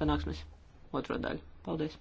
sanāksmes otro daļu. Paldies!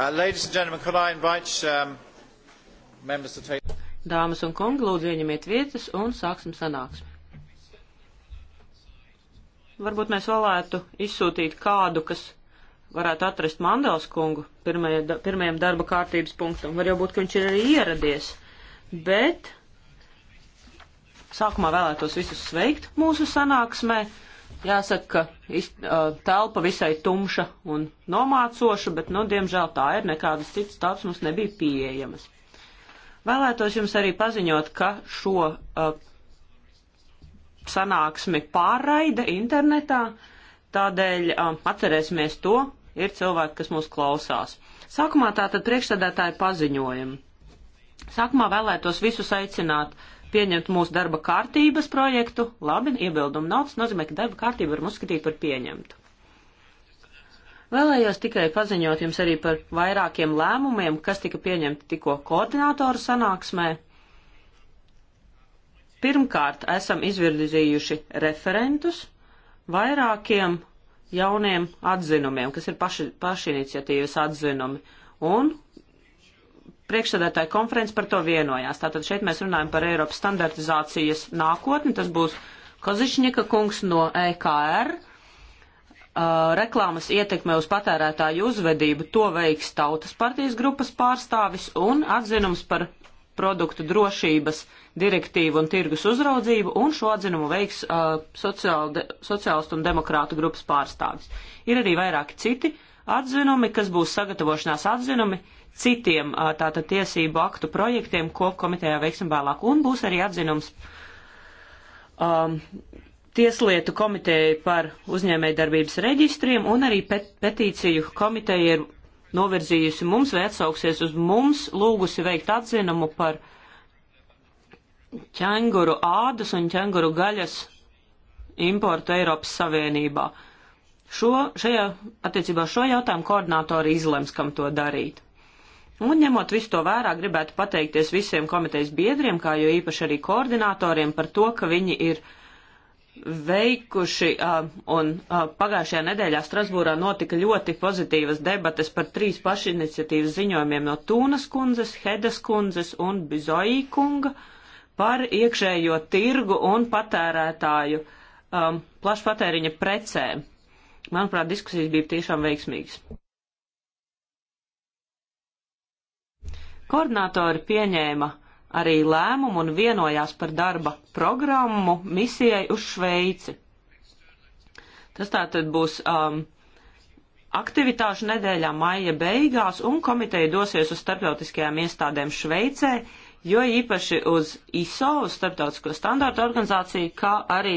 Uh, ladies and gentlemen, could I invite um, members to take... Dāmas un kungi, lūdzu ieņemiet vietas un sāksim sanāksmi. Varbūt mēs vēlētu izsūtīt kādu, kas varētu atrast Mandels kungu pirmajai, da, pirmajam darba kārtības punktam. Var jau būt, ka viņš ir arī ieradies, bet sākumā vēlētos visus sveikt mūsu sanāksmē. Jāsaka, ka telpa visai tumša un nomācoša, bet, nu, diemžēl tā ir, nekādas citas telpas mums nebija pieejamas. Vēlētos jums arī paziņot, ka šo uh, sanāksmi pārraida internetā, tādēļ uh, atcerēsimies to, ir cilvēki, kas mūs klausās. Sākumā tātad priekšsēdētāji paziņojumi. Sākumā vēlētos visus aicināt uh, pieņemt mūsu darba kārtības projektu. Labi, iebildumu nav, tas nozīmē, ka darba kārtību varam uzskatīt par pieņemtu. Vēlējos tikai paziņot jums arī par vairākiem lēmumiem, kas tika pieņemti tikko koordinātoru sanāksmē. Pirmkārt, esam izvirzījuši referentus vairākiem jauniem atzinumiem, kas ir paši, pašiniciatīvas atzinumi, un priekšsēdētāja konferences par to vienojās. Tātad šeit mēs runājam par Eiropas standartizācijas nākotni. Tas būs Kozišņika kungs no EKR. Uh, reklāmas ietekme uz patērētāju uzvedību to veiks tautas partijas grupas pārstāvis un atzinums par produktu drošības direktīvu un tirgus uzraudzību, un šo atzinumu veiks uh, sociālde, sociālistu un demokrātu grupas pārstāvis. Ir arī vairāki citi atzinumi, kas būs sagatavošanās atzinumi uh, citiem tātad tiesību aktu projektiem, ko komitejā veiksim vēlāk. Un būs arī atzinums um, Tieslietu komiteja par uzņēmējdarbības reģistriem un arī pet petīciju komiteja ir novirzījusi mums vai atsauksies uz mums, lūgusi veikt atzinumu par ķenguru ādas un ķenguru gaļas importu Eiropas Savienībā. Šo, šajā, attiecībā šo jautājumu koordinātori izlems, kam to darīt. Un ņemot visu to vērā, gribētu pateikties visiem komitejas biedriem, kā jo īpaši arī koordinatoriem par to, ka viņi ir veikuši, uh, un uh, pagājušajā nedēļā Strasbūrā notika ļoti pozitīvas debates par trīs pašiniciatīvas ziņojumiem no Tūnas kundzes, Hedas kundzes un Bizoī kunga par iekšējo tirgu un patērētāju um, plašpatēriņa precēm. Manuprāt, diskusijas bija tiešām veiksmīgas. Koordinātori pieņēma arī lēmumu un vienojās par darba programmu misijai uz Šveici. Tas tātad būs um, aktivitāšu nedēļā maija beigās, un komiteja dosies uz starptautiskajām iestādēm Šveicē, jo īpaši uz ISO, uz Starptautisko standārtu organizāciju, kā arī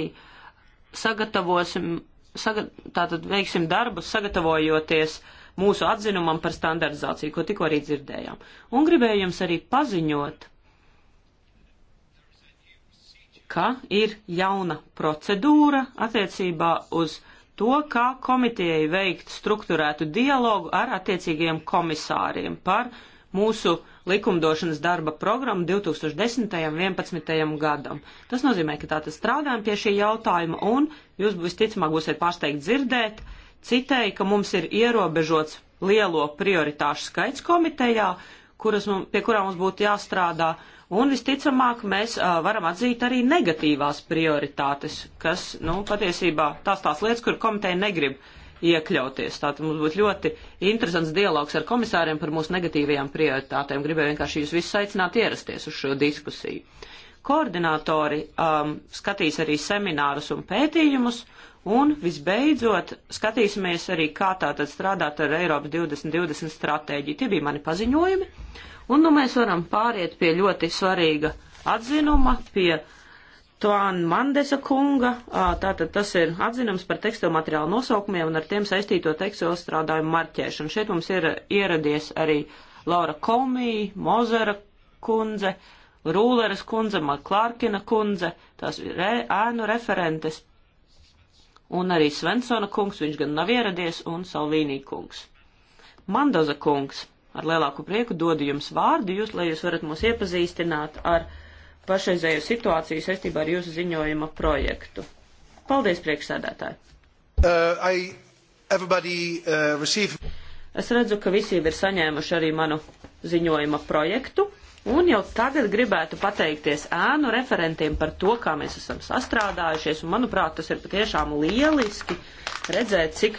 sagatavosim, sagat, tātad veiksim darbus, sagatavojoties uh, mūsu atzinumam par standartizāciju, ko tikko arī dzirdējām. Un gribēju jums arī paziņot, ka ir jauna procedūra attiecībā uz to, kā komitejai veikt strukturētu dialogu ar attiecīgajiem komisāriem par mūsu likumdošanas darba programmu 2010. un 2011. gadam. Tas nozīmē, ka tātad strādājam pie šī jautājuma un jūs visticamāk būsiet pārsteigti dzirdēt, uh, citēju, ka mums ir ierobežots lielo prioritāšu skaits komitejā, kuras, mums, pie kurām mums būtu jāstrādā, un visticamāk mēs uh, varam atzīt arī negatīvās prioritātes, kas, nu, patiesībā tās tās lietas, kur komiteja negrib iekļauties. Tātad mums būtu ļoti interesants dialogs ar komisāriem par mūsu negatīvajām prioritātēm. Gribēju vienkārši jūs visus aicināt ierasties uz šo diskusiju. Koordinatori um, skatīs arī seminārus un pētījumus, Un visbeidzot, skatīsimies arī, kā tātad strādāt ar Eiropas 2020 stratēģiju. Tie bija mani paziņojumi. Un nu mēs varam pāriet pie ļoti svarīga atzinuma, pie Tuāna Mandesa kunga. Tātad tas ir atzinums par tekstilu materiālu nosaukumiem un ar tiem saistīto tekstilu strādājumu marķēšanu. Šeit mums ir ieradies arī Laura Komija, Mozera kundze, Rūleres kundze, Maklārkina kundze, tās ir ēnu referentes un arī Svensona kungs, viņš gan nav ieradies, un Salvīnī kungs. Mandoza kungs, ar lielāku prieku dodu jums vārdu, jūs, lai jūs varat mūs iepazīstināt ar pašreizējo situāciju saistībā ar jūsu ziņojuma projektu. Paldies, priekšsēdētāji! Uh, I, uh, receive... Es redzu, ka visi ir saņēmuši arī manu ziņojuma projektu. Un jau tagad gribētu pateikties ēnu referentiem par to, kā mēs esam sastrādājušies, un manuprāt, tas ir patiešām lieliski redzēt, cik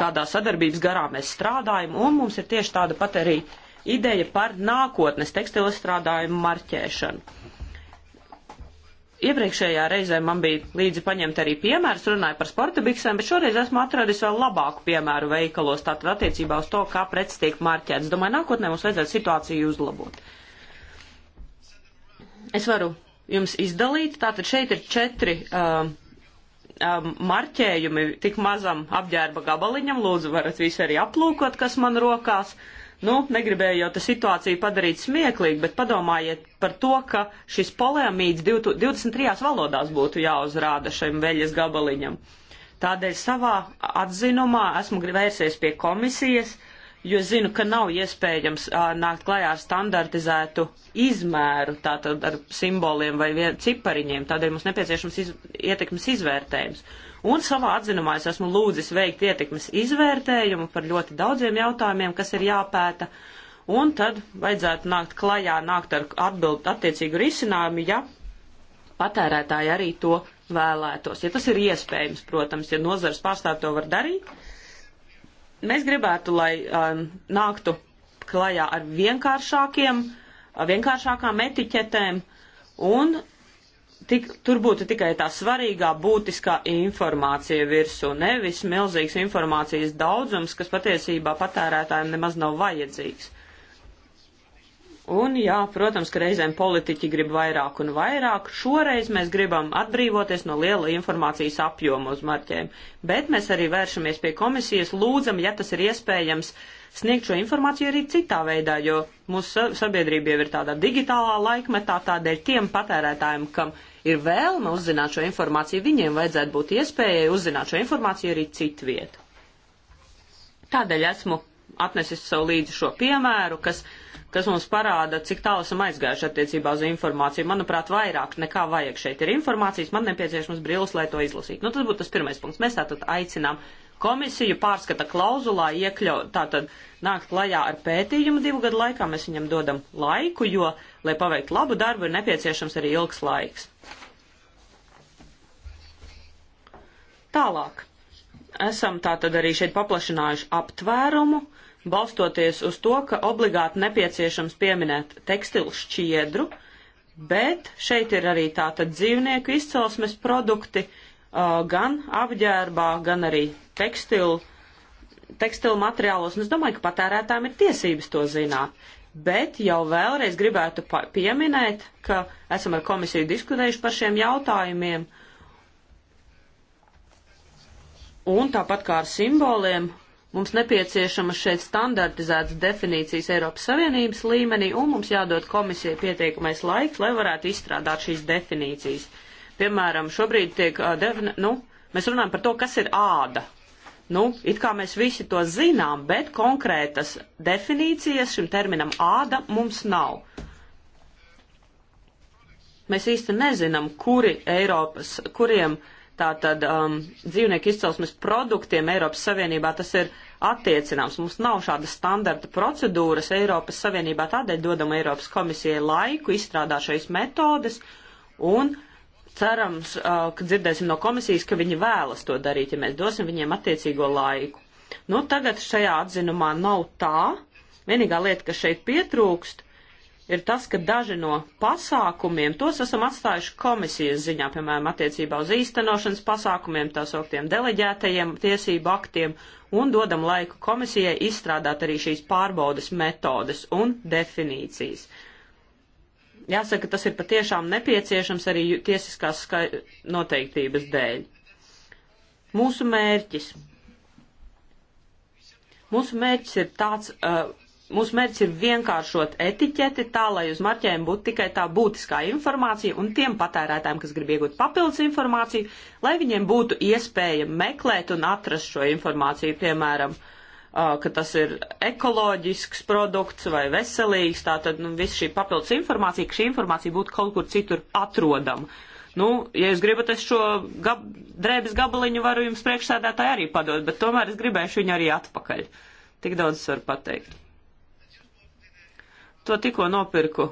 kādā sadarbības garā mēs strādājam, un mums ir tieši tāda pat arī ideja par nākotnes tekstilu strādājumu marķēšanu. Iepriekšējā reizē man bija līdzi paņemt arī piemērs, runāju par sporta biksēm, bet šoreiz esmu atradis vēl labāku piemēru veikalos, tātad attiecībā uz to, kā prets tiek marķēts. Domāju, nākotnē mums vajadzētu situāciju uzlabot. Es varu jums izdalīt. Tātad šeit ir četri uh, uh, marķējumi tik mazam apģērba gabaliņam. Lūdzu, varat visu arī aplūkot, kas man rokās. Nu, negribēju jau te situāciju padarīt smieklīgu, bet padomājiet par to, ka šis polēmīts 23 valodās būtu jāuzrāda šim veļas gabaliņam. Tādēļ savā atzinumā esmu vērsies pie komisijas, uh, jo zinu, ka nav iespējams uh, nākt klajā ar standartizētu izmēru, tātad ar simboliem vai cipariņiem, tādēļ mums nepieciešams iz, ietekmes izvērtējums. Un savā atzinumā es esmu lūdzis veikt ietekmes izvērtējumu par ļoti daudziem jautājumiem, kas ir jāpēta, un tad vajadzētu nākt klajā, nākt ar atbildu attiecīgu risinājumu, ja patērētāji arī to vēlētos. Ja tas ir iespējams, protams, ja nozars pārstāv to var darīt, Mēs gribētu, lai um, nāktu klajā ar vienkāršākiem, vienkāršākām etiķetēm un tik, tur būtu tikai tā svarīgā būtiskā informācija virsū, nevis milzīgs informācijas daudzums, kas patiesībā patērētājiem nemaz nav vajadzīgs. Uh, Un jā, protams, ka reizēm politiķi grib vairāk un vairāk. Šoreiz mēs gribam atbrīvoties no liela informācijas apjoma uz marķēm. Bet mēs arī vēršamies pie komisijas, lūdzam, ja tas ir iespējams, sniegt šo informāciju arī citā veidā, jo mūsu sabiedrība jau ir tādā digitālā laikmetā, tādēļ tiem patērētājiem, kam ir vēlme uzzināt šo informāciju, viņiem vajadzētu būt iespējai uzzināt šo informāciju arī citviet. Tādēļ esmu atnesis sev līdzi šo piemēru, kas kas mums parāda, cik tālu esam aizgājuši attiecībā uz informāciju. Manuprāt, vairāk nekā vajag šeit ir informācijas, man nepieciešams brīlis, lai to izlasītu. Nu, tas būtu tas pirmais punkts. Mēs tātad aicinām komisiju pārskata klauzulā iekļaut, tātad nākt klajā ar pētījumu divu gadu laikā, mēs viņam dodam laiku, jo, lai paveikt labu darbu, ir nepieciešams arī ilgs laiks. Tālāk. Esam tātad arī šeit paplašinājuši aptvērumu. Uh, balstoties uz to, ka obligāti nepieciešams pieminēt tekstilu šķiedru, bet šeit ir arī tātad dzīvnieku izcelsmes produkti uh, gan apģērbā, gan arī tekstilu, tekstilu materiālos. Un es domāju, ka patērētām ir tiesības to zināt. Bet jau vēlreiz gribētu pieminēt, ka esam ar komisiju diskutējuši par šiem jautājumiem. Un tāpat kā ar simboliem, Mums nepieciešamas šeit standartizētas definīcijas Eiropas Savienības līmenī, un mums jādod komisijai pietiekamais laiks, lai varētu izstrādāt šīs definīcijas. Piemēram, šobrīd tiek, uh, defini nu, mēs runājam par to, kas ir āda. Nu, it kā mēs visi to zinām, bet konkrētas definīcijas šim terminam āda mums nav. Mēs īsti nezinām, kuri Eiropas, kuriem uh, Tātad um, dzīvnieku izcelsmes produktiem Eiropas Savienībā tas ir attiecināms. Mums nav šāda standarta procedūras Eiropas Savienībā, tādēļ dodam Eiropas komisijai laiku izstrādāt šīs metodes un cerams, uh, ka dzirdēsim no komisijas, ka viņi vēlas to darīt, ja mēs dosim viņiem attiecīgo laiku. Nu, tagad šajā atzinumā nav tā. Vienīgā lieta, kas šeit pietrūkst, ir tas, ka daži no pasākumiem, tos esam atstājuši komisijas ziņā, piemēram, attiecībā uz īstenošanas pasākumiem, tā sauktiem deleģētajiem tiesību aktiem, un dodam laiku komisijai izstrādāt arī šīs pārbaudas metodes un definīcijas. Jāsaka, tas ir patiešām nepieciešams arī tiesiskās noteiktības dēļ. Mūsu mērķis. Mūsu mērķis ir tāds, uh, Mūsu mērķis ir vienkāršot etiķeti tā, lai uz marķējumu būtu tikai tā būtiskā informācija un tiem patērētājiem, kas grib iegūt papildus informāciju, lai viņiem būtu iespēja meklēt un atrast šo informāciju, piemēram, ka tas ir ekoloģisks produkts vai veselīgs, tātad nu, viss šī papildus informācija, ka šī informācija būtu kaut kur citur atrodama. Nu, ja jūs gribat, es šo gab drēbes gabaliņu varu jums priekšsēdētāji arī padot, bet tomēr es gribēšu viņu arī atpakaļ. Tik daudz es varu pateikt. To tikko nopirku.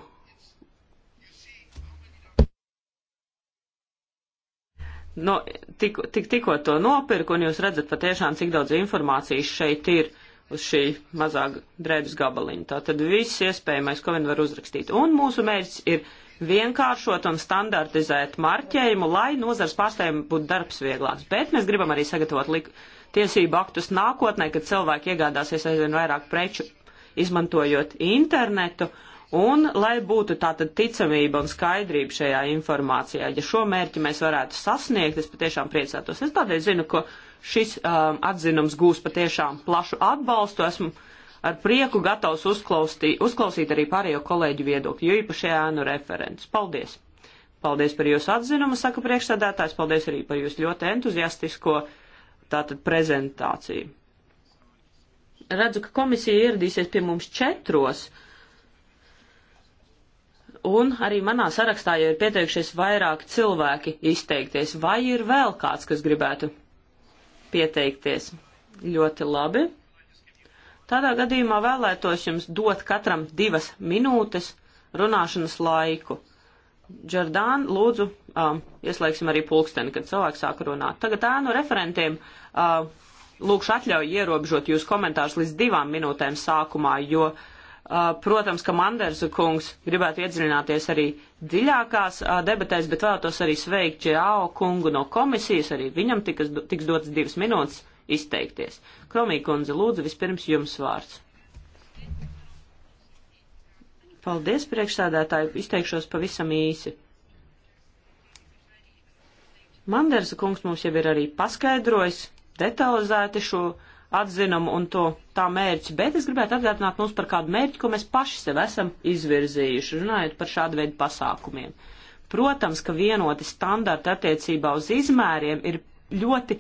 No, tik, tik, tikko to nopirku, un jūs redzat patiešām, cik daudz informācijas šeit ir uz šī mazā drēbes gabaliņa. Tātad viss iespējamais, ko vien var uzrakstīt. Un mūsu mērķis ir vienkāršot un standartizēt marķējumu, lai nozars pārstāvjiem būtu darbs vieglāks. Bet mēs gribam arī sagatavot lik tiesību aktus nākotnē, kad cilvēki iegādāsies aizvien vairāk preču izmantojot internetu, un lai būtu tātad ticamība un skaidrība šajā informācijā. Ja šo mērķi mēs varētu sasniegt, es patiešām priecātos. Es tādēļ zinu, ka šis um, atzinums gūs patiešām plašu atbalstu. Esmu ar prieku gatavs uzklaustī, uzklausīt arī pārējo kolēģu viedokļu, jo īpaši ēnu referents. Paldies! Paldies par jūsu atzinumu, saka priekšsēdētājs, paldies arī par jūsu ļoti entuziastisko tātad prezentāciju redzu, ka komisija ieradīsies pie mums četros. Un arī manā sarakstā jau ir pieteikušies vairāk cilvēki izteikties. Vai ir vēl kāds, kas gribētu pieteikties? Ļoti labi. Tādā gadījumā vēlētos jums dot katram divas minūtes runāšanas laiku. Džordāna, lūdzu, um, ieslēgsim arī pulksteni, kad cilvēks sāk runāt. Tagad ēnu referentiem uh, lūkšu atļauju ierobežot jūs komentārus līdz divām minūtēm sākumā, jo, uh, protams, ka Manderza kungs gribētu iedziļināties arī dziļākās uh, debatēs, bet vēlētos arī sveikt Čeāo kungu no komisijas, arī viņam tikas, tiks dotas divas minūtes izteikties. Kromī kundze, lūdzu, vispirms jums vārds. Paldies, priekšsādātāji, izteikšos pavisam īsi. Mandersa kungs mums jau ir arī paskaidrojis, detalizēti šo atzinumu un to tā mērķi, bet es gribētu atgādināt mums par kādu mērķi, ko mēs paši sev esam izvirzījuši, runājot par šādu veidu pasākumiem. Protams, ka vienoti standarti attiecībā uz izmēriem ir ļoti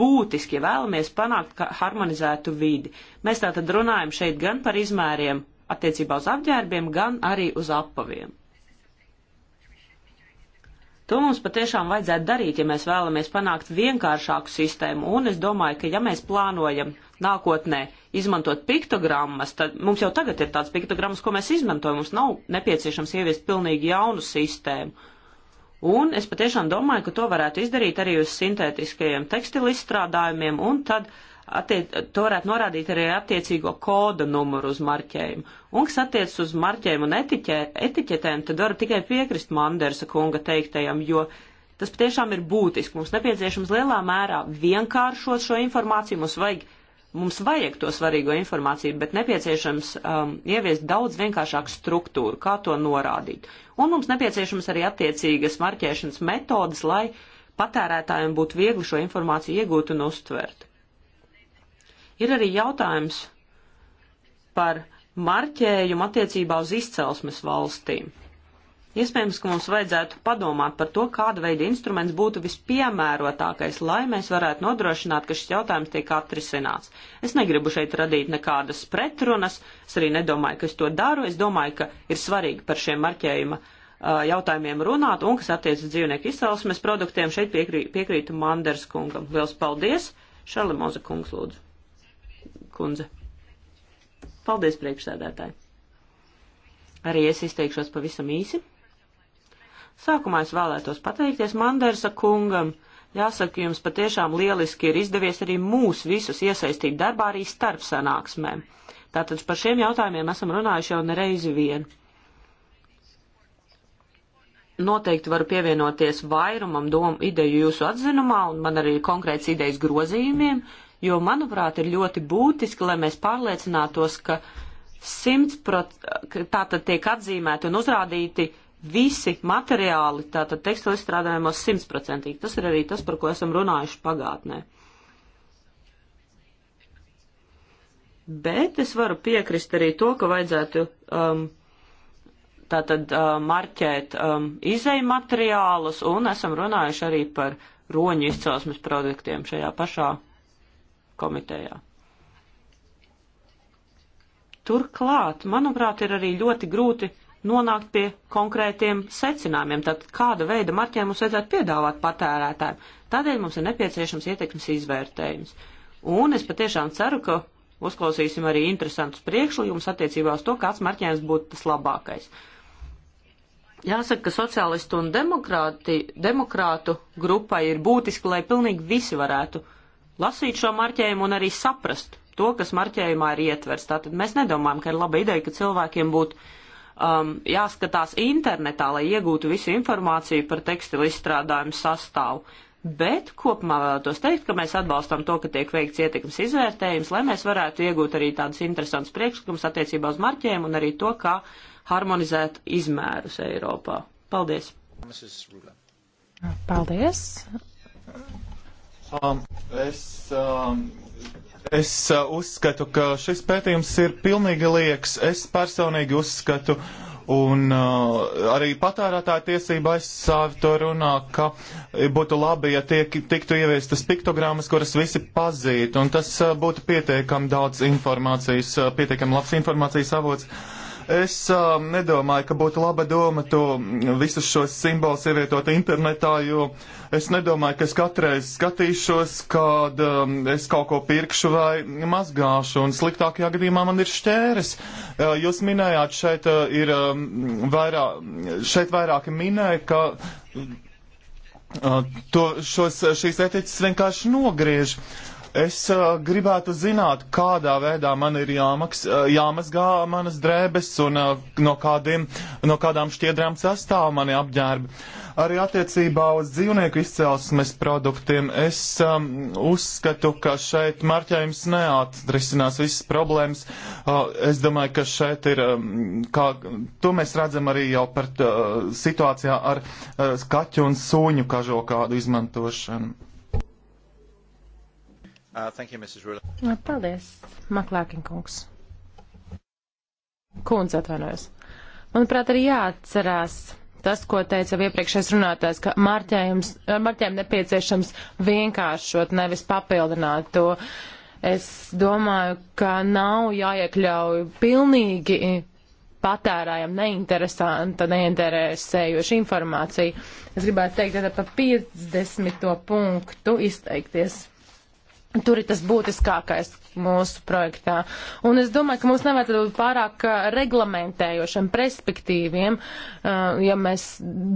būtiski, ja vēlamies panākt harmonizētu vidi. Mēs tātad runājam šeit gan par izmēriem attiecībā uz apģērbiem, gan arī uz apaviem. To mums patiešām vajadzētu darīt, ja mēs vēlamies panākt vienkāršāku sistēmu, un es domāju, ka ja mēs plānojam nākotnē izmantot piktogrammas, tad mums jau tagad ir tāds piktogrammas, ko mēs izmantojam, mums nav nepieciešams ieviest pilnīgi jaunu sistēmu. Un es patiešām domāju, ka to varētu izdarīt arī uz sintētiskajiem tekstilu izstrādājumiem, un tad uh, attiec, to varētu norādīt arī ar attiecīgo koda numuru uz marķējumu. Un kas attiecas uz marķējumu un etiķē, etiķetēm, tad varu tikai piekrist Mandersa kunga teiktajam, jo tas patiešām ir būtiski. Mums nepieciešams lielā mērā vienkāršot šo informāciju, mums vajag, mums vajag to svarīgo informāciju, bet nepieciešams um, ieviest daudz vienkāršāku struktūru, kā to norādīt. Un mums nepieciešams arī attiecīgas marķēšanas metodas, lai patērētājiem būtu viegli šo informāciju iegūt un uztvert. Ir arī jautājums par marķējumu attiecībā uz izcelsmes valstīm. Iespējams, ka mums vajadzētu padomāt par to, kāda veida instruments būtu vispiemērotākais, lai mēs varētu nodrošināt, ka šis jautājums tiek atrisināts. Es negribu šeit radīt nekādas pretrunas, es arī nedomāju, ka es to daru, es domāju, ka ir svarīgi par šiem marķējuma uh, jautājumiem runāt, un kas attiec uz dzīvnieku izcelsmes produktiem, šeit piekrī, piekrītu Manders kungam. Liels paldies! Šarlemoza kungs lūdzu kundze. Paldies, priekšsēdētāji. Arī es izteikšos pavisam īsi. Sākumā es vēlētos pateikties Mandersa kungam. Jāsaka, jums patiešām lieliski ir izdevies arī mūs visus iesaistīt darbā arī starp sanāksmēm. Tātad par šiem jautājumiem esam runājuši jau nereizi vien. Noteikti varu pievienoties vairumam domu ideju jūsu atzinumā un man arī konkrēts idejas grozījumiem, jo, manuprāt, ir ļoti būtiski, lai mēs pārliecinātos, ka 100% tātad tiek atzīmēti un uzrādīti visi materiāli, tātad tekstilu izstrādājumos 100%. Tas ir arī tas, par ko esam runājuši pagātnē. Bet es varu piekrist arī to, ka vajadzētu um, tātad uh, marķēt um, izēju materiālus, un esam runājuši arī par roņu izcelsmes produktiem šajā pašā komitejā. Turklāt, manuprāt, ir arī ļoti grūti nonākt pie konkrētiem secinājumiem, tad kāda veida marķē mums vajadzētu piedāvāt patērētājiem. Tādēļ mums ir nepieciešams ietekmes izvērtējums. Un es patiešām ceru, ka uzklausīsim arī interesantus priekšlikumus attiecībā uz to, kāds marķējums būtu tas labākais. Jāsaka, ka sociālistu un demokrāti, demokrātu grupai ir būtiski, lai pilnīgi visi varētu uh, lasīt šo marķējumu un arī saprast to, kas marķējumā ir ietverts. Tātad mēs nedomājam, ka ir laba ideja, ka cilvēkiem būtu um, jāskatās internetā, lai iegūtu visu informāciju par tekstilu izstrādājumu sastāvu. Bet kopumā vēlētos teikt, ka mēs atbalstam to, ka tiek veikts ietekmes izvērtējums, lai mēs varētu iegūt arī tādus interesantus priekšlikumus attiecībā uz marķējumu un arī to, kā harmonizēt izmērus Eiropā. Paldies! Paldies! Um, es, um, es uh, uzskatu, ka šis pētījums ir pilnīgi lieks. Es personīgi uzskatu, un uh, arī patērētāja tiesība aizsāvi to runā, ka būtu labi, ja tiek, tiktu ieviestas piktogrammas, kuras visi pazītu, un tas uh, būtu pietiekami daudz informācijas, uh, pietiekami labs informācijas avots. Uh, Es uh, nedomāju, ka būtu laba doma to visus šos simbolus ievietot internetā, jo es nedomāju, ka es katreiz skatīšos, kad um, es kaut ko pirkšu vai mazgāšu, un sliktākajā gadījumā man ir šķēres. Uh, jūs minējāt, šeit uh, ir um, vairāk, šeit vairāki minēja, ka. Uh, to, šos, šīs etiķis vienkārši nogriež. Uh, Es uh, gribētu zināt, kādā veidā man ir jāmaks, uh, jāmazgā manas drēbes un uh, no, kādiem, no kādām šķiedrām sastāv mani apģērbi. Arī attiecībā uz dzīvnieku izcelsmes produktiem es um, uzskatu, ka šeit marķējums neatrisinās visas problēmas. Uh, es domāju, ka šeit ir, um, kā, to mēs redzam arī jau par uh, situācijā ar uh, kaķu un sūņu kažokādu izmantošanu. Uh, thank you, Mrs. Rula. Paldies, Maklākinkungs. Kundze atvainojos. Manuprāt, ir jāatcerās tas, ko teica jau iepriekšējais runātājs, ka marķējiem eh, nepieciešams vienkāršot, nevis papildināt to. Es domāju, ka nav jāiekļauj pilnīgi patērājam neinteresanta, neinteresējoša informācija. Es gribētu teikt, ka par 50. punktu izteikties. Tur ir tas būtiskākais, mūsu projektā. Un es domāju, ka mums nevajadzētu būt pārāk reglamentējošiem perspektīviem, ja mēs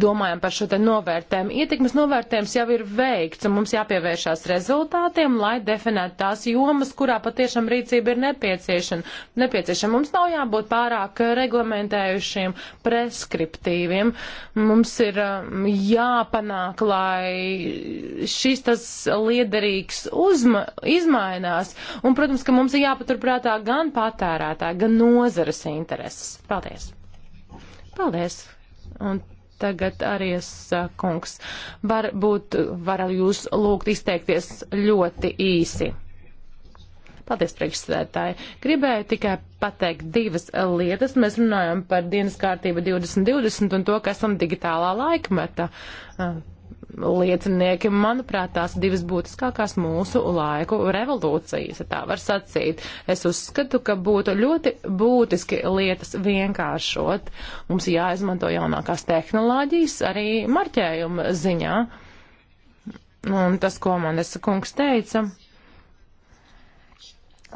domājam par šo te novērtējumu. Ietekmes novērtējums jau ir veikts, un mums jāpievēršās rezultātiem, lai definētu tās jomas, kurā patiešām rīcība ir nepieciešama. nepieciešama. Mums nav jābūt pārāk reglamentējušiem, preskriptīviem. Mums ir jāpanāk, lai šis tas liederīgs uzma, izmainās. Un, protams, ka mums ir jāpaturprātā gan patērētāji, gan nozares intereses. Paldies! Paldies! Un tagad arī es, kungs, varbūt varu jūs lūgt izteikties ļoti īsi. Paldies, priekšsēdētāji. Gribēju tikai pateikt divas lietas. Mēs runājam par dienas kārtību 2020 un to, ka esam digitālā laikmeta liecinieki, manuprāt, tās divas būtiskākās mūsu laiku revolūcijas, ja tā var sacīt. Es uzskatu, ka būtu ļoti būtiski lietas vienkāršot. Mums jāizmanto jaunākās tehnoloģijas arī marķējuma ziņā. Un tas, ko man es kungs teica,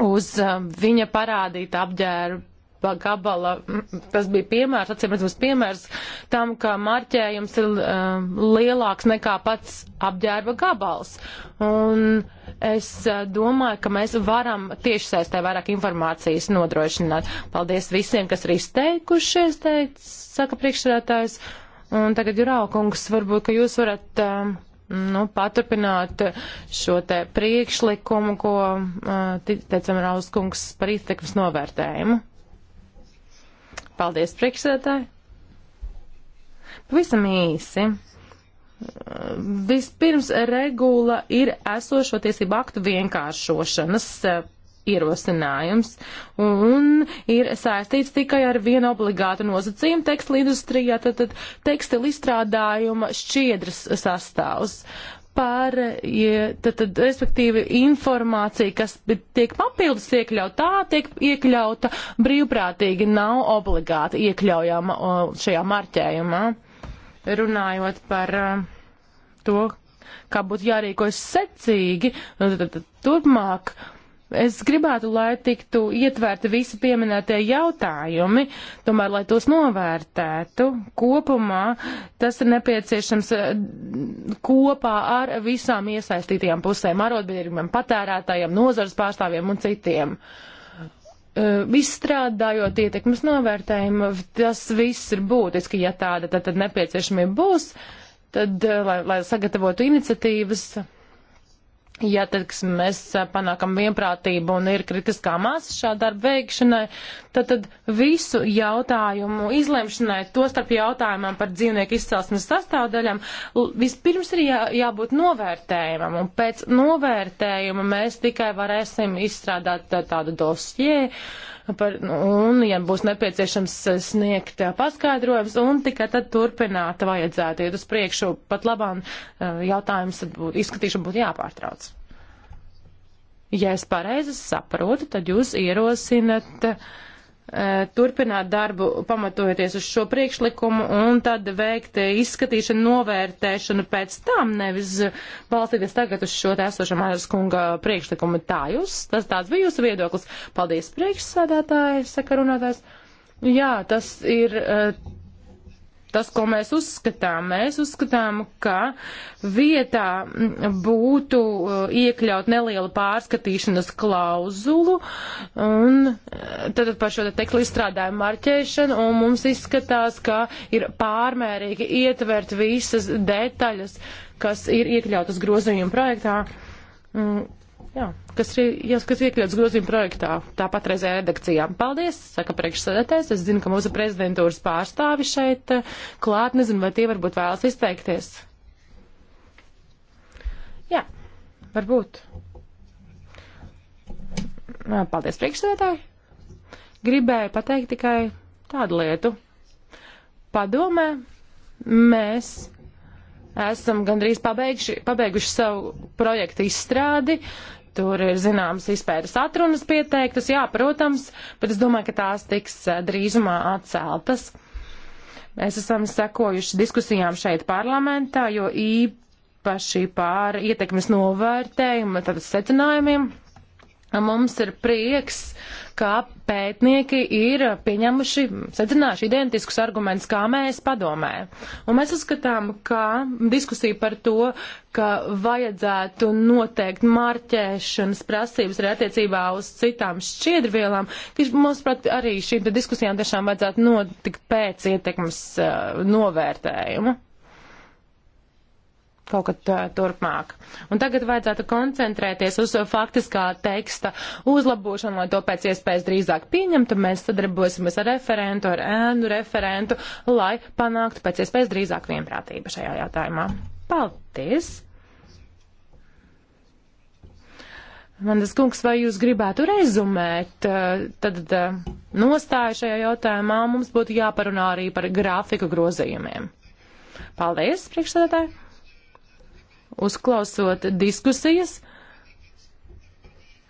uz uh, viņa parādīta apģērba gabala. Mm, tas bija piemērs, acīm redzams, piemērs tam, ka marķējums ir um, lielāks nekā pats apģērba gabals. Un es uh, domāju, ka mēs varam tieši saistē vairāk informācijas nodrošināt. Paldies visiem, kas ir izteikušies, teica, saka priekšsēdētājs. Un tagad, Juraukungs, varbūt, ka jūs varat. Um, nu, paturpināt šo te priekšlikumu, ko, uh, teicam, Rauskungs par ietekmes novērtējumu. Paldies, priekšsētāji! Pavisam īsi. Vispirms regula ir esošo tiesību aktu vienkāršošanas eh, ierosinājums un ir saistīts tikai ar vienu obligātu nosacījumu tekstilu industrijā, tad, tad tekstilu izstrādājuma šķiedras sastāvs par, ja, tad, tad, respektīvi, informācija, kas tiek papildus iekļaut, tā tiek iekļauta brīvprātīgi, nav obligāti iekļaujama šajā marķējumā. Runājot par to, kā būtu jārīkojas secīgi, tad, tad, turpmāk Es gribētu, lai tiktu ietverti visi pieminētie jautājumi, tomēr, lai tos novērtētu kopumā, tas ir nepieciešams eh, kopā ar visām iesaistītajām pusēm, arotbiedrībiem, patērētājiem, nozars pārstāvjiem un citiem. Eh, izstrādājot ietekmes novērtējumu, tas viss ir būtiski, ja tāda tad, tad nepieciešamība būs, tad, eh, lai, lai sagatavotu iniciatīvas ja tad, kas mēs panākam vienprātību un ir kritiskā māsa šā darba veikšanai, tad, tad visu jautājumu izlemšanai, to starp jautājumam par dzīvnieku izcelsmes sastāvdaļām, vispirms ir jā, jābūt novērtējumam, un pēc novērtējuma mēs tikai varēsim izstrādāt tādu dosjē, uh, par, un, ja būs nepieciešams sniegt uh, paskaidrojums, un tikai tad turpināt vajadzētu iet uz priekšu. Pat labāk uh, jautājums būt, izskatīšana būtu jāpārtrauc. Ja es pareizi saprotu, tad jūs ierosinat. Uh, E, turpināt darbu pamatojoties uz šo priekšlikumu un tad veikt izskatīšanu, novērtēšanu pēc tam, nevis balstīties tagad uz šo esošo Māras kunga priekšlikumu. Tā jūs, tas tāds bija jūsu viedoklis. Paldies priekšsādātāji, saka runātājs. Jā, tas ir e, tas, ko mēs uzskatām. Mēs uzskatām, ka vietā būtu uh, iekļaut nelielu pārskatīšanas klauzulu un uh, tad par šo te tekstu izstrādājumu marķēšanu un mums izskatās, ka ir pārmērīgi ietvert visas detaļas, kas ir iekļautas grozījuma projektā. Mm. Jā, kas, jā, kas iekļauts grozījuma projektā, tā patreizē redakcijā. Paldies, saka priekšsēdētājs. Es zinu, ka mūsu prezidentūras pārstāvi šeit eh, klāt, nezinu, vai tie varbūt vēlas izteikties. Jā, varbūt. Paldies, priekšsēdētāji. Gribēju pateikt tikai tādu lietu. Padomē, mēs esam gandrīz pabeigši, pabeiguši savu projektu izstrādi. Tur ir zināmas izpētes atrunas pieteiktas, jā, protams, bet es domāju, ka tās tiks eh, drīzumā atceltas. Mēs esam sekojuši diskusijām šeit parlamentā, jo īpaši pār ietekmes novērtējumu, tātad secinājumiem, Mums ir prieks, ka pētnieki ir pieņemuši, secinājuši identiskus argumentus, kā mēs padomē. Un mēs uzskatām, ka diskusija par to, ka vajadzētu noteikt marķēšanas prasības arī attiecībā uz citām šķiedrvielām, ka mums, prāt, arī šīm diskusijām tiešām vajadzētu notikt pēc ietekmes uh, eh, novērtējumu kaut kad uh, turpmāk. Un tagad vajadzētu koncentrēties uz faktiskā teksta uzlabošanu, lai to pēc iespējas drīzāk pieņemtu. Mēs sadarbosimies ar referentu, ar ēnu referentu, lai panāktu pēc iespējas drīzāk vienprātība šajā jautājumā. Paldies! Mandas kungs, vai jūs gribētu rezumēt tad nostāju šajā jautājumā? Mums būtu jāparunā arī par grafiku grozījumiem. Paldies, priekšsēdētāji! uzklausot diskusijas,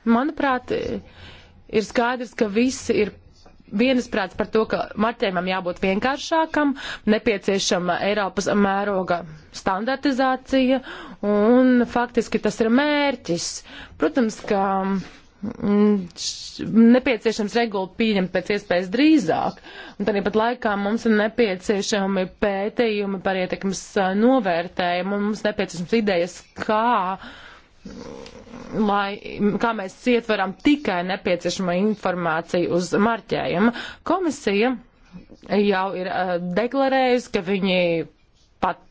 manuprāt, ir skaidrs, ka visi ir vienisprāts par to, ka marķējumam jābūt vienkāršākam, nepieciešama Eiropas mēroga standartizācija, un faktiski tas ir mērķis. Protams, ka Mm, nepieciešams regulu pieņemt pēc iespējas drīzāk, un tāpat laikā mums ir nepieciešami pētījumi par ietekmes novērtējumu, un mums nepieciešams idejas, kā, lai, kā mēs ietveram tikai nepieciešamo informāciju uz marķējumu. Komisija jau ir uh, deklarējusi, ka viņi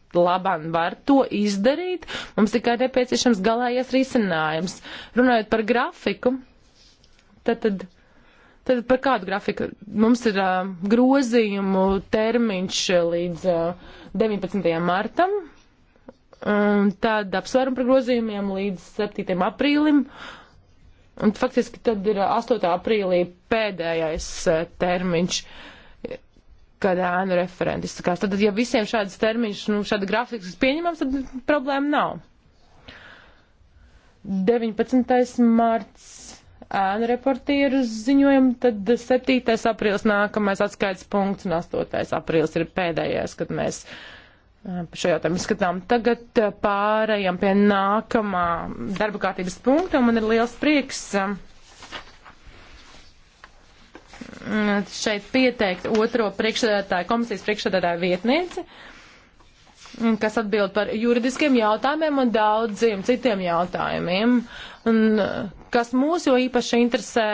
pat labam var to izdarīt, mums tikai nepieciešams galējais risinājums. Runājot par grafiku, tad, tad, tad par kādu grafiku mums ir uh, grozījumu termiņš līdz uh, 19. martam, un tad apsvērumu par grozījumiem līdz 7. aprīlim. Un faktiski tad ir 8. aprīlī pēdējais uh, termiņš. Uh, kad ēnu referenti sakās. Tad, ja visiem šāds termiņš, nu, šāda grafikas pieņemams, tad problēma nav. 19. marts ēnu reportieru ziņojumu, tad 7. aprils nākamais atskaits punkts un 8. aprils ir pēdējais, kad mēs šo jautājumu skatām. Tagad pārējām pie nākamā darba kārtības punkta, un man ir liels prieks. Uh, Mm, šeit pieteikt otro priekšsēdētāju, komisijas priekšsēdētāju vietnieci, mm, kas atbild par juridiskiem jautājumiem un daudziem citiem jautājumiem, un, mm, kas mūs jo īpaši interesē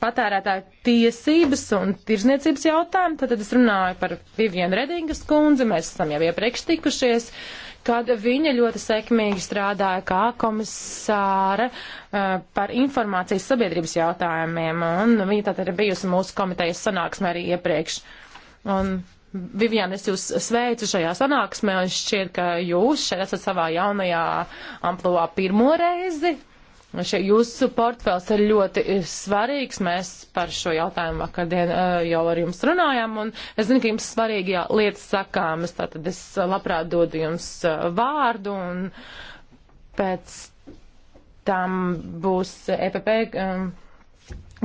patērētāju tiesības un tirzniecības jautājumu. Tad, tad es runāju par Vivienu Redingas kundzi, mēs esam jau iepriekš tikušies. Uh, kad viņa ļoti sekmīgi strādāja kā komisāra uh, eh, par informācijas sabiedrības jautājumiem, un viņa tātad ir bijusi mūsu komitejas sanāksmē arī iepriekš. Un Vivian, es jūs sveicu šajā sanāksmē, un šķiet, ka jūs šeit esat savā jaunajā ampluvā pirmo reizi, Šie jūsu portfels ir ļoti eh, svarīgs. Mēs par šo jautājumu vakardien eh, jau ar jums runājām, un es zinu, ka jums svarīgi jā, lietas sakāmas, tātad es labprāt dodu jums eh, vārdu, un pēc tam būs EPP um,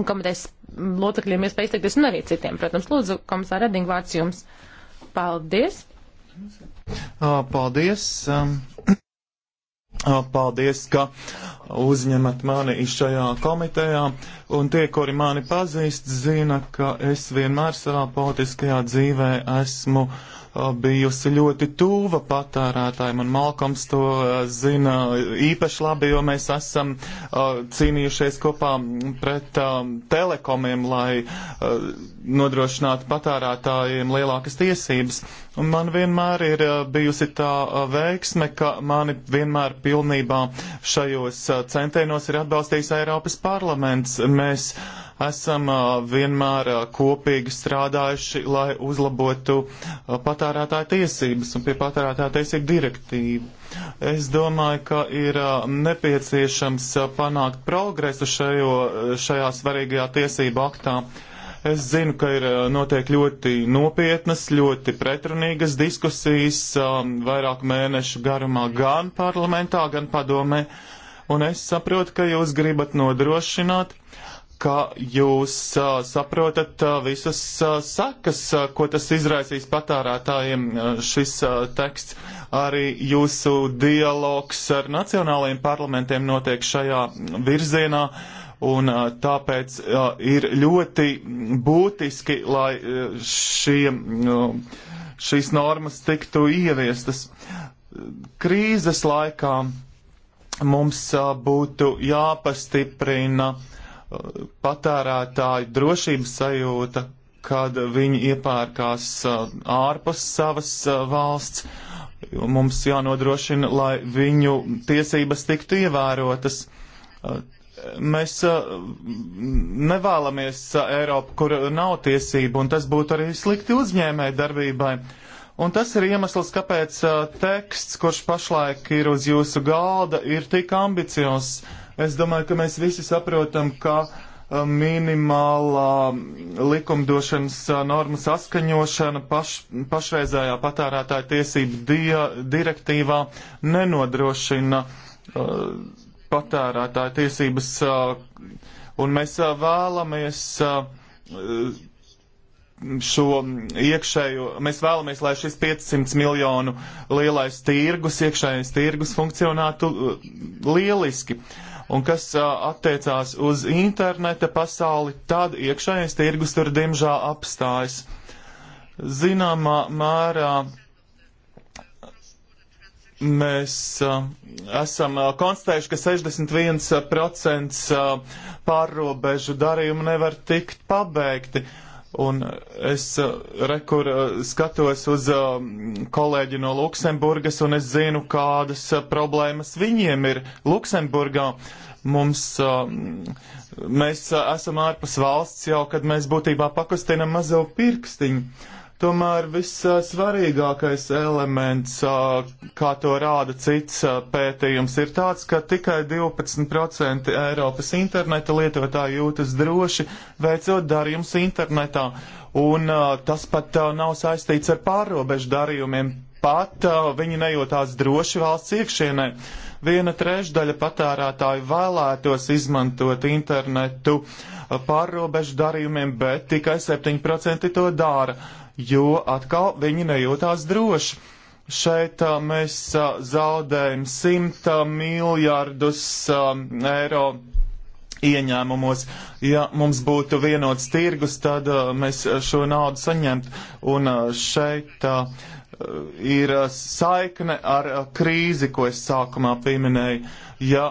komitejas locekļiem iespēja izteikties, un arī citiem, protams. Lūdzu, komisāra Reding, vārds jums. Paldies! Paldies! Um. Paldies, ka uzņemat mani šajā komitejā, un tie, kuri mani pazīst, zina, ka es vienmēr savā politiskajā dzīvē esmu uh, bijusi ļoti tuva patērētājiem, un Malkoms to zina īpaši labi, jo mēs esam cīnījušies kopā pret telekomiem, lai nodrošinātu patērētājiem lielākas tiesības. Un man vienmēr ir bijusi tā veiksme, ka mani vienmēr pilnībā šajos centienos ir atbalstījis Eiropas parlaments. Mēs esam vienmēr kopīgi strādājuši, lai uzlabotu patērētāja tiesības un pie patērētāja tiesību direktīvu. Es domāju, ka ir nepieciešams panākt progresu šajo, šajā svarīgajā tiesību aktā. Es zinu, ka ir notiek ļoti nopietnas, ļoti pretrunīgas diskusijas vairāku mēnešu garumā gan parlamentā, gan padomē. Un es saprotu, ka jūs gribat nodrošināt, ka jūs uh, saprotat uh, visas uh, sakas, uh, ko tas izraisīs patārētājiem uh, šis uh, teksts. Arī jūsu dialogs ar nacionālajiem parlamentiem notiek šajā virzienā. Un uh, tāpēc uh, ir ļoti būtiski, lai uh, šie, šīs normas tiktu ieviestas. Krīzes laikā mums būtu jāpastiprina uh, patērētāju drošības sajūta, kad viņi iepērkās ārpus savas valsts. Mums jānodrošina, lai viņu tiesības tiktu ievērotas. Mēs nevēlamies Eiropu, kur nav tiesību, un tas būtu arī slikti uzņēmē darbībai. Un tas ir iemesls, kāpēc teksts, kurš pašlaik ir uz jūsu galda, ir tik ambiciozs Es domāju, ka mēs visi saprotam, ka minimālā likumdošanas norma saskaņošana paš, pašreizējā patērētāja tiesību dia, direktīvā nenodrošina uh, patērētāja tiesības, uh, un mēs uh, vēlamies šo iekšējo, mēs vēlamies, lai šis 500 miljonu lielais tirgus, iekšējais tirgus funkcionētu lieliski. Uh, Un kas attiecās uz interneta pasauli, tad iekšējais tirgus tur diemžēl apstājas. Zināmā mērā mēs uh, esam uh, konstatējuši, ka 61% uh, pārrobežu darījumu nevar tikt pabeigti. Uh, Un es eh, rekur eh, skatos uz eh, kolēģi no Luksemburgas, un es zinu, kādas problēmas viņiem ir Luksemburgā. Mums, mēs esam ārpus valsts jau, kad mēs būtībā pakustinam mazo pirkstiņu. Tomēr vissvarīgākais elements, kā to rāda cits pētījums, ir tāds, ka tikai 12% Eiropas interneta lietotāji jūtas droši veicot darījumus internetā, un tas pat nav saistīts ar pārobežu darījumiem. Pat viņi nejūtās droši valsts iekšienē. Viena trešdaļa patērētāju vēlētos izmantot internetu pārrobežu darījumiem, bet tikai 7% to dara jo atkal viņi nejūtās droši. Šeit a, uh, mēs a, uh, zaudējam 100 uh, miljārdus um, eiro ieņēmumos. Ja mums būtu vienots tirgus, tad uh, mēs šo naudu saņemtu. Un uh, šeit uh, ir saikne ar krīzi, ko es sākumā pieminēju. Ja,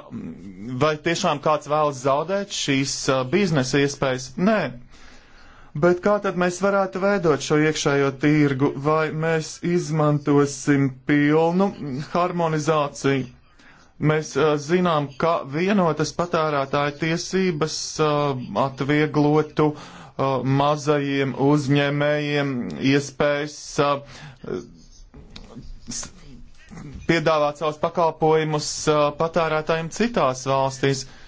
vai tiešām kāds vēlas zaudēt šīs biznesa iespējas? Nē. Bet kā tad mēs varētu veidot šo iekšējo tirgu? Vai mēs izmantosim pilnu harmonizāciju? Mēs uh, zinām, ka vienotas patērētāja tiesības uh, atvieglotu uh, mazajiem uzņēmējiem iespējas uh, piedāvāt savus pakalpojumus uh, patērētājiem citās valstīs. Uh,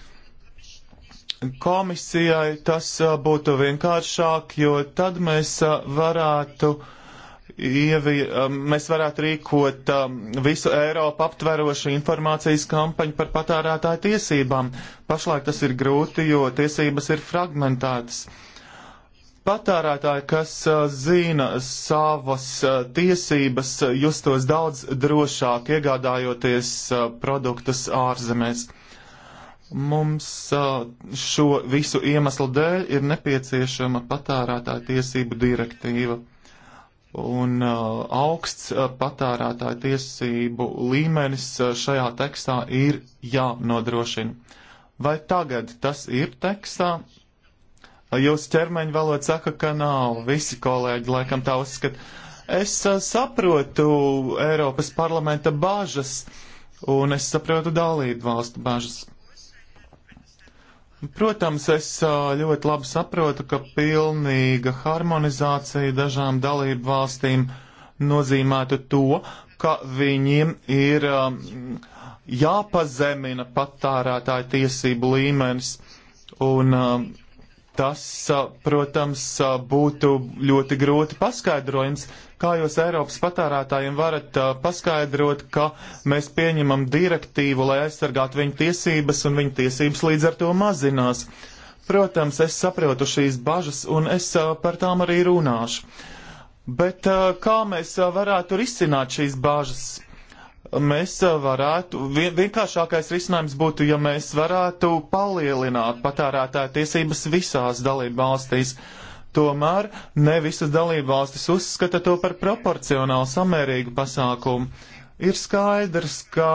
Komisijai tas būtu vienkāršāk, jo tad mēs varētu ievi, mēs varētu rīkot visu Eiropu aptverošu informācijas kampaņu par patērētāju tiesībām. Pašlaik tas ir grūti, jo tiesības ir fragmentētas. Patērētāji, kas zina savas tiesības, justos daudz drošāk iegādājoties produktus ārzemēs. Mums šo visu iemeslu dēļ ir nepieciešama patērētāja tiesību direktīva. Un augsts patērētāja tiesību līmenis šajā tekstā ir jānodrošina. Vai tagad tas ir tekstā? Jūsu ķermeņa valoda saka, ka nav. Visi kolēģi laikam tā uzskata. Es saprotu Eiropas parlamenta bažas, un es saprotu dalību valstu bažas Protams, es ļoti labi saprotu, ka pilnīga harmonizācija dažām dalību valstīm nozīmētu to, ka viņiem ir jāpazemina patārētāju tiesību līmenis. Un tas, protams, būtu ļoti grūti paskaidrojums, Kā jūs Eiropas patērētājiem varat uh, paskaidrot, ka mēs pieņemam direktīvu, lai aizsargātu viņu tiesības, un viņu tiesības līdz ar to mazinās? Protams, es saprotu šīs bažas, un es uh, par tām arī runāšu. Bet uh, kā mēs uh, varētu risināt šīs bāžas? Mēs uh, varētu, vien, vienkāršākais risinājums būtu, ja mēs varētu palielināt patērētāju tiesības visās dalību valstīs. Uh, Tomēr ne visas dalībvalstis uzskata to par proporcionālu samērīgu pasākumu. Ir skaidrs, ka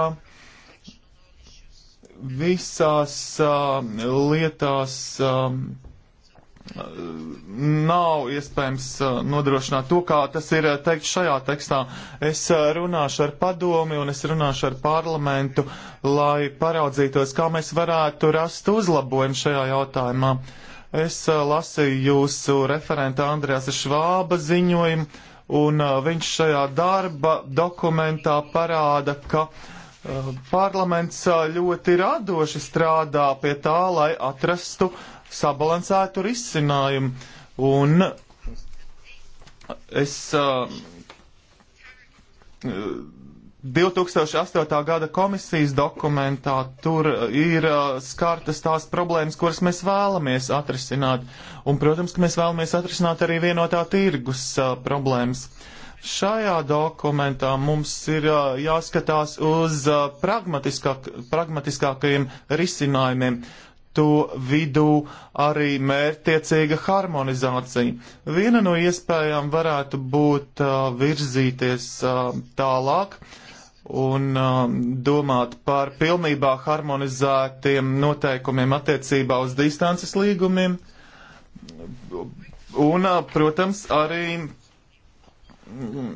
visās uh, lietās uh, nav iespējams uh, nodrošināt to, kā tas ir uh, teikt šajā tekstā. Es uh, runāšu ar padomi un es runāšu ar parlamentu, lai paraudzītos, kā mēs varētu rast uzlabojumu šajā jautājumā. Uh, Es eh, lasīju jūsu referenta Andrēsa Švāba ziņojumu, un eh, viņš šajā darba dokumentā parāda, ka eh, parlaments ļoti radoši strādā pie tā, lai atrastu sabalansētu risinājumu. Un es uh, 2008. gada komisijas dokumentā tur uh, ir uh, skartas tās problēmas, kuras mēs vēlamies atrisināt. Un, protams, ka mēs vēlamies atrisināt arī vienotā tirgus uh, problēmas. Šajā dokumentā mums ir uh, jāskatās uz uh, pragmatiskāk, pragmatiskākajiem risinājumiem. To vidū arī mērtiecīga harmonizācija. Viena no iespējām varētu būt uh, virzīties uh, tālāk. Uh, un um, domāt par pilnībā harmonizētiem noteikumiem attiecībā uz distances līgumiem. Un, uh, protams, arī mm,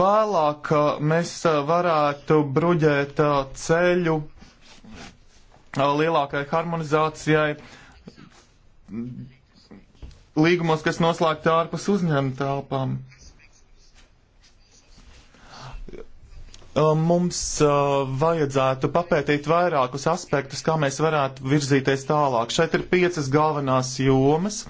vēlāk uh, mēs uh, varētu bruģēt ceļu lielākai harmonizācijai līgumos, kas noslēgti ārpus uzņēmuma telpām. Um, mums uh, vajadzētu papētīt vairākus aspektus, kā mēs varētu virzīties tālāk. Šeit ir piecas galvenās jomas,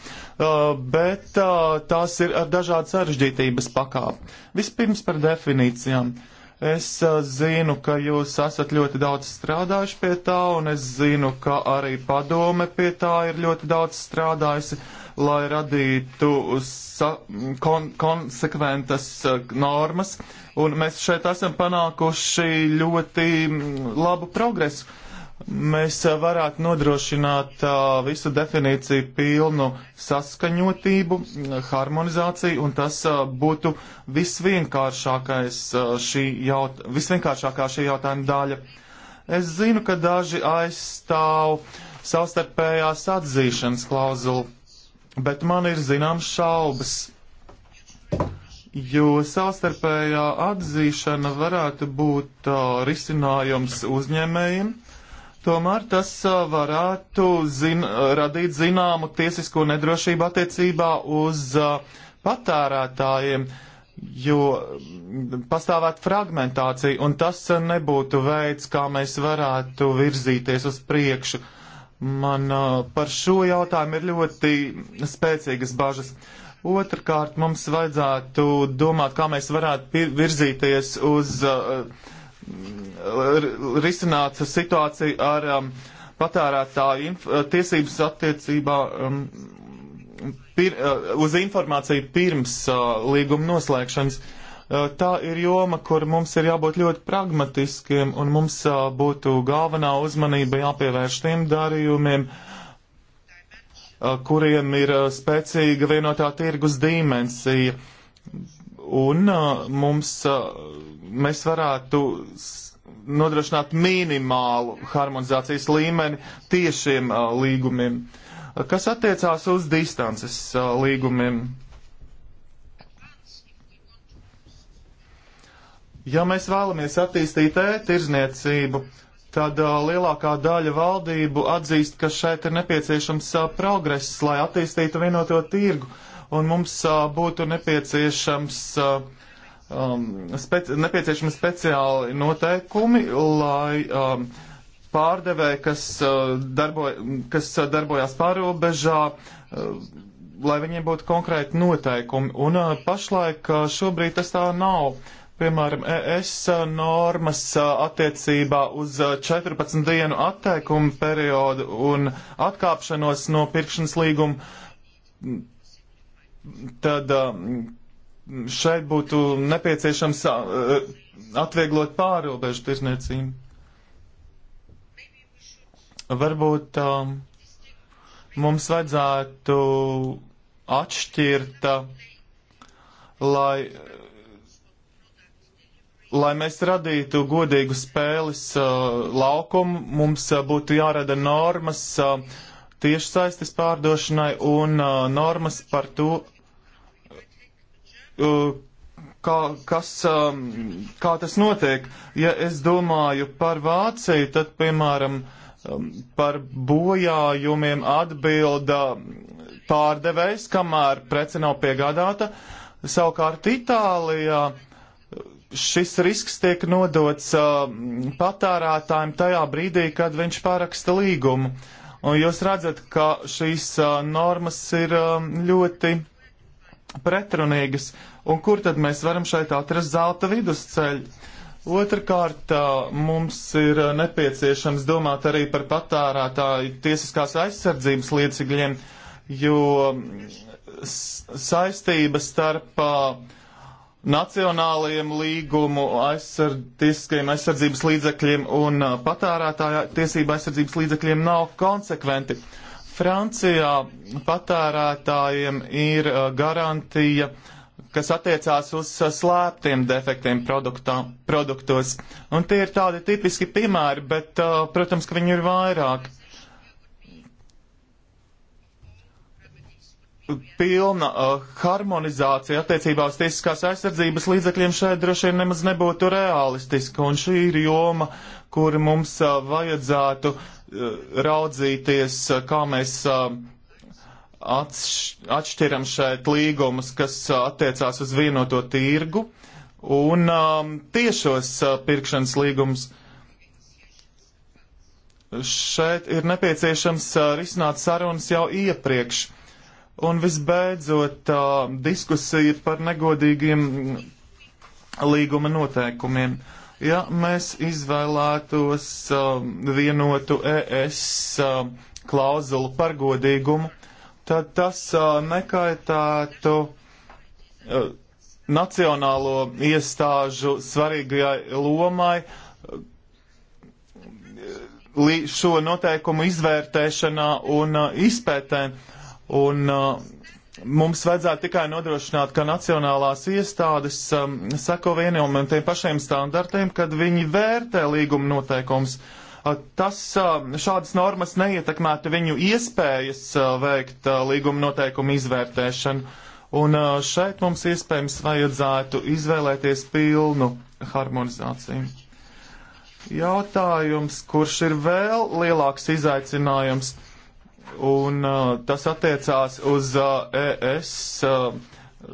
uh, bet uh, tās ir ar dažādu sarežģītības pakāpi. Vispirms par definīcijām. Es uh, zinu, ka jūs esat ļoti daudz strādājuši pie tā, un es zinu, ka arī padome pie tā ir ļoti daudz strādājusi. Uh, lai radītu sa, kon, konsekventas eh, normas, un mēs šeit esam panākuši ļoti mm, labu progresu. Mēs eh, varētu nodrošināt eh, visu definīciju pilnu saskaņotību, mm, harmonizāciju, un tas būtu visvienkāršākais šī, jaut visvienkāršākā šī jautājuma daļa. Es zinu, ka daži aizstāv savstarpējās atzīšanas klauzulu bet man ir zināms šaubas, jo savstarpējā atzīšana varētu būt uh, risinājums uzņēmējiem. Tomēr tas varētu zin, radīt zināmu tiesisko nedrošību attiecībā uz uh, patērētājiem, jo pastāvētu fragmentācija, un tas nebūtu veids, kā mēs varētu virzīties uz priekšu. Uh, Man uh, par šo jautājumu ir ļoti spēcīgas bažas. Otrakārt, mums vajadzētu domāt, kā mēs varētu virzīties uz uh, risināt situāciju ar um, patērētāju uh, tiesības attiecībā um, pir, uz informāciju pirms līguma noslēgšanas. Uh, tā ir joma, kur mums ir jābūt ļoti pragmatiskiem, un mums būtu galvenā uzmanība jāpievērš tiem darījumiem, kuriem ir spēcīga vienotā tirgus dimensija. Un mums, mēs varētu nodrošināt minimālu harmonizācijas līmeni tiešiem līgumiem. Kas attiecās uz distances līgumiem, Ja mēs vēlamies attīstīt e-tirzniecību, tad uh, lielākā daļa valdību atzīst, ka šeit ir nepieciešams uh, progress, lai attīstītu vienoto tirgu, un mums uh, būtu nepieciešams, um, speci nepieciešami speciāli noteikumi, lai um, pārdevēji, kas, darbo kas darbojās pārobežā, lai viņiem būtu konkrēti noteikumi. Un pašlaik šobrīd tas tā nav Piemēram, ES normas attiecībā uz 14 dienu atteikumu periodu un atkāpšanos no pirkšanas līguma, tad šeit būtu nepieciešams atvieglot pārobežu tirzniecību. Varbūt um, mums vajadzētu atšķirta, lai lai mēs radītu godīgu spēles uh, laukumu, mums uh, būtu jārada normas uh, tieši saistes pārdošanai un uh, normas par to, uh, kā, kas, uh, kā tas notiek. Ja es domāju par Vāciju, tad, piemēram, um, par bojājumiem atbilda pārdevējs, kamēr prece nav piegādāta. Savukārt Itālijā uh, šis risks tiek nodots uh, patērētājiem tajā brīdī, kad viņš pāraksta līgumu. Un jūs redzat, ka šīs uh, normas ir uh, ļoti pretrunīgas. Un kur tad mēs varam šeit atrast zelta vidusceļu? Otrakārt, mums ir nepieciešams domāt arī par patērētāju tiesiskās aizsardzības liecīgļiem, jo saistības starp uh, nacionālajiem līgumu aizsardzības, aizsardzības līdzekļiem un patērētāja tiesība aizsardzības līdzekļiem nav konsekventi. Francijā patērētājiem ir garantija, kas attiecās uz slēptiem defektiem produktā, produktos. Un tie ir tādi tipiski piemēri, bet, protams, ka viņi ir vairāki. pilna uh, harmonizācija attiecībā uz tiesiskās aizsardzības līdzekļiem šeit droši vien nemaz nebūtu realistiska, un šī ir joma, kur mums uh, vajadzētu uh, raudzīties, uh, kā mēs uh, atš atšķiram šeit līgumus, kas uh, attiecās uz vienoto tirgu un um, tiešos uh, pirkšanas līgumus. Šeit ir nepieciešams uh, risināt sarunas jau iepriekš. Uh, Un visbeidzot, uh, diskusija par negodīgiem līguma noteikumiem. Ja mēs izvēlētos uh, vienotu ES uh, um, klauzulu par godīgumu, tad tas uh, nekaitētu uh, nacionālo iestāžu svarīgajai lomai uh, šo noteikumu izvērtēšanā un uh, izpētē. Uh, Un uh, mums vajadzētu tikai nodrošināt, ka nacionālās iestādes um, sako vienam un tiem pašiem standartiem, kad viņi vērtē līguma noteikums. Uh, tas uh, šādas normas neietekmētu viņu iespējas uh, veikt uh, līguma noteikumu izvērtēšanu. Un uh, šeit mums iespējams vajadzētu izvēlēties pilnu harmonizāciju. Jautājums, kurš ir vēl lielāks izaicinājums? Uh, un uh, tas attiecās uz uh, ES uh,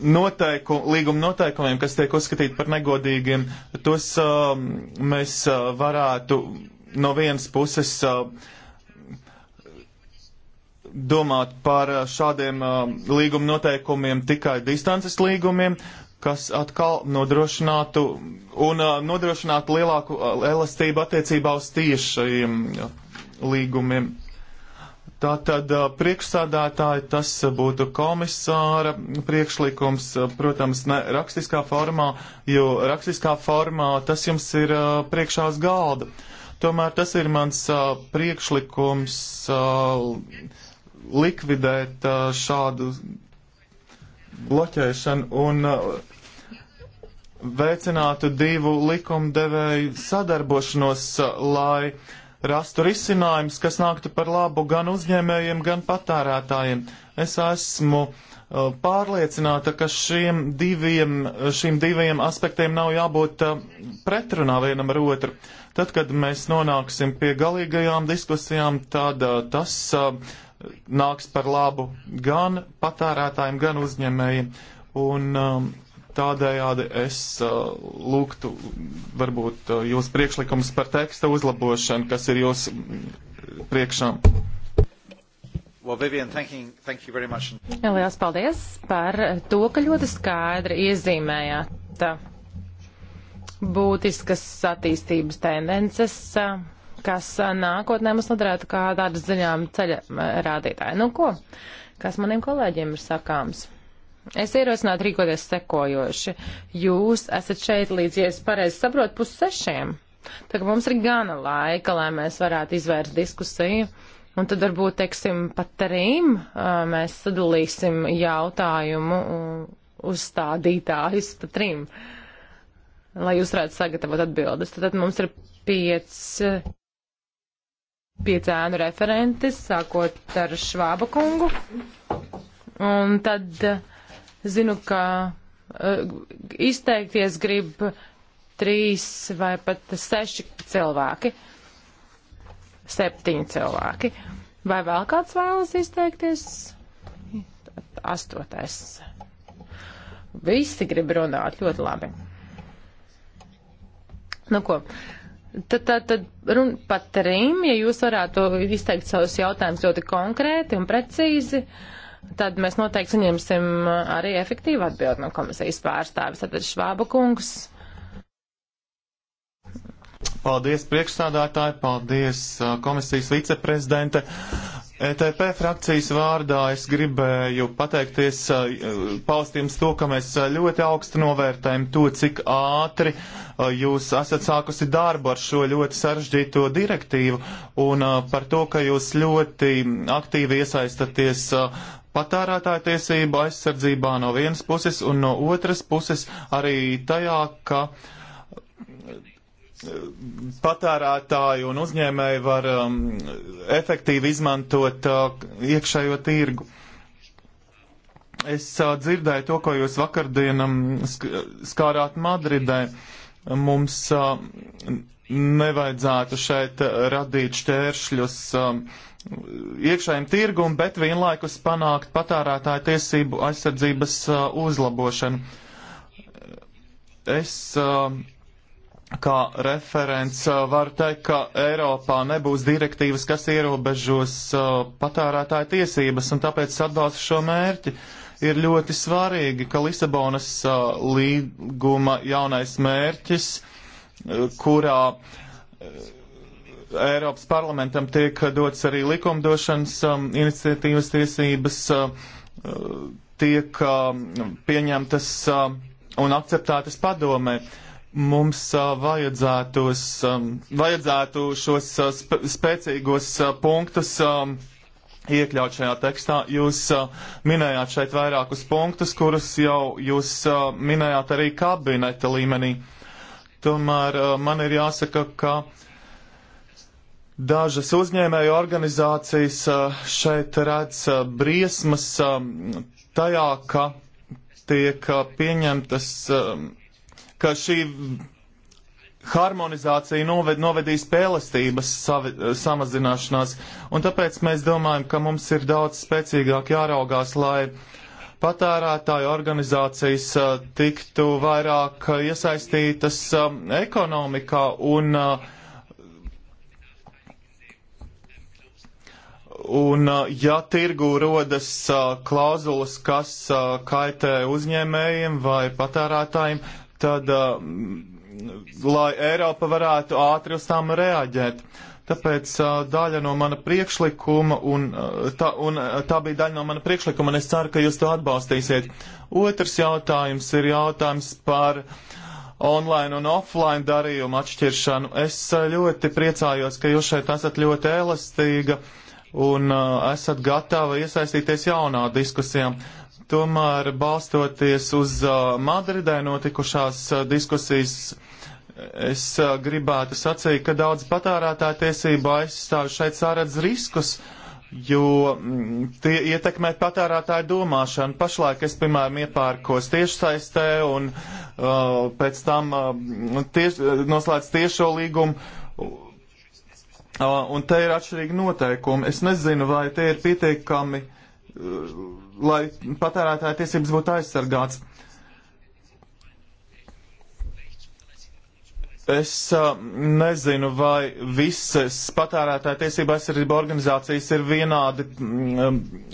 noteiku, līguma noteikumiem, kas tiek uzskatīti par negodīgiem. Tos uh, mēs uh, varētu no vienas puses uh, domāt par šādiem uh, līguma noteikumiem tikai distances līgumiem, uh, kas atkal nodrošinātu un uh, nodrošinātu lielāku uh, elastību attiecībā uz tiešajiem uh, līgumiem. Tātad priekšsādātāji tas būtu komisāra priekšlikums, protams, ne rakstiskā formā, jo rakstiskā formā tas jums ir priekšā uz galda. Tomēr tas ir mans priekšlikums likvidēt šādu bloķēšanu un veicinātu divu likumdevēju sadarbošanos, eh, lai rastu risinājums, kas nāktu par labu gan uzņēmējiem, gan patērētājiem. Es esmu eh, pārliecināta, ka šiem diviem, šiem diviem aspektiem nav jābūt eh, pretrunā vienam ar otru. Tad, kad mēs nonāksim pie galīgajām diskusijām, tad tas nāks par labu gan patērētājiem, gan uzņēmējiem. Un um, Tādējādi es uh, lūgtu varbūt uh, jūs priekšlikums par teksta uzlabošanu, kas ir jūs priekšām. Well, Vivian, thank you, thank you very much. Lielas paldies par to, ka ļoti skaidri iezīmējāt būtiskas attīstības tendences, kas nākotnē mums nodarētu kā tādas ziņām ceļa rādītāji. Nu ko, kas maniem kolēģiem ir sakāms? Es ierosinātu rīkoties sekojoši. Jūs esat šeit līdz, ja es pareizi saprotu, pussešiem. Tā kā mums ir gana laika, lai mēs varētu izvērst diskusiju. Un tad varbūt, teiksim, pat trim mēs sadalīsim jautājumu uzstādītājus pa trim, lai jūs varētu sagatavot atbildes. Tad, tad mums ir piec, piec ēnu referenti, sākot ar Švāba kungu. Un tad uh, Zinu, ka eh, izteikties grib trīs vai pat seši cilvēki, septiņi cilvēki. Vai vēl kāds vēlas izteikties? Astotais. Visi grib runāt ļoti labi. Nu ko, tad, tad, tad run par trim, ja jūs varētu izteikt savus jautājumus ļoti konkrēti un precīzi. Uh, tad mēs noteikti saņemsim uh, arī efektīvu atbildi no komisijas pārstāvis. Tātad Švāba kungs. Paldies priekšsādātāji, paldies uh, komisijas viceprezidente. ETP frakcijas vārdā es gribēju pateikties uh, paustījums to, ka mēs ļoti augstu novērtējam to, cik ātri jūs esat sākusi darbu ar šo ļoti sarežģīto direktīvu un par to, ka jūs ļoti aktīvi iesaistaties patērētāja tiesība aizsardzībā no vienas puses un no otras puses arī tajā, ka eh, patērētāji un uzņēmēji var um, efektīvi izmantot uh, iekšējo tirgu. Es uh, dzirdēju to, ko jūs vakardienam um, sk skārāt Madridē. Mums uh, nevajadzētu šeit uh, radīt šķēršļus. Uh, iekšējiem tirgum, bet vienlaikus panākt patērētāju tiesību aizsardzības uh, uzlabošanu. Es uh, kā referents uh, varu teikt, ka Eiropā nebūs direktīvas, kas ierobežos uh, patērētāju tiesības, un tāpēc es atbalstu šo mērķi. Ir ļoti svarīgi, ka Lisabonas uh, līguma jaunais mērķis, uh, kurā uh, Eiropas parlamentam tiek dots arī likumdošanas um, iniciatīvas tiesības, uh, tiek uh, pieņemtas uh, un akceptētas padomē. Mums uh, vajadzētos, um, vajadzētu šos uh, sp spēcīgos uh, punktus um, iekļaut šajā tekstā. Jūs uh, minējāt šeit vairākus punktus, kurus jau jūs uh, minējāt arī kabineta līmenī. Tomēr uh, man ir jāsaka, ka uh, Dažas uzņēmēju organizācijas eh, šeit redz eh, briesmas eh, tajā, ka tiek pieņemtas, ka šī harmonizācija noved, novedīs pēlestības savi, samazināšanās, un tāpēc mēs domājam, ka mums ir daudz spēcīgāk jāraugās, lai patērētāju organizācijas tiktu vairāk iesaistītas ekonomikā un uh, Un, uh, ja tirgū rodas uh, klauzulas, kas uh, kaitē uzņēmējiem vai patērētājiem, tad, lai Eiropa varētu ātri uz tām reaģēt. Tāpēc daļa no mana priekšlikuma, un tā, un tā bija daļa no mana priekšlikuma, un es ceru, ka jūs to atbalstīsiet. Otrs jautājums ir jautājums par online un offline darījumu atšķiršanu. Es ļoti priecājos, ka jūs šeit esat ļoti elastīga. Uh, un uh, esat gatava iesaistīties jaunā diskusijā. Tomēr, balstoties uz uh, Madridē notikušās uh, diskusijas, es uh, gribētu sacīt, ka daudz patērētāju tiesību aizstāvi šeit sāredz riskus, jo mm, tie ietekmē patērētāju domāšanu. Pašlaik es, piemēram, iepērkos tiešsaistē un uh, pēc tam uh, tieš, noslēdz tiešo līgumu Un te ir atšķirīgi noteikumi. Es nezinu, vai tie ir pietiekami, lai patērētāja tiesības būtu aizsargāts. Es nezinu, vai visas patērētāja tiesība aizsardzība organizācijas ir vienādi,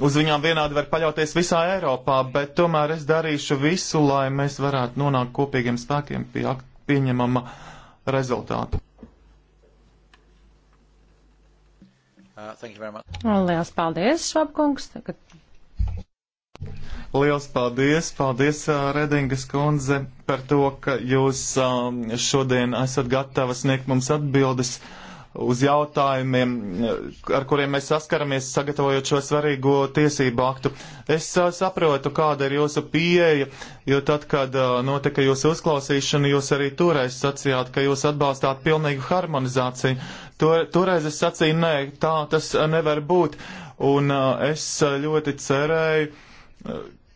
uz viņām vienādi var paļauties visā Eiropā, bet tomēr es darīšu visu, lai mēs varētu nonākt kopīgiem spēkiem pie pieņemama rezultāta. Uh, Lielas paldies, Švabkungs. Tagad... Lielas paldies, paldies, uh, Redingas kundze, par to, ka jūs um, šodien esat gatava sniegt mums atbildes. Uh, uz jautājumiem, ar kuriem mēs saskaramies, sagatavojot šo svarīgo tiesību aktu. Es uh, saprotu, kāda ir jūsu pieeja, jo tad, kad uh, notika jūsu uzklausīšana, jūs arī toreiz sacījāt, ka jūs atbalstāt pilnīgu harmonizāciju. Tur, toreiz es sacīju, nē, tā tas nevar būt. Un uh, es ļoti cerēju,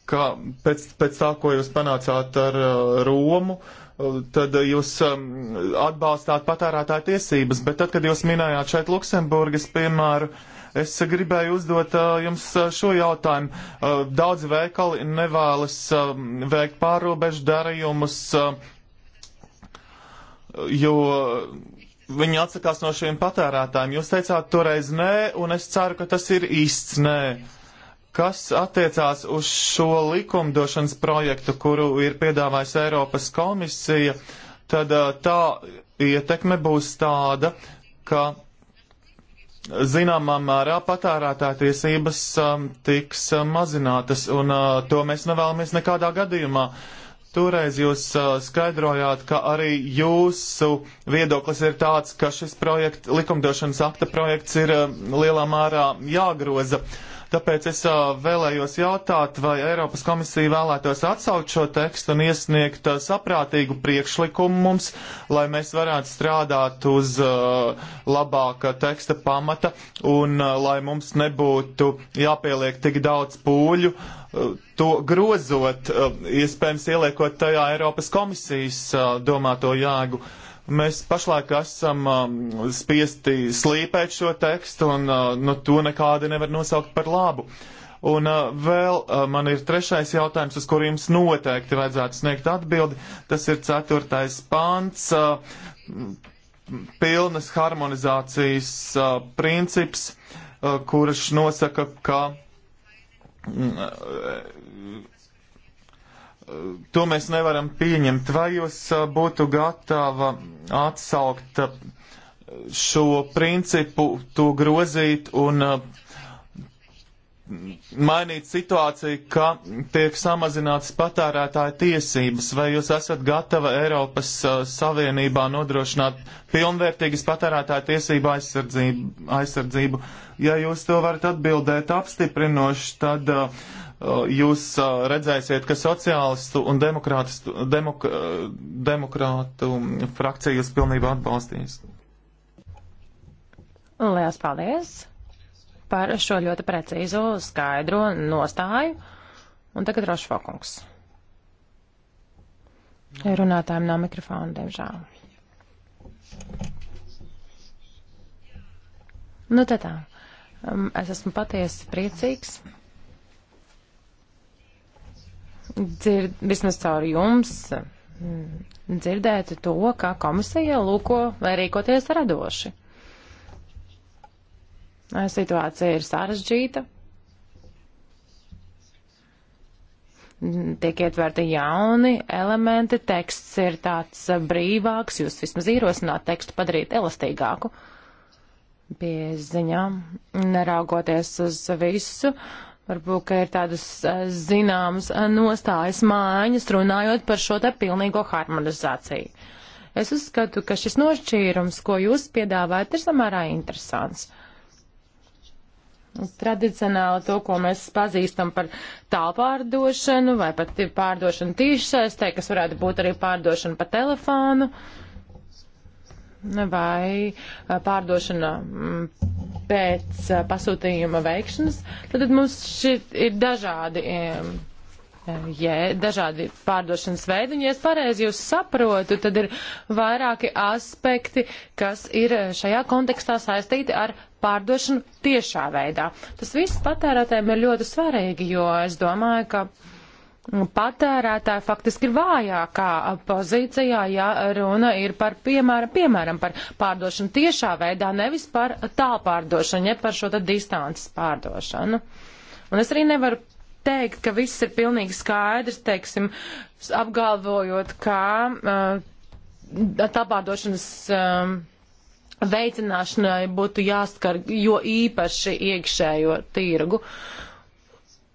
ka pēc, pēc tā, ko jūs panācāt ar Romu, uh, tad jūs um, atbalstāt patērētāju tiesības, bet tad, kad jūs minējāt šeit Luksemburgas piemēru, es gribēju uzdot uh, jums uh, šo jautājumu. Uh, daudzi veikali nevēlas um, veikt pārobežu darījumus, jo viņi atsakās no šiem patērētājiem. Jūs teicāt toreiz nē, un es ceru, ka tas ir īsts nē kas attiecās uz šo likumdošanas projektu, kuru ir piedāvājis Eiropas komisija, tad tā ietekme būs tāda, ka zināmā mērā patērētāja tiesības um, tiks um, mazinātas, un uh, to mēs nevēlamies nekādā gadījumā. Toreiz jūs uh, skaidrojāt, ka arī jūsu viedoklis ir tāds, ka šis projekt, likumdošanas akta projekts ir uh, lielā mērā jāgroza. Uh, Tāpēc es uh, vēlējos jautāt, vai Eiropas komisija vēlētos atsaukt šo tekstu un iesniegt uh, saprātīgu priekšlikumu mums, lai mēs varētu strādāt uz uh, labāka teksta pamata un uh, lai mums nebūtu jāpieliek tik daudz pūļu. Uh, to grozot, uh, iespējams ieliekot tajā Eiropas komisijas uh, domāto jēgu. Uh, Mēs pašlaik esam uh, spiesti slīpēt šo tekstu, un uh, no nu, to nekādi nevar nosaukt par labu. Un uh, vēl uh, man ir trešais jautājums, uz kuriem jums noteikti vajadzētu sniegt atbildi. Tas ir ceturtais pants. Uh, pilnas harmonizācijas uh, princips, uh, kurš nosaka, ka mm, uh, to mēs nevaram pieņemt. Vai jūs būtu gatava atsaukt šo principu, to grozīt un mainīt situāciju, ka tiek samazinātas patērētāja tiesības, vai jūs esat gatava Eiropas Savienībā nodrošināt pilnvērtīgas patērētāja tiesību aizsardzību, aizsardzību. Ja jūs to varat atbildēt apstiprinoši, tad uh, Eh, jūs eh, redzēsiet, ka sociālistu un demok eh, demokrātu frakcija jūs pilnībā atbalstīs. Lielas paldies par šo ļoti precīzo, skaidro nostāju. Un tagad Rošfokungs. Runātājiem nav mikrofona, diemžēl. Nu, tā tā. Mm, es esmu patiesi priecīgs dzird, vismaz caur jums mm, dzirdēt to, kā komisija lūko vai rīkoties radoši. Situācija ir sarežģīta. Tiek ietverti jauni elementi, teksts ir tāds brīvāks, jūs vismaz īrosināt tekstu padarīt elastīgāku pie ziņām, neraugoties uz visu. Uh, Varbūt, ka ir tādas eh, zināmas eh, nostājas mājas runājot par šo te pilnīgo harmonizāciju. Es uzskatu, ka šis nošķīrums, ko jūs piedāvājat, ir samērā interesants. Tradicionāli to, ko mēs pazīstam par tālpārdošanu vai pat pārdošanu tīšsaistē, kas varētu būt arī pārdošana pa telefonu. Uh, vai pārdošana mm, pēc pasūtījuma veikšanas, tad mums šit ir dažādi, jē, dažādi pārdošanas veidi, un, ja es pareizi jūs saprotu, tad ir vairāki aspekti, kas ir šajā kontekstā saistīti ar pārdošanu tiešā veidā. Tas viss patērētēm ir ļoti svarīgi, jo es domāju, ka patērētāji faktiski ir vājākā pozīcijā, ja runa ir par, piemēram, piemēram par pārdošanu tiešā veidā, nevis par tālpārdošanu, ja par šo tad distances pārdošanu. Un es arī nevaru teikt, ka viss ir pilnīgi skaidrs, teiksim, apgalvojot, ka uh, tālpārdošanas. Uh, veicināšanai būtu jāskar jo īpaši iekšējo tirgu. Uh,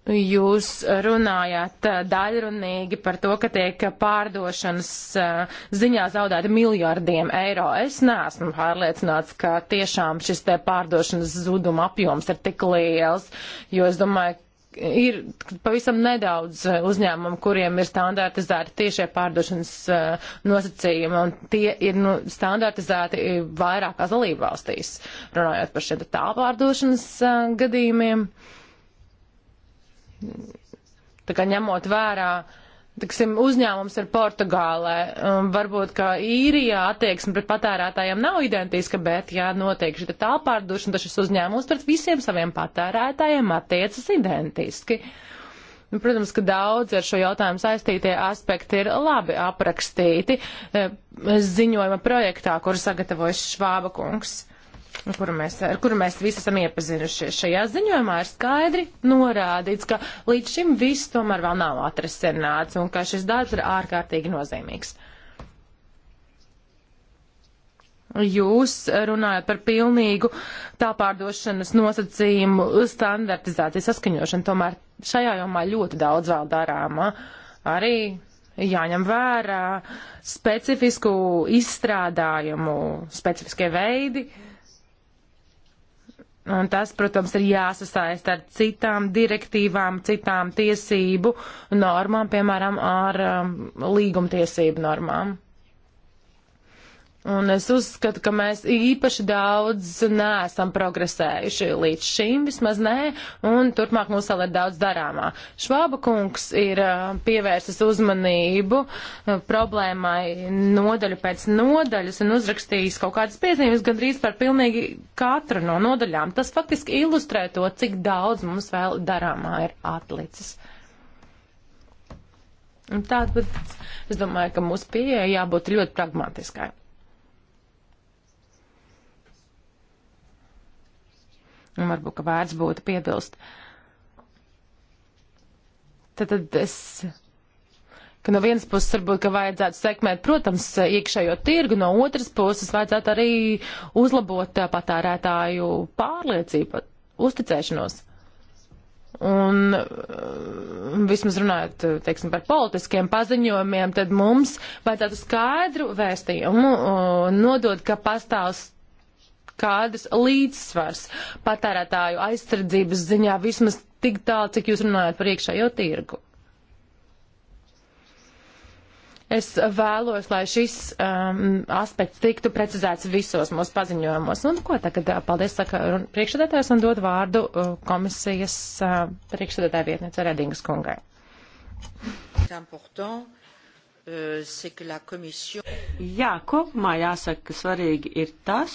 Jūs runājāt eh, daļrunīgi par to, ka tiek pārdošanas eh, ziņā zaudēti miljardiem eiro. Es neesmu pārliecināts, ka tiešām šis te pārdošanas zuduma apjoms ir tik liels, jo es domāju, ir pavisam nedaudz eh, uzņēmumu, kuriem ir standartizēti tiešie pārdošanas uh, nosacījumi, un tie ir nu, standartizēti vairākās dalībvalstīs, runājot par šiem tā pārdošanas uh, gadījumiem. Uh, tā kā ņemot vērā, tiksim, uzņēmums ir Portugālē, um, varbūt, ka īrijā attieksme pret patērētājiem nav identiska, bet, ja notiek šī tālpārdošana, tad šis uzņēmums pret visiem saviem patērētājiem attiecas identiski. Nu, protams, ka daudz ar šo jautājumu saistītie aspekti ir labi aprakstīti eh, ziņojuma projektā, kur sagatavojas Švāba kungs. Nu, kuru mēs, ar kuru mēs visi esam iepazinušies. Šajā ziņojumā ir skaidri norādīts, ka līdz šim viss tomēr vēl nav atrasināts un ka šis darbs ir ārkārtīgi nozīmīgs. Jūs runājat par pilnīgu tā pārdošanas nosacījumu standartizāciju saskaņošanu, tomēr šajā jomā ļoti daudz vēl darāmā. Arī jāņem vērā specifisku izstrādājumu, specifiskie veidi, uh, Un tas, protams, ir jāsasaist ar citām direktīvām, citām tiesību normām, piemēram, ar um, līgumtiesību normām. Un es uzskatu, ka mēs īpaši daudz neesam progresējuši līdz šim, vismaz nē, un turpmāk mums vēl ir daudz darāmā. Švāba kungs ir pievērsis uzmanību problēmai nodaļu pēc nodaļas un uzrakstījis kaut kādas piezīmes gandrīz par pilnīgi katru no nodaļām. Tas faktiski ilustrē to, cik daudz mums vēl darāmā ir atlicis. Un tātad es domāju, ka mūsu pieeja jābūt ļoti pragmatiskai. Un varbūt, ka vērts būtu piebilst. Tad, tad es ka no vienas puses varbūt, ka vajadzētu sekmēt, protams, iekšējo tirgu, no otras puses vajadzētu arī uzlabot patērētāju pārliecību, uzticēšanos. Un vismaz runājot, teiksim, par politiskiem paziņojumiem, tad mums vajadzētu skaidru vēstījumu nodot, ka pastāv kādas līdzsvars patērētāju aizsardzības ziņā vismaz tik tālu, cik jūs runājat par iekšējo tirgu. Es vēlos, lai šis um, aspekts tiktu precizēts visos mūsu paziņojumos. Un nu, ko tagad uh, paldies saka priekšsēdētājs un dod vārdu uh, komisijas uh, priekšsēdētāja vietniece Redingas kungai. Important. Uh, Jā, kopumā jāsaka, ka svarīgi ir tas,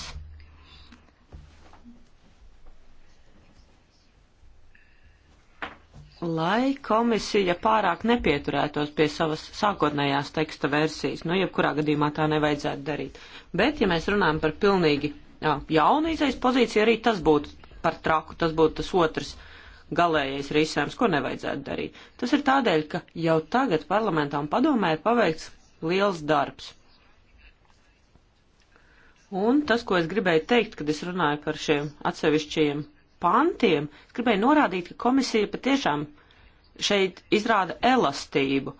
lai komisija pārāk nepieturētos pie savas sākotnējās teksta versijas. Nu, jebkurā gadījumā tā nevajadzētu darīt. Bet, ja mēs runājam par pilnīgi jā, jaunu izaisa pozīciju, arī tas būtu par traku, tas būtu tas otrs galējais risinājums, ko nevajadzētu darīt. Tas ir tādēļ, ka jau tagad parlamentā un padomē ir paveikts liels darbs. Un tas, ko es gribēju teikt, kad es runāju par šiem atsevišķajiem pantiem, es gribēju norādīt, ka komisija patiešām šeit izrāda elastību,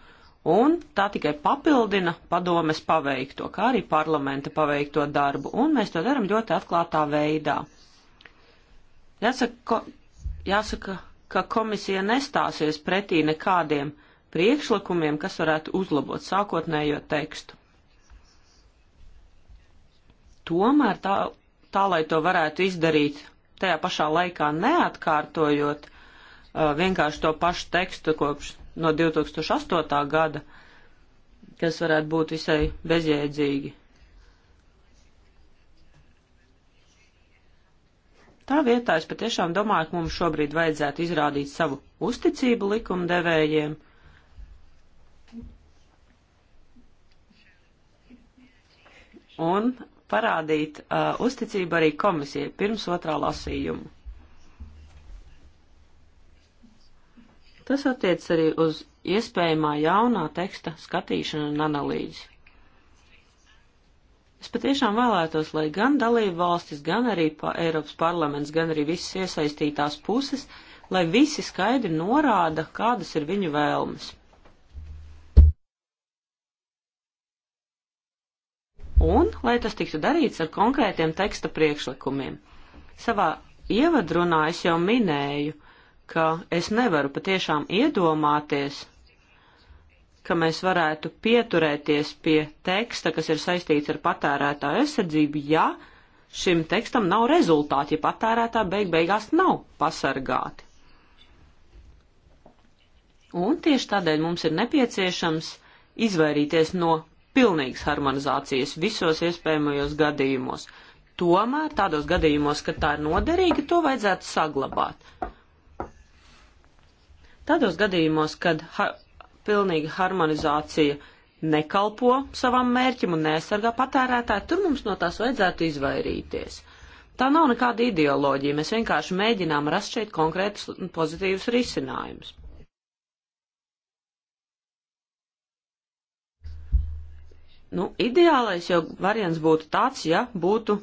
un tā tikai papildina padomes paveikto, kā arī parlamenta paveikto darbu, un mēs to daram ļoti atklātā veidā. Jāsaka, ko, jāsaka ka komisija nestāsies pretī nekādiem priekšlikumiem, kas varētu uzlabot sākotnējo tekstu. Tomēr tā, tā lai to varētu izdarīt tajā pašā laikā neatkārtojot uh, vienkārši to pašu tekstu kopš no 2008. gada, kas varētu būt visai bezjēdzīgi. Tā vietā es patiešām domāju, ka mums šobrīd vajadzētu izrādīt savu uzticību likumdevējiem. Un parādīt uh, uzticību arī komisijai pirms otrā lasījuma. Tas attiec arī uz iespējamā jaunā teksta skatīšanu un analīzi. Es patiešām vēlētos, lai gan dalību valstis, gan arī pa Eiropas parlaments, gan arī visas iesaistītās puses, lai visi skaidri norāda, kādas ir viņu vēlmes. un lai tas tiktu darīts ar konkrētiem teksta priekšlikumiem. Savā ievadrunā es jau minēju, ka es nevaru patiešām iedomāties, ka mēs varētu pieturēties pie teksta, kas ir saistīts ar patērētāju aizsardzību, ja šim tekstam nav rezultāti, ja patērētā beig beigās nav pasargāti. Un tieši tādēļ mums ir nepieciešams izvairīties no pilnīgas harmonizācijas visos iespējamajos gadījumos. Tomēr tādos gadījumos, kad tā ir noderīga, to vajadzētu saglabāt. Tādos gadījumos, kad ha pilnīga harmonizācija nekalpo savam mērķim un neaizsargā patērētāju, tur mums no tās vajadzētu izvairīties. Tā nav nekāda ideoloģija, mēs vienkārši mēģinām rast šeit konkrētus pozitīvus risinājumus. Nu, ideālais jau variants būtu tāds, ja būtu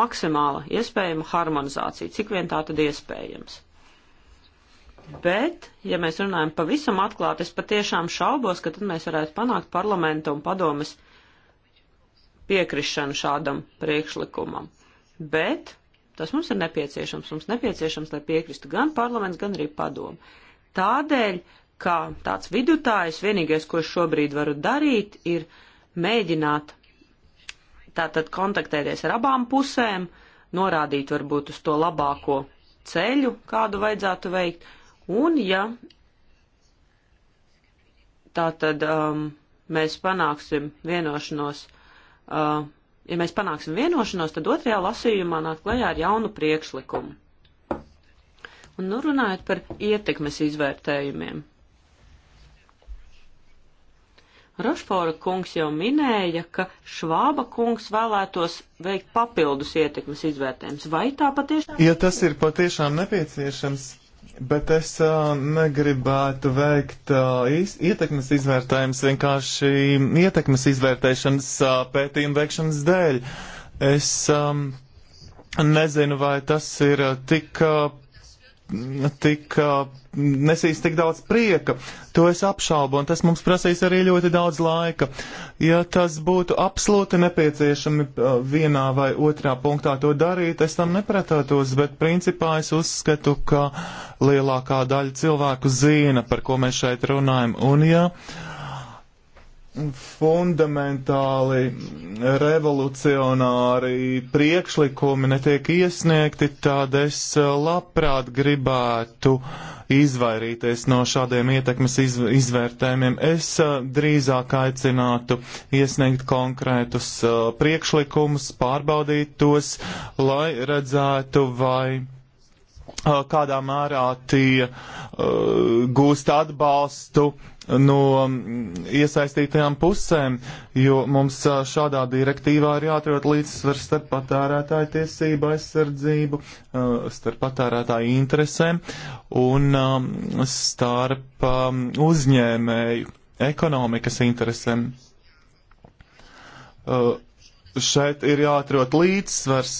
maksimāla iespējama harmonizācija, cik vien tā tad iespējams. Bet, ja mēs runājam pavisam atklāti, es patiešām šaubos, ka tad mēs varētu panākt parlamenta un padomes piekrišanu šādam priekšlikumam. Bet tas mums ir nepieciešams. Mums nepieciešams, lai piekristu gan parlaments, gan arī padomu. Tādēļ, kā tāds vidutājs, vienīgais, ko es šobrīd varu darīt, ir mēģināt tātad kontaktēties ar abām pusēm, norādīt varbūt uz to labāko ceļu, kādu vajadzētu veikt, un ja tātad um, mēs panāksim vienošanos, uh, ja mēs panāksim vienošanos, tad otrajā lasījumā nāk klajā ar jaunu priekšlikumu. Un nu runājot par ietekmes izvērtējumiem. Rošfora kungs jau minēja, ka Švāba kungs vēlētos veikt papildus ietekmes izvērtējums. Vai tā patiešām? Ja tas ir patiešām nepieciešams, bet es uh, negribētu veikt uh, ietekmes izvērtējums vienkārši ietekmes izvērtēšanas uh, pētījuma veikšanas dēļ. Es um, nezinu, vai tas ir uh, tik. Uh, tik, nesīs tik daudz prieka. To es apšaubu, un tas mums prasīs arī ļoti daudz laika. Ja tas būtu absolūti nepieciešami vienā vai otrā punktā to darīt, es tam nepratātos, bet principā es uzskatu, ka lielākā daļa cilvēku zina, par ko mēs šeit runājam. Un, ja, uh, fundamentāli revolucionāri priekšlikumi netiek iesniegti, tad es eh, labprāt gribētu izvairīties no šādiem ietekmes iz, izvērtējumiem. Es eh, drīzāk aicinātu iesniegt konkrētus eh, priekšlikumus, pārbaudīt tos, lai redzētu, vai kādā mērā tie uh, gūst atbalstu uh, no mm, iesaistītajām pusēm, jo mums šādā direktīvā ir jāatrod līdzsvars starp patērētāju tiesību aizsardzību, starp patērētāju interesēm un starp uzņēmēju ekonomikas interesēm. Šeit ir jāatrod līdzsvars.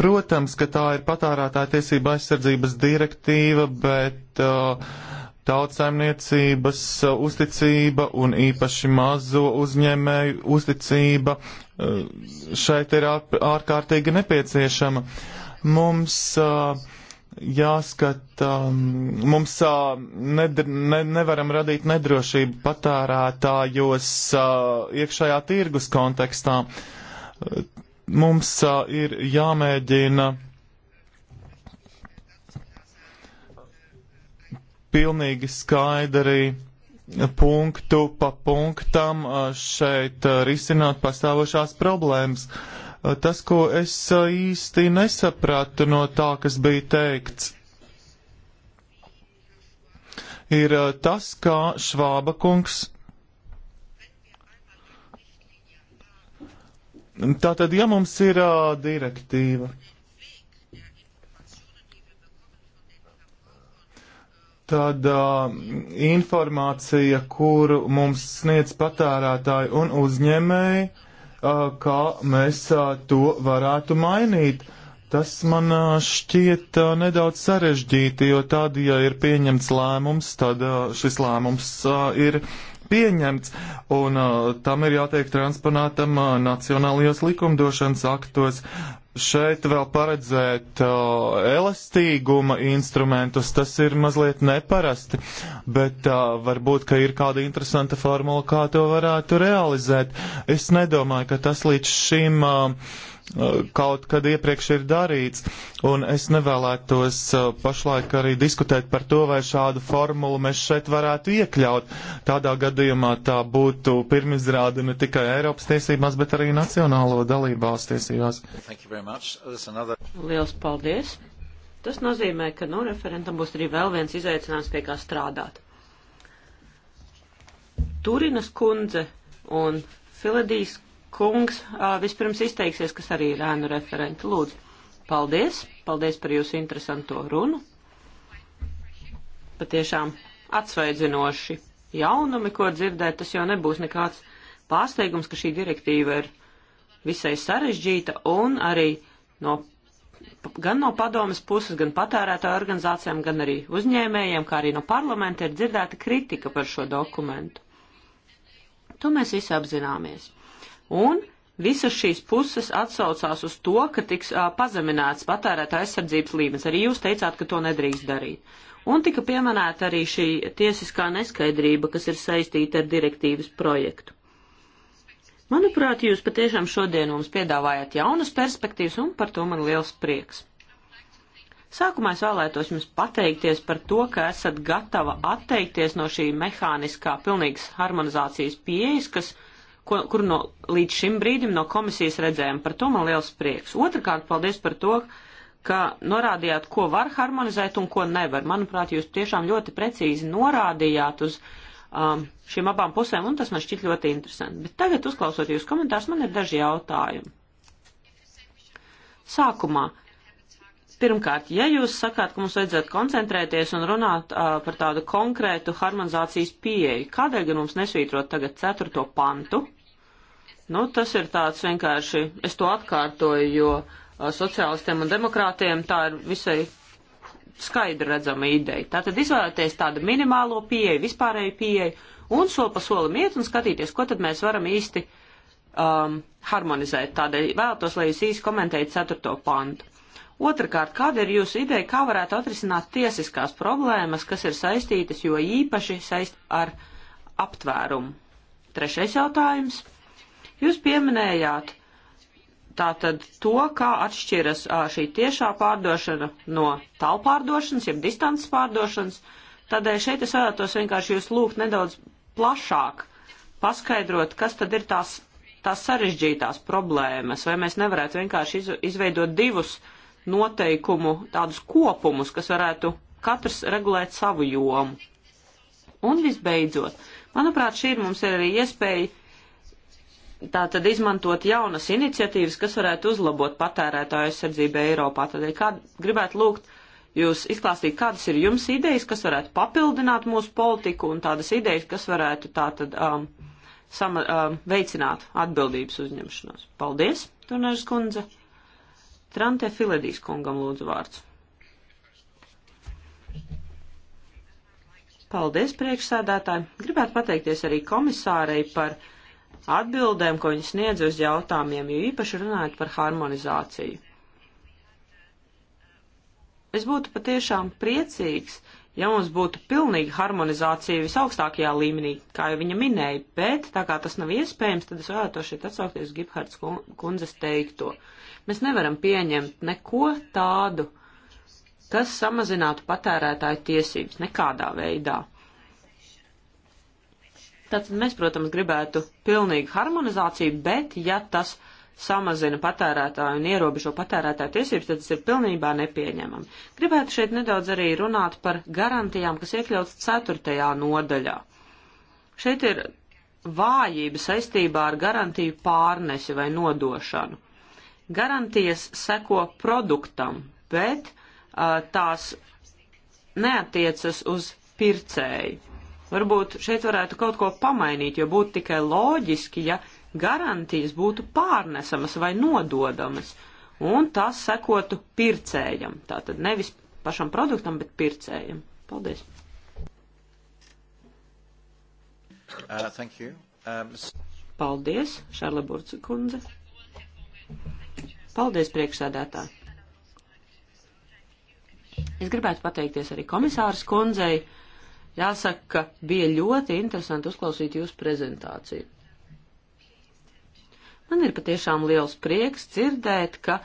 Protams, ka tā ir patērētāja tiesība aizsardzības direktīva, bet uh, tautsaimniecības eh, uzticība un īpaši mazo uzņēmēju uzticība eh, šeit ir ārkārtīgi nepieciešama. Mums eh, jāskata, ehm, mums ned, ne, nevaram radīt nedrošību patērētājos iekšējā tirgus kontekstā. Mums ir jāmēģina pilnīgi skaidri punktu pa punktam šeit risināt pastāvošās problēmas. Tas, ko es īsti nesapratu no tā, kas bija teikts, ir tas, kā Švāba kungs Tātad, ja mums ir uh, direktīva, tad uh, informācija, kuru mums sniedz patērētāji un uzņēmēji, uh, kā mēs uh, to varētu mainīt. Tas man uh, šķiet uh, nedaudz sarežģīti, jo tad, ja ir pieņemts lēmums, tad uh, šis lēmums uh, ir pieņemts, un uh, tam ir jātiek transponētam uh, nacionālajos likumdošanas aktos. Šeit vēl paredzēt uh, elastīguma instrumentus, tas ir mazliet neparasti, bet uh, varbūt, ka ir kāda interesanta formula, kā to varētu realizēt. Es nedomāju, ka tas līdz šim. Uh, kaut kad iepriekš ir darīts, un es nevēlētos uh, pašlaik arī diskutēt par to, vai šādu formulu mēs šeit varētu iekļaut. Tādā gadījumā tā būtu pirmizrāde ne tikai Eiropas tiesībās, bet arī nacionālo dalībās tiesībās. Uh, another... Liels paldies! Tas nozīmē, ka no referentam būs arī vēl viens izaicinājums, pie kā strādāt. Turinas kundze un Filadijas kungs vispirms izteiksies, kas arī ir ēnu referenti. Lūdzu, paldies, paldies par jūsu interesanto runu. Patiešām atsvaidzinoši jaunumi, ko dzirdēt, tas jau nebūs nekāds pārsteigums, ka šī direktīva ir visai sarežģīta un arī no, gan no padomas puses, gan patērētāju organizācijām, gan arī uzņēmējiem, kā arī no parlamenta ir dzirdēta kritika par šo dokumentu. To mēs visi apzināmies. Un visas šīs puses atsaucās uz to, ka tiks uh, pazemināts patērēta aizsardzības līmenis. Arī jūs teicāt, ka to nedrīkst darīt. Un tika pieminēta arī šī tiesiskā neskaidrība, kas ir saistīta ar direktīvas projektu. Manuprāt, jūs patiešām šodien mums piedāvājat jaunas perspektīvas, un par to man liels prieks. Sākumā es vēlētos jums pateikties par to, ka esat gatava atteikties no šī mehāniskā pilnīgas harmonizācijas pieejas, kas uh, ko, kur no līdz šim brīdim no komisijas redzējām. Par to man liels prieks. Otrakārt, paldies par to, ka norādījāt, ko var harmonizēt un ko nevar. Manuprāt, jūs tiešām ļoti precīzi norādījāt uz um, šīm abām pusēm, un tas man šķiet ļoti interesanti. Bet tagad, uzklausot jūs komentārus, man ir daži jautājumi. Sākumā. Pirmkārt, ja jūs sakāt, ka mums vajadzētu koncentrēties un runāt uh, par tādu konkrētu harmonizācijas pieeju, kādēļ gan mums nesvītrot tagad ceturto pantu, Nu, tas ir tāds vienkārši, es to atkārtoju, jo sociālistiem un demokrātiem tā ir visai skaidri redzama ideja. Tātad izvēlēties tādu minimālo pieeju, vispārēju pieeju un soli pa solim iet un skatīties, ko tad mēs varam īsti um, harmonizēt. Tādēļ vēlētos, lai jūs īsti komentējat ceturto pantu. Otrakārt, kāda ir jūsu ideja, kā varētu atrisināt tiesiskās problēmas, kas ir saistītas, jo īpaši saist ar aptvērumu? Trešais jautājums. Jūs pieminējāt tātad to, kā atšķiras šī tiešā pārdošana no tālu pārdošanas, jeb distances pārdošanas. Tādēļ šeit es vēlētos vienkārši jūs lūgt nedaudz plašāk paskaidrot, kas tad ir tās, tās sarežģītās problēmas, vai mēs nevarētu vienkārši iz, izveidot divus noteikumu tādus kopumus, kas varētu katrs regulēt savu jomu. Un visbeidzot, manuprāt, šī ir mums ir arī iespēja tātad izmantot jaunas iniciatīvas, kas varētu uzlabot patērētāju aizsardzību Eiropā. Tādēļ kā, gribētu lūgt jūs izklāstīt, kādas ir jums idejas, kas varētu papildināt mūsu politiku un tādas idejas, kas varētu tātad um, sama, um, veicināt atbildības uzņemšanos. Paldies, Tunežas kundze. Trante Filedijas kungam lūdzu vārds. Paldies, priekšsēdētāji. Gribētu pateikties arī komisārei par atbildēm, ko viņi sniedz uz jautājumiem, jo īpaši runājot par harmonizāciju. Es būtu patiešām priecīgs, ja mums būtu pilnīga harmonizācija visaugstākajā līmenī, kā jau viņa minēja, bet tā kā tas nav iespējams, tad es vēlētos šeit atsaukties Gibhards kundzes teikto. Mēs nevaram pieņemt neko tādu, kas samazinātu patērētāju tiesības nekādā veidā. Tātad mēs, protams, gribētu pilnīgu harmonizāciju, bet ja tas samazina patērētāju un ierobežo patērētāju tiesības, tad tas ir pilnībā nepieņemami. Gribētu šeit nedaudz arī runāt par garantijām, kas iekļauts ceturtajā nodaļā. Šeit ir vājība saistībā ar garantiju pārnesi vai nodošanu. Garantijas seko produktam, bet uh, tās neatiecas uz pircēju. Varbūt šeit varētu kaut ko pamainīt, jo būtu tikai loģiski, ja garantijas būtu pārnesamas vai nododamas, un tas sekotu pircējam. Tātad nevis pašam produktam, bet pircējam. Paldies! Uh, thank you. Um, Paldies, Šarla Burca kundze. Paldies, priekšsēdētā. Es gribētu pateikties arī komisāras kundzei Jāsaka, ka bija ļoti interesanti uzklausīt jūsu prezentāciju. Man ir patiešām liels prieks dzirdēt, ka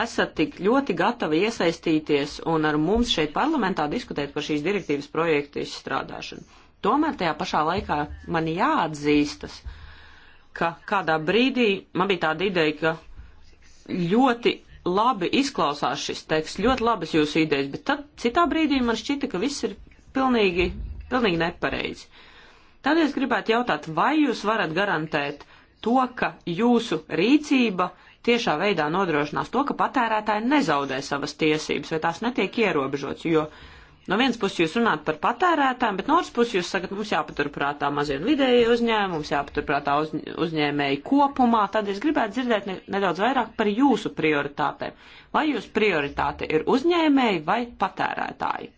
esat tik ļoti gatavi iesaistīties un ar mums šeit parlamentā diskutēt par šīs direktīvas projektu izstrādāšanu. Tomēr tajā pašā laikā man jāatzīstas, ka kādā brīdī man bija tāda ideja, ka ļoti labi izklausās šis teksts, ļoti labas jūsu idejas, bet tad citā brīdī man šķita, ka viss ir pilnīgi pilnīgi nepareizi. Tādēļ es gribētu jautāt, vai jūs varat garantēt to, ka jūsu rīcība tiešā veidā nodrošinās to, ka patērētāji nezaudē savas tiesības vai tās netiek ierobežotas, jo no vienas puses jūs runājat par patērētājiem, bet no otras puses jūs sakat, mums jāpaturprātā mazie un vidējie uzņēmumi, mums jāpaturprātā uz, uzņēmēji kopumā, tad es gribētu dzirdēt ne, nedaudz vairāk par jūsu prioritātēm. Vai jūsu prioritāte ir uzņēmēji vai patērētāji?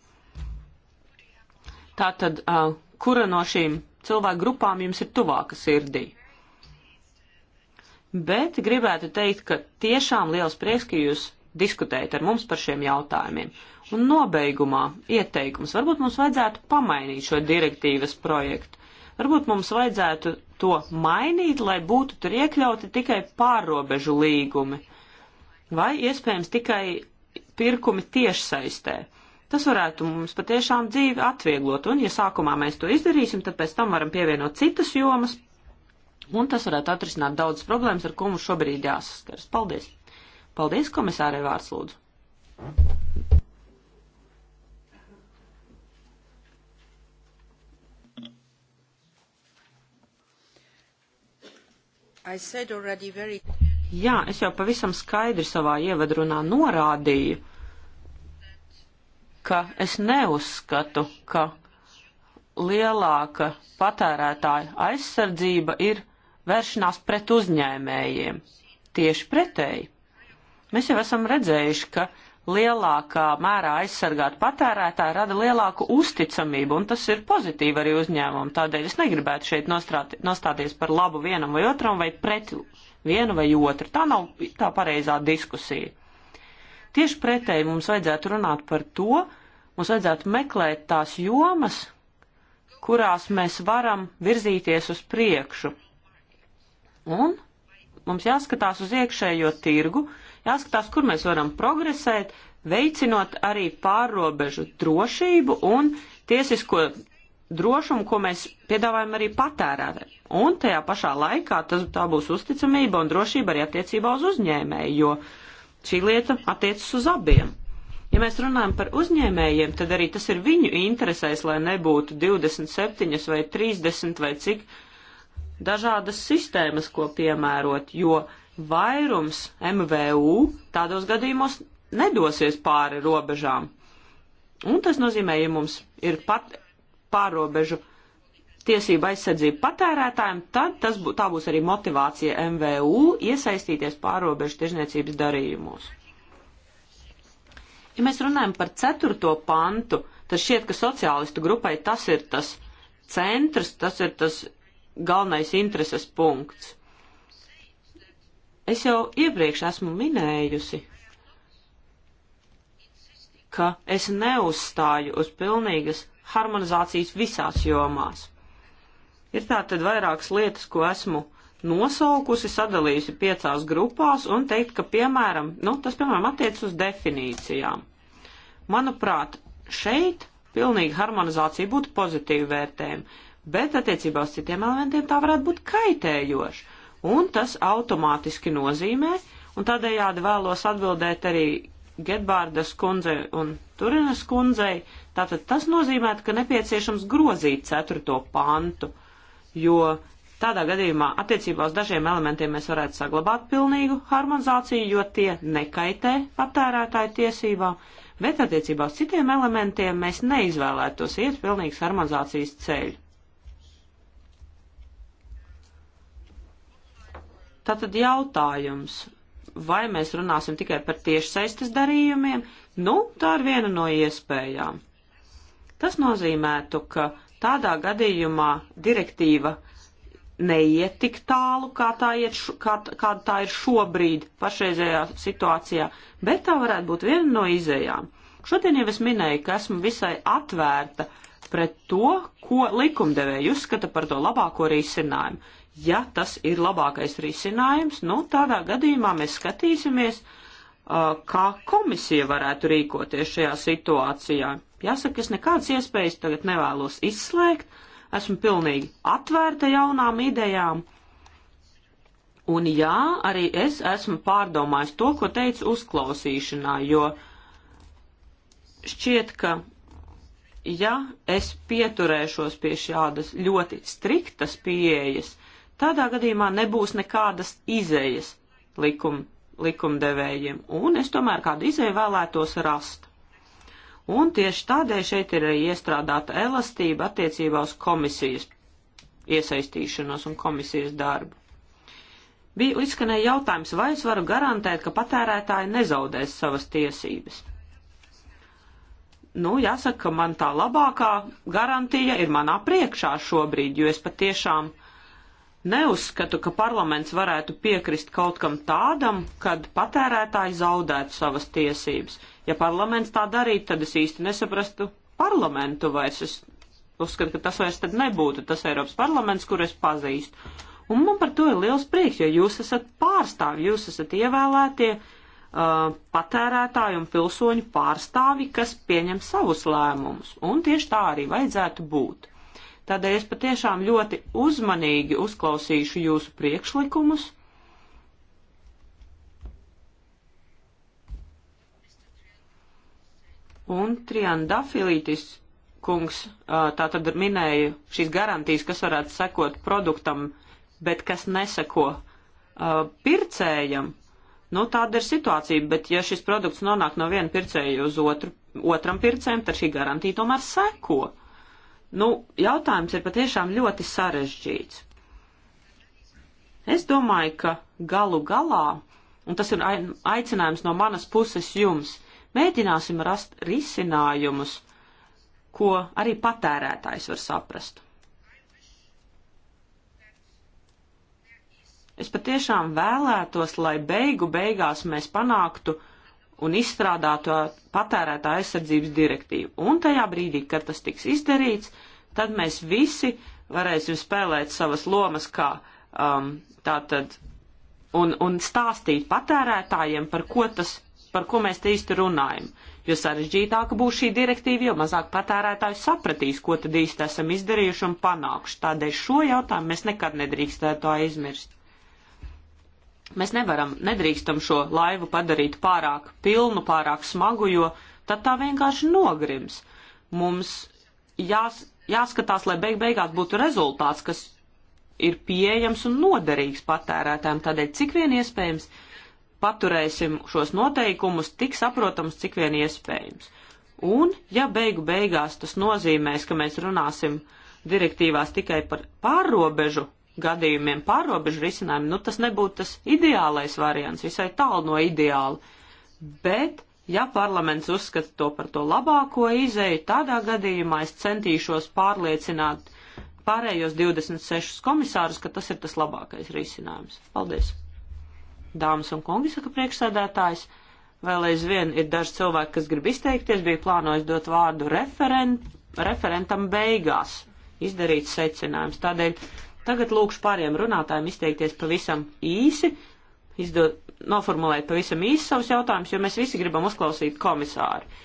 Tātad, uh, kura no šīm cilvēku grupām jums ir tuvāka sirdī? Bet gribētu teikt, ka tiešām liels prieks, ka jūs diskutējat ar mums par šiem jautājumiem. Un nobeigumā ieteikums. Varbūt mums vajadzētu pamainīt šo direktīvas projektu. Varbūt mums vajadzētu to mainīt, lai būtu tur iekļauti tikai pārrobežu līgumi. Vai iespējams tikai pirkumi tiešsaistē. saistē Tas varētu mums patiešām dzīvi atvieglot, un ja sākumā mēs to izdarīsim, tad pēc tam varam pievienot citas jomas, un tas varētu atrisināt daudzas problēmas, ar ko mums šobrīd jāsaskaras. Paldies! Paldies, komisārai vārds lūdzu! Very... Jā, es jau pavisam skaidri savā ievadrunā norādīju, ka es neuzskatu, ka lielāka patērētāja aizsardzība ir vēršanās pret uzņēmējiem. Tieši pretēji. Mēs jau esam redzējuši, ka lielākā mērā aizsargāt patērētāju rada lielāku uzticamību, un tas ir pozitīvi arī uzņēmumu. Tādēļ es negribētu šeit nostrāt, nostāties par labu vienam vai otram vai pret vienu vai otru. Tā nav tā pareizā diskusija. Tieši pretēji mums vajadzētu runāt par to, mums vajadzētu meklēt tās jomas, kurās mēs varam virzīties uz priekšu. Un mums jāskatās uz iekšējo tirgu, jāskatās, kur mēs varam progresēt, veicinot arī pārrobežu drošību un tiesisko drošumu, ko mēs piedāvājam arī patērētājiem. Un tajā pašā laikā tas tā būs uzticamība un drošība arī attiecībā uz uzņēmēju, jo Šī lieta attiecas uz abiem. Ja mēs runājam par uzņēmējiem, tad arī tas ir viņu interesēs, lai nebūtu 27 vai 30 vai cik dažādas sistēmas, ko piemērot, jo vairums MVU tādos gadījumos nedosies pāri robežām. Un tas nozīmē, ja mums ir pat pārobežu tiesība aizsardzība patērētājiem, tad tas bū, tā būs arī motivācija MVU iesaistīties pārobežu tirzniecības darījumos. Ja mēs runājam par ceturto pantu, tad šķiet, ka sociālistu grupai tas ir tas centrs, tas ir tas galvenais intereses punkts. Es jau iepriekš esmu minējusi, ka es neuzstāju uz pilnīgas harmonizācijas visās jomās Ir tātad vairākas lietas, ko esmu nosaukusi, sadalījusi piecās grupās un teikt, ka, piemēram, nu, tas, piemēram, attiec uz definīcijām. Manuprāt, šeit pilnīga harmonizācija būtu pozitīva vērtējuma, bet attiecībā uz citiem elementiem tā varētu būt kaitējoša. Un tas automātiski nozīmē, un tādējādi vēlos atbildēt arī Gedbārdas kundzei un Turinas kundzei, tātad tas nozīmē, ka nepieciešams grozīt ceturto pantu jo tādā gadījumā attiecībā uz dažiem elementiem mēs varētu saglabāt pilnīgu harmonizāciju, jo tie nekaitē patērētāju tiesībām, bet attiecībā uz citiem elementiem mēs neizvēlētos iet pilnīgas harmonizācijas ceļu. Tātad jautājums, vai mēs runāsim tikai par tiešsaistes darījumiem, nu, tā ir viena no iespējām. Tas nozīmētu, ka Tādā gadījumā direktīva neiet tik tālu, kā tā, iet, kā, kā tā ir šobrīd pašreizējā situācijā, bet tā varētu būt viena no izējām. Šodien jau es minēju, ka esmu visai atvērta pret to, ko likumdevēji uzskata par to labāko risinājumu. Ja tas ir labākais risinājums, nu tādā gadījumā mēs skatīsimies, uh, kā komisija varētu rīkoties šajā situācijā. Jāsaka, es nekādas iespējas tagad nevēlos izslēgt, esmu pilnīgi atvērta jaunām idejām. Un jā, arī es esmu pārdomājis to, ko teicu uzklausīšanā, jo šķiet, ka ja es pieturēšos pie šādas ļoti striktas pieejas, tādā gadījumā nebūs nekādas izējas likum, likumdevējiem, un es tomēr kādu izēju vēlētos rast. Un tieši tādēļ šeit ir iestrādāta elastība attiecībā uz komisijas iesaistīšanos un komisijas darbu. Bija izskanēja jautājums, vai es varu garantēt, ka patērētāji nezaudēs savas tiesības. Nu, jāsaka, ka man tā labākā garantija ir manā priekšā šobrīd, jo es patiešām neuzskatu, ka parlaments varētu piekrist kaut kam tādam, kad patērētāji zaudētu savas tiesības Ja parlaments tā darītu, tad es īsti nesaprastu parlamentu vairs. Es uzskatu, ka tas vairs tad nebūtu tas Eiropas parlaments, kur es pazīstu. Un man par to ir liels prieks, jo jūs esat pārstāvi, jūs esat ievēlētie uh, patērētāju un pilsoņu pārstāvi, kas pieņem savus lēmumus. Un tieši tā arī vajadzētu būt. Tādēļ es patiešām ļoti uzmanīgi uzklausīšu jūsu priekšlikumus. Uh, Un Triandafilītis kungs tā tad minēja šīs garantijas, kas varētu sekot produktam, bet kas neseko pircējam. Nu, tāda ir situācija, bet ja šis produkts nonāk no viena pircēja uz otru, otram pircējam, tad šī garantija tomēr seko. Nu, jautājums ir patiešām ļoti sarežģīts. Es domāju, ka galu galā, un tas ir aicinājums no manas puses jums, Mēģināsim rast risinājumus, ko arī patērētājs var saprast. Es patiešām vēlētos, lai beigu beigās mēs panāktu un izstrādātu patērētā aizsardzības direktīvu. Un tajā brīdī, kad tas tiks izdarīts, tad mēs visi varēsim spēlēt savas lomas kā um, tātad un, un stāstīt patērētājiem, par ko tas par ko mēs te īsti runājam. Jo sarežģītāka būs šī direktīva, jo mazāk patērētājs sapratīs, ko tad īsti esam izdarījuši un panākuši. Tādēļ šo jautājumu mēs nekad nedrīkstētu aizmirst. Mēs nevaram, nedrīkstam šo laivu padarīt pārāk pilnu, pārāk smagu, jo tad tā vienkārši nogrims. Mums jās, jāskatās, lai beig beigās būtu rezultāts, kas ir pieejams un noderīgs patērētājiem. Tādēļ, cik vien iespējams, paturēsim šos noteikumus tik saprotams, cik vien iespējams. Un, ja beigu beigās tas nozīmēs, ka mēs runāsim direktīvās tikai par pārrobežu gadījumiem, pārrobežu risinājumiem, nu tas nebūtu tas ideālais variants, visai tālu no ideāla. Bet, ja parlaments uzskata to par to labāko izēju, tādā gadījumā es centīšos pārliecināt pārējos 26 komisārus, ka tas ir tas labākais risinājums. Paldies! Dāmas un kungi, saka priekšsēdētājs, vēl aizvien ir daži cilvēki, kas grib izteikties, bija plānojis dot vārdu referent, referentam beigās, izdarīt secinājums. Tādēļ tagad lūkšu pāriem runātājiem izteikties pavisam īsi, izdot, noformulēt pavisam īsi savus jautājumus, jo mēs visi gribam uzklausīt komisāru.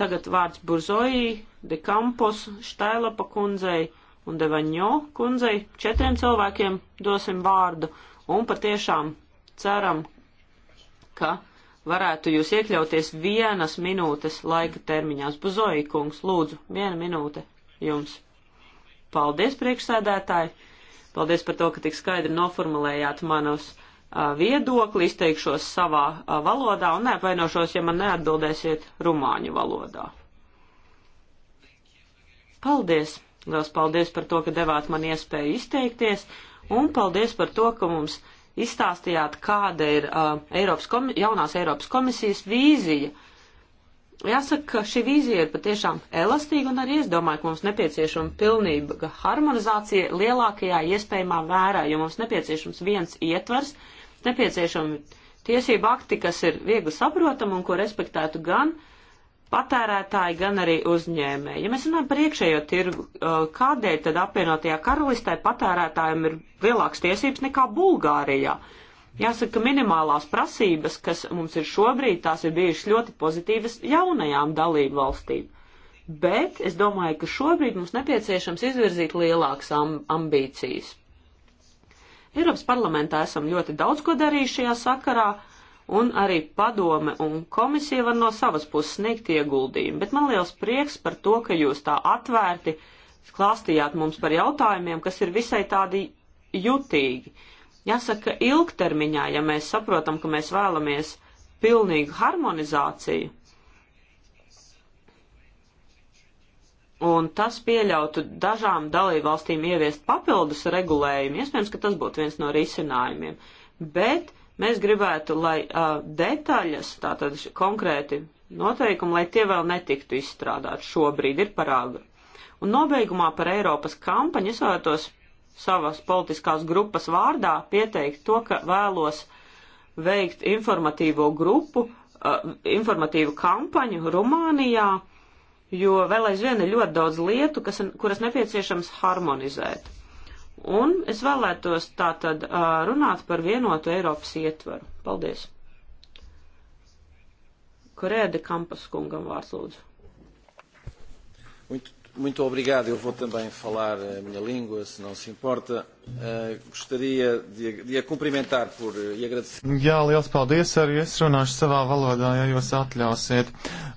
Tagad vārds Burzoī, De Campos, Štailapa kundzei un Devaņo kundzei. Četriem cilvēkiem dosim vārdu un patiešām ceram, ka varētu jūs iekļauties vienas minūtes laika termiņās. Buzoji kungs, lūdzu, viena minūte jums. Paldies, priekšsēdētāji! Paldies par to, ka tik skaidri noformulējāt manus uh, viedokli, izteikšos savā uh, valodā un neapvainošos, ja man neatbildēsiet rumāņu valodā. Paldies! Liels paldies par to, ka devāt man iespēju izteikties Un paldies par to, ka mums izstāstījāt, kāda ir uh, Eiropas jaunās Eiropas komisijas vīzija. Jāsaka, ka šī vīzija ir patiešām elastīga, un arī es domāju, ka mums nepieciešama pilnīga harmonizācija lielākajā iespējamā vērā, jo mums nepieciešams viens ietvers, nepieciešami tiesība akti, kas ir viegli saprotami un ko respektētu gan uh, patērētāji, gan arī uzņēmēji. Ja mēs runājam par iekšējo tirgu, kādēļ tad apvienotajā karalistē patērētājiem ir lielāks tiesības nekā Bulgārijā? Jāsaka, ka minimālās prasības, kas mums ir šobrīd, tās ir bijušas ļoti pozitīvas jaunajām dalību valstīm. Bet es domāju, ka šobrīd mums nepieciešams izvirzīt lielākas ambīcijas. Eiropas parlamentā esam ļoti daudz ko darījuši šajā sakarā. Uh, un arī padome un komisija var no savas puses sniegt ieguldījumu. Bet man liels prieks par to, ka jūs tā atvērti klāstījāt mums par jautājumiem, kas ir visai tādi jutīgi. Jāsaka, ilgtermiņā, ja mēs saprotam, ka mēs vēlamies pilnīgu harmonizāciju, un tas pieļautu dažām dalībvalstīm ieviest papildus regulējumu, iespējams, ka tas būtu viens no risinājumiem. Bet Mēs gribētu, lai uh, detaļas, tātad konkrēti noteikumi, lai tie vēl netiktu izstrādāti šobrīd, ir par agru. Un nobeigumā par Eiropas kampaņu es vēlētos savas politiskās grupas vārdā pieteikt to, ka vēlos veikt informatīvo grupu, uh, informatīvu kampaņu Rumānijā, jo vēl aizvien ir ļoti daudz lietu, kas, kuras nepieciešams harmonizēt. Un es vēlētos tātad runāt par vienotu Eiropas ietvaru. Paldies! Korēde Kampas kungam vārds lūdzu. Muito obrigado. Eu vou também falar a minha língua, se não se importa. Uh, gostaria de, de a cumprimentar por, eh, e agradecer. Jā, liels paldies. Arī es runāšu savā valodā, ja jūs atļausiet.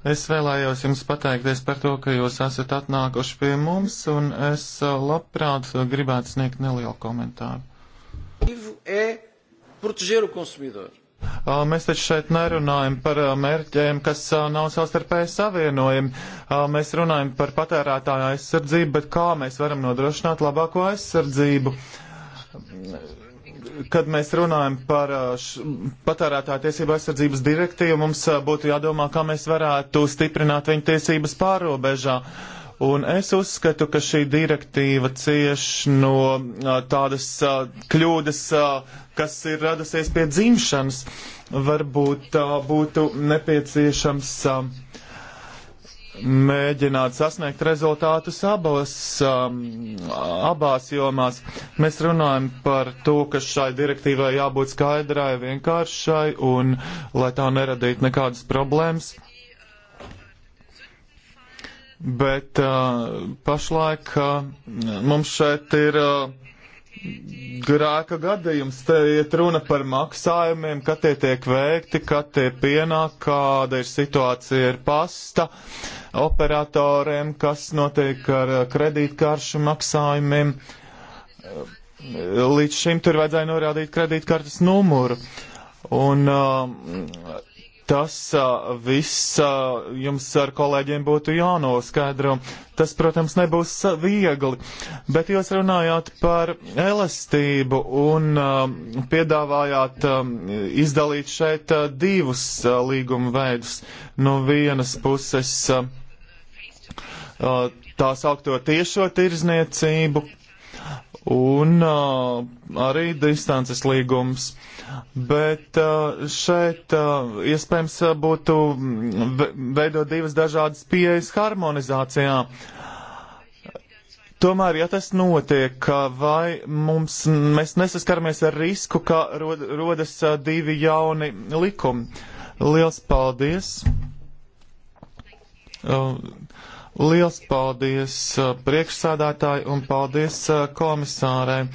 Es vēlējos jums pateikties par to, ka jūs esat atnākuši pie mums, un es eh, labprāt gribētu sniegt nelielu komentāru. É proteger o consumidor. Mēs taču šeit nerunājam par mērķiem, kas nav savstarpēji savienojami. Mēs runājam par patērētāju aizsardzību, bet kā mēs varam nodrošināt labāko aizsardzību? Kad mēs runājam par patērētāju tiesību aizsardzības direktīvu, mums būtu jādomā, kā mēs varētu stiprināt viņu tiesības pārobežā. Uh, Un es uzskatu, ka šī direktīva cieš no a, tādas a, kļūdas, a, kas ir radusies pie dzimšanas. Varbūt a, būtu nepieciešams a, mēģināt sasniegt rezultātus abas, a, abās jomās. Mēs runājam par to, ka šai direktīvai jābūt skaidrai, vienkāršai un lai tā neradītu nekādas problēmas bet uh, pašlaik uh, mums šeit ir uh, grēka gadījums. Te iet runa par maksājumiem, kad tie tiek veikti, kad tie pienāk, kāda ir situācija ar pasta operatoriem, kas notiek ar uh, kredītkāršu maksājumiem. Līdz šim tur vajadzēja norādīt kredītkartes numuru. Un uh, Tas uh, viss uh, jums ar kolēģiem būtu jānoskaidro. Tas, protams, nebūs viegli, bet jūs runājāt par elastību un uh, piedāvājāt uh, izdalīt šeit uh, divus uh, līguma veidus. No vienas puses uh, uh, tā saukto tiešo tirzniecību, un uh, arī distances līgums. Bet uh, šeit uh, iespējams būtu veidot divas dažādas pieejas harmonizācijā. Tomēr, ja tas notiek, vai mums, mēs nesaskaramies ar risku, ka rod, rodas divi jauni likumi? Liels paldies! Uh, Liels paldies priekšsādātāji un paldies komisārai.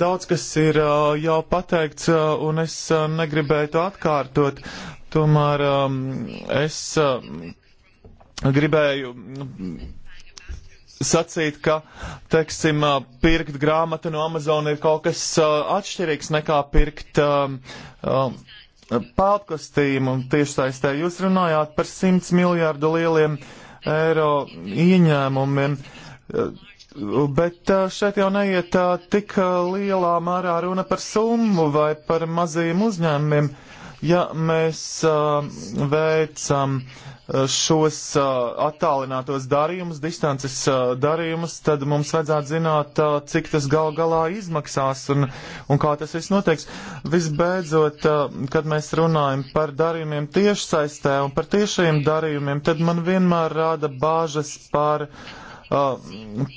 Daudz kas ir jau pateikts un es negribēju to atkārtot. Tomēr es gribēju sacīt, ka, teiksim, pirkt grāmatu no Amazon ir kaut kas atšķirīgs nekā pirkt peltkostīmu tieši saistē. Jūs runājāt par 100 miljārdu lieliem eiro ieņēmumiem. Bet eh, šeit jau neiet eh, tik eh, lielā mērā runa par summu vai par mazajiem uzņēmumiem. Ja mēs veicam Eh, šos eh, attālinātos darījumus, distances eh, darījumus, tad mums vajadzētu zināt, cik tas gal galā izmaksās un, un kā tas viss noteiks. Visbeidzot, kad mēs runājam par darījumiem tiešsaistē un par tiešajiem darījumiem, tad man vienmēr rāda bāžas par uh,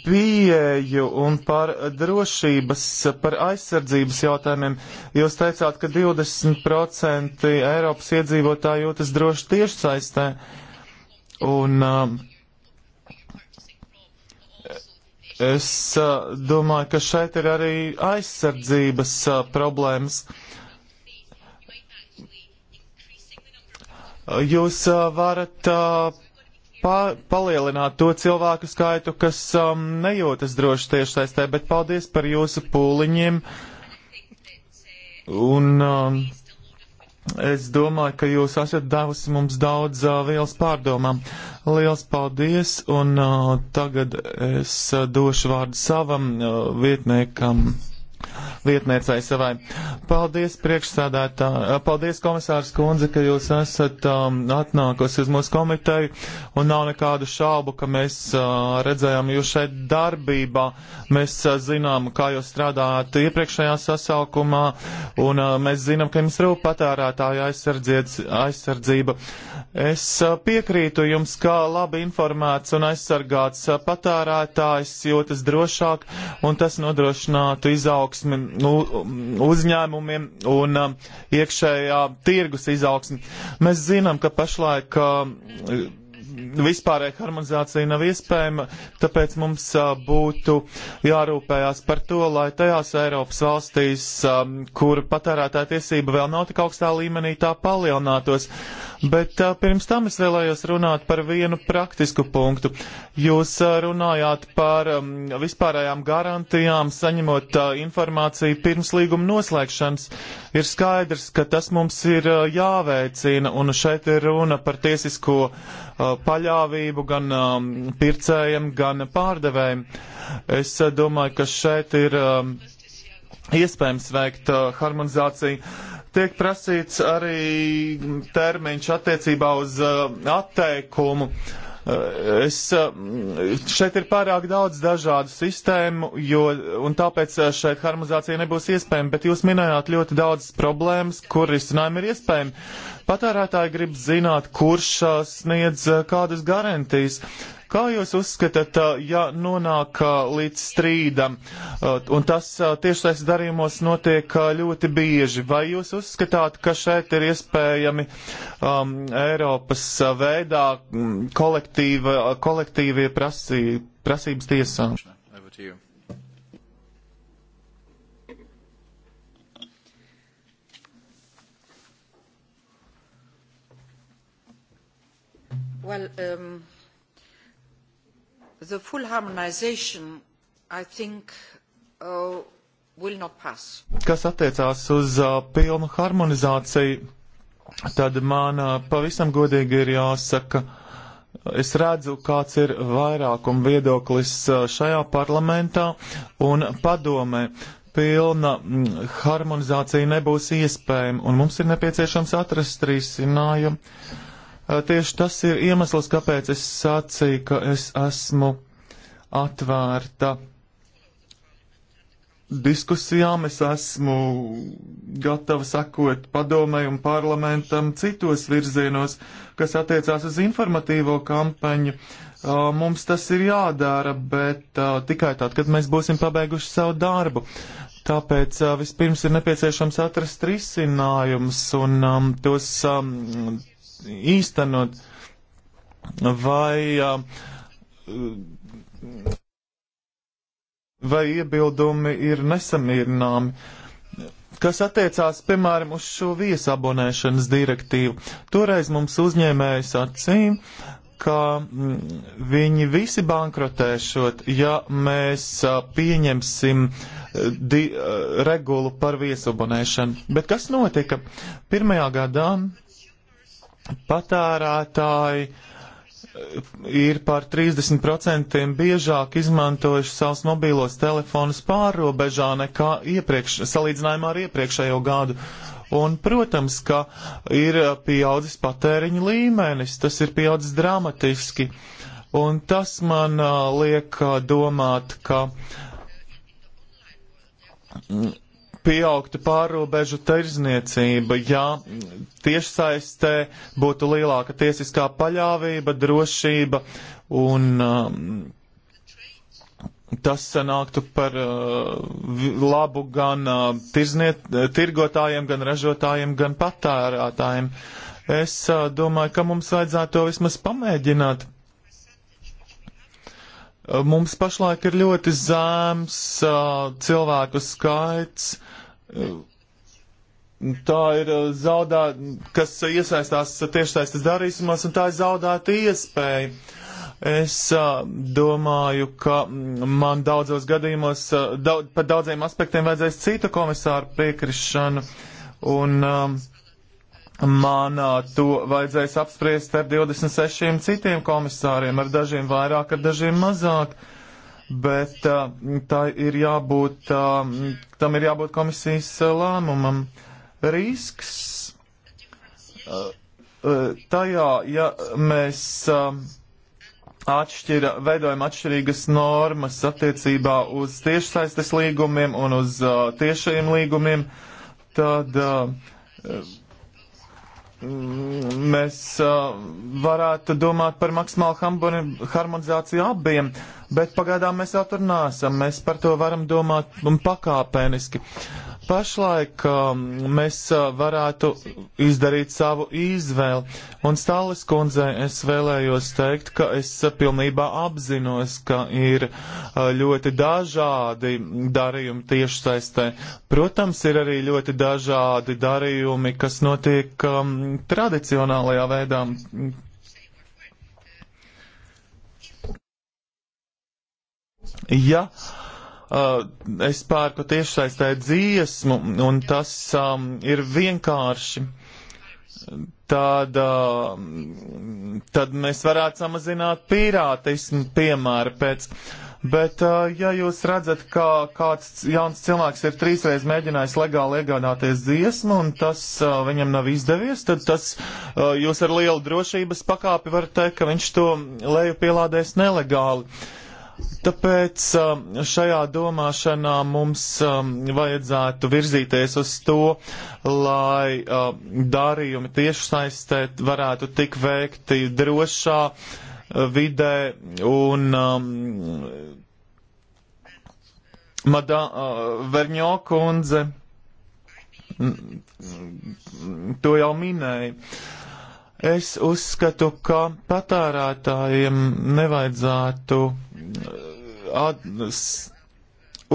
pieeju un par drošības, par aizsardzības jautājumiem. Jūs teicāt, ka 20% Eiropas iedzīvotāji jūtas droši tieši saistē. Un um, es uh, domāju, ka šeit ir arī aizsardzības uh, problēmas. Jūs uh, varat pa palielināt to cilvēku skaitu, kas um, nejūtas droši tiešsaistē, bet paldies par jūsu pūliņiem. Un um, es domāju, ka jūs esat devusi mums daudz uh, vielas pārdomām. Liels paldies, un uh, tagad es uh, došu vārdu savam uh, vietniekam lietniecei savai. Paldies, priekšsādātā, paldies, komisārs Kundze, ka jūs esat um, atnākusi uz mūsu komiteju, un nav nekādu šaubu, ka mēs uh, redzējām jūs šeit darbībā. Mēs uh, zinām, kā jūs strādājāt iepriekšējā sasaukumā, un uh, mēs zinām, ka jums rūp patērētāja aizsardzība. Es uh, piekrītu jums, kā labi informēts un aizsargāts uh, patērētājs jūtas drošāk, un tas nodrošinātu izaugumu izaugsmi nu, uzņēmumiem un uh, iekšējā tirgus izaugsmi. Mēs zinām, ka pašlaik uh, vispārēja harmonizācija nav iespējama, tāpēc mums a, uh, būtu jārūpējās par to, lai tajās Eiropas valstīs, a, um, kur patērētāja tiesība vēl nav tik augstā līmenī, tā palielinātos. Bet uh, pirms tam es vēlējos runāt par vienu praktisku punktu. Jūs uh, runājāt par um, vispārējām garantijām, saņemot uh, informāciju pirms līguma noslēgšanas. Ir skaidrs, ka tas mums ir uh, jāveicina, un šeit ir runa par tiesisko uh, paļāvību gan um, pircējiem, gan pārdevējiem. Es uh, domāju, ka šeit ir. Um, iespējams veikt uh, harmonizāciju. Tiek prasīts arī termiņš attiecībā uz uh, atteikumu. Uh, es, uh, šeit ir pārāk daudz dažādu sistēmu, jo, un tāpēc šeit harmonizācija nebūs iespējama, bet jūs minējāt ļoti daudz problēmas, kur risinājumi ir iespējami. Patērētāji grib zināt, kurš sniedz kādas garantijas. Kā jūs uzskatāt, ja nonāk līdz strīdam, un tas tiešais darījumos notiek ļoti bieži, vai jūs uzskatāt, ka šeit ir iespējami um, Eiropas veidā kolektīva, kolektīvie prasī, prasības tiesām? Well, um, the full harmonization, I think, uh, will not pass. Kas attiecās uz uh, pilnu harmonizāciju, tad man uh, pavisam godīgi ir jāsaka, es redzu, kāds ir vairākuma viedoklis uh, šajā parlamentā un padomē. Pilna mm, harmonizācija nebūs iespējama, un mums ir nepieciešams atrast risinājumu Tieši tas ir iemesls, kāpēc es sacīju, ka es esmu atvērta diskusijām, es esmu gatava sakot padomē un parlamentam citos virzienos, kas attiecās uz informatīvo kampaņu. Mums tas ir jādara, bet tikai tad, kad mēs būsim pabeiguši savu darbu. Tāpēc vispirms ir nepieciešams atrast risinājums, un um, tos um, īstenot, vai, vai iebildumi ir nesamierināmi. Kas attiecās, piemēram, uz šo viesabonēšanas direktīvu, toreiz mums uzņēmējs acīm, ka mm, viņi visi bankrotēšot, ja mēs pieņemsim di, regulu par viesabonēšanu. Bet kas notika? Pirmajā gadā patērētāji ir par 30% biežāk izmantojuši savus mobīlos telefonus pārrobežā nekā iepriekš, salīdzinājumā ar iepriekšējo gadu. Un, protams, ka ir pieaudzis patēriņa līmenis, tas ir pieaudzis dramatiski. Un tas man uh, liek uh, domāt, ka mm, pieaugtu pārobežu tirzniecība, ja tiešsaistē būtu lielāka tiesiskā paļāvība, drošība un um, tas sanāktu par uh, labu gan uh, tirzniet, tirgotājiem, gan ražotājiem, gan patērētājiem. Es uh, domāju, ka mums vajadzētu to vismaz pamēģināt. Mums pašlaik ir ļoti zēms cilvēku skaits. Tā ir zaudēta, kas iesaistās tiešsaistes darīšanās, un tā ir zaudēta iespēja. Es domāju, ka mm, man daudzos gadījumos daudz, par daudziem aspektiem vajadzēs citu komisāru piekrišanu. Un, uh, Manā to vajadzēs apspriest ar 26 citiem komisāriem, ar dažiem vairāk, ar dažiem mazāk, bet tā ir jābūt, tam ir jābūt komisijas lēmumam. Risks tajā, ja mēs atšķira, veidojam atšķirīgas normas attiecībā uz tiešsaistes līgumiem un uz tiešajiem līgumiem, tad mēs uh, varētu domāt par maksimālu harmonizāciju abiem, bet pagaidām mēs vēl tur nāsam. Mēs par to varam domāt pakāpeniski. Uh, pašlaik um, mēs uh, varētu izdarīt savu izvēli. Un Stāles kundzē es vēlējos teikt, ka es uh, pilnībā apzinos, ka ir uh, ļoti dažādi darījumi tiešsaistē. Protams, ir arī ļoti dažādi darījumi, kas notiek um, tradicionālajā veidā. Ja, uh, Uh, es pērku tiešsaistē dziesmu, un tas um, ir vienkārši. Tad, uh, tad mēs varētu samazināt pirātismu, piemēram, pēc. Bet, uh, ja jūs redzat, ka kāds jauns cilvēks ir trīsreiz mēģinājis legāli iegādāties dziesmu, un tas uh, viņam nav izdevies, tad tas uh, jūs ar lielu drošības pakāpi varat teikt, ka viņš to leju pielādēs nelegāli. Uh, Tāpēc um, šajā domāšanā mums um, vajadzētu virzīties uz to, lai um, darījumi tieši saistē varētu tik veikti drošā uh, vidē un Madā uh, Verņo kundze to jau minēja. Es uzskatu, ka patērētājiem nevajadzētu at,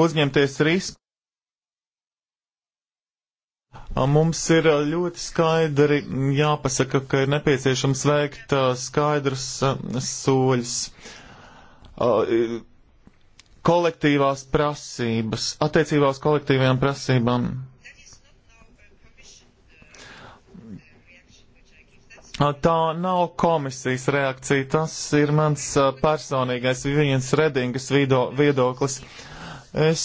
uzņemties risku. Mums ir ļoti skaidri jāpasaka, ka ir nepieciešams veikt skaidrus soļus. Kolektīvās prasības, attiecībā uz kolektīvajām prasībām Tā nav komisijas reakcija, tas ir mans personīgais viņas redingas vido, viedoklis. Es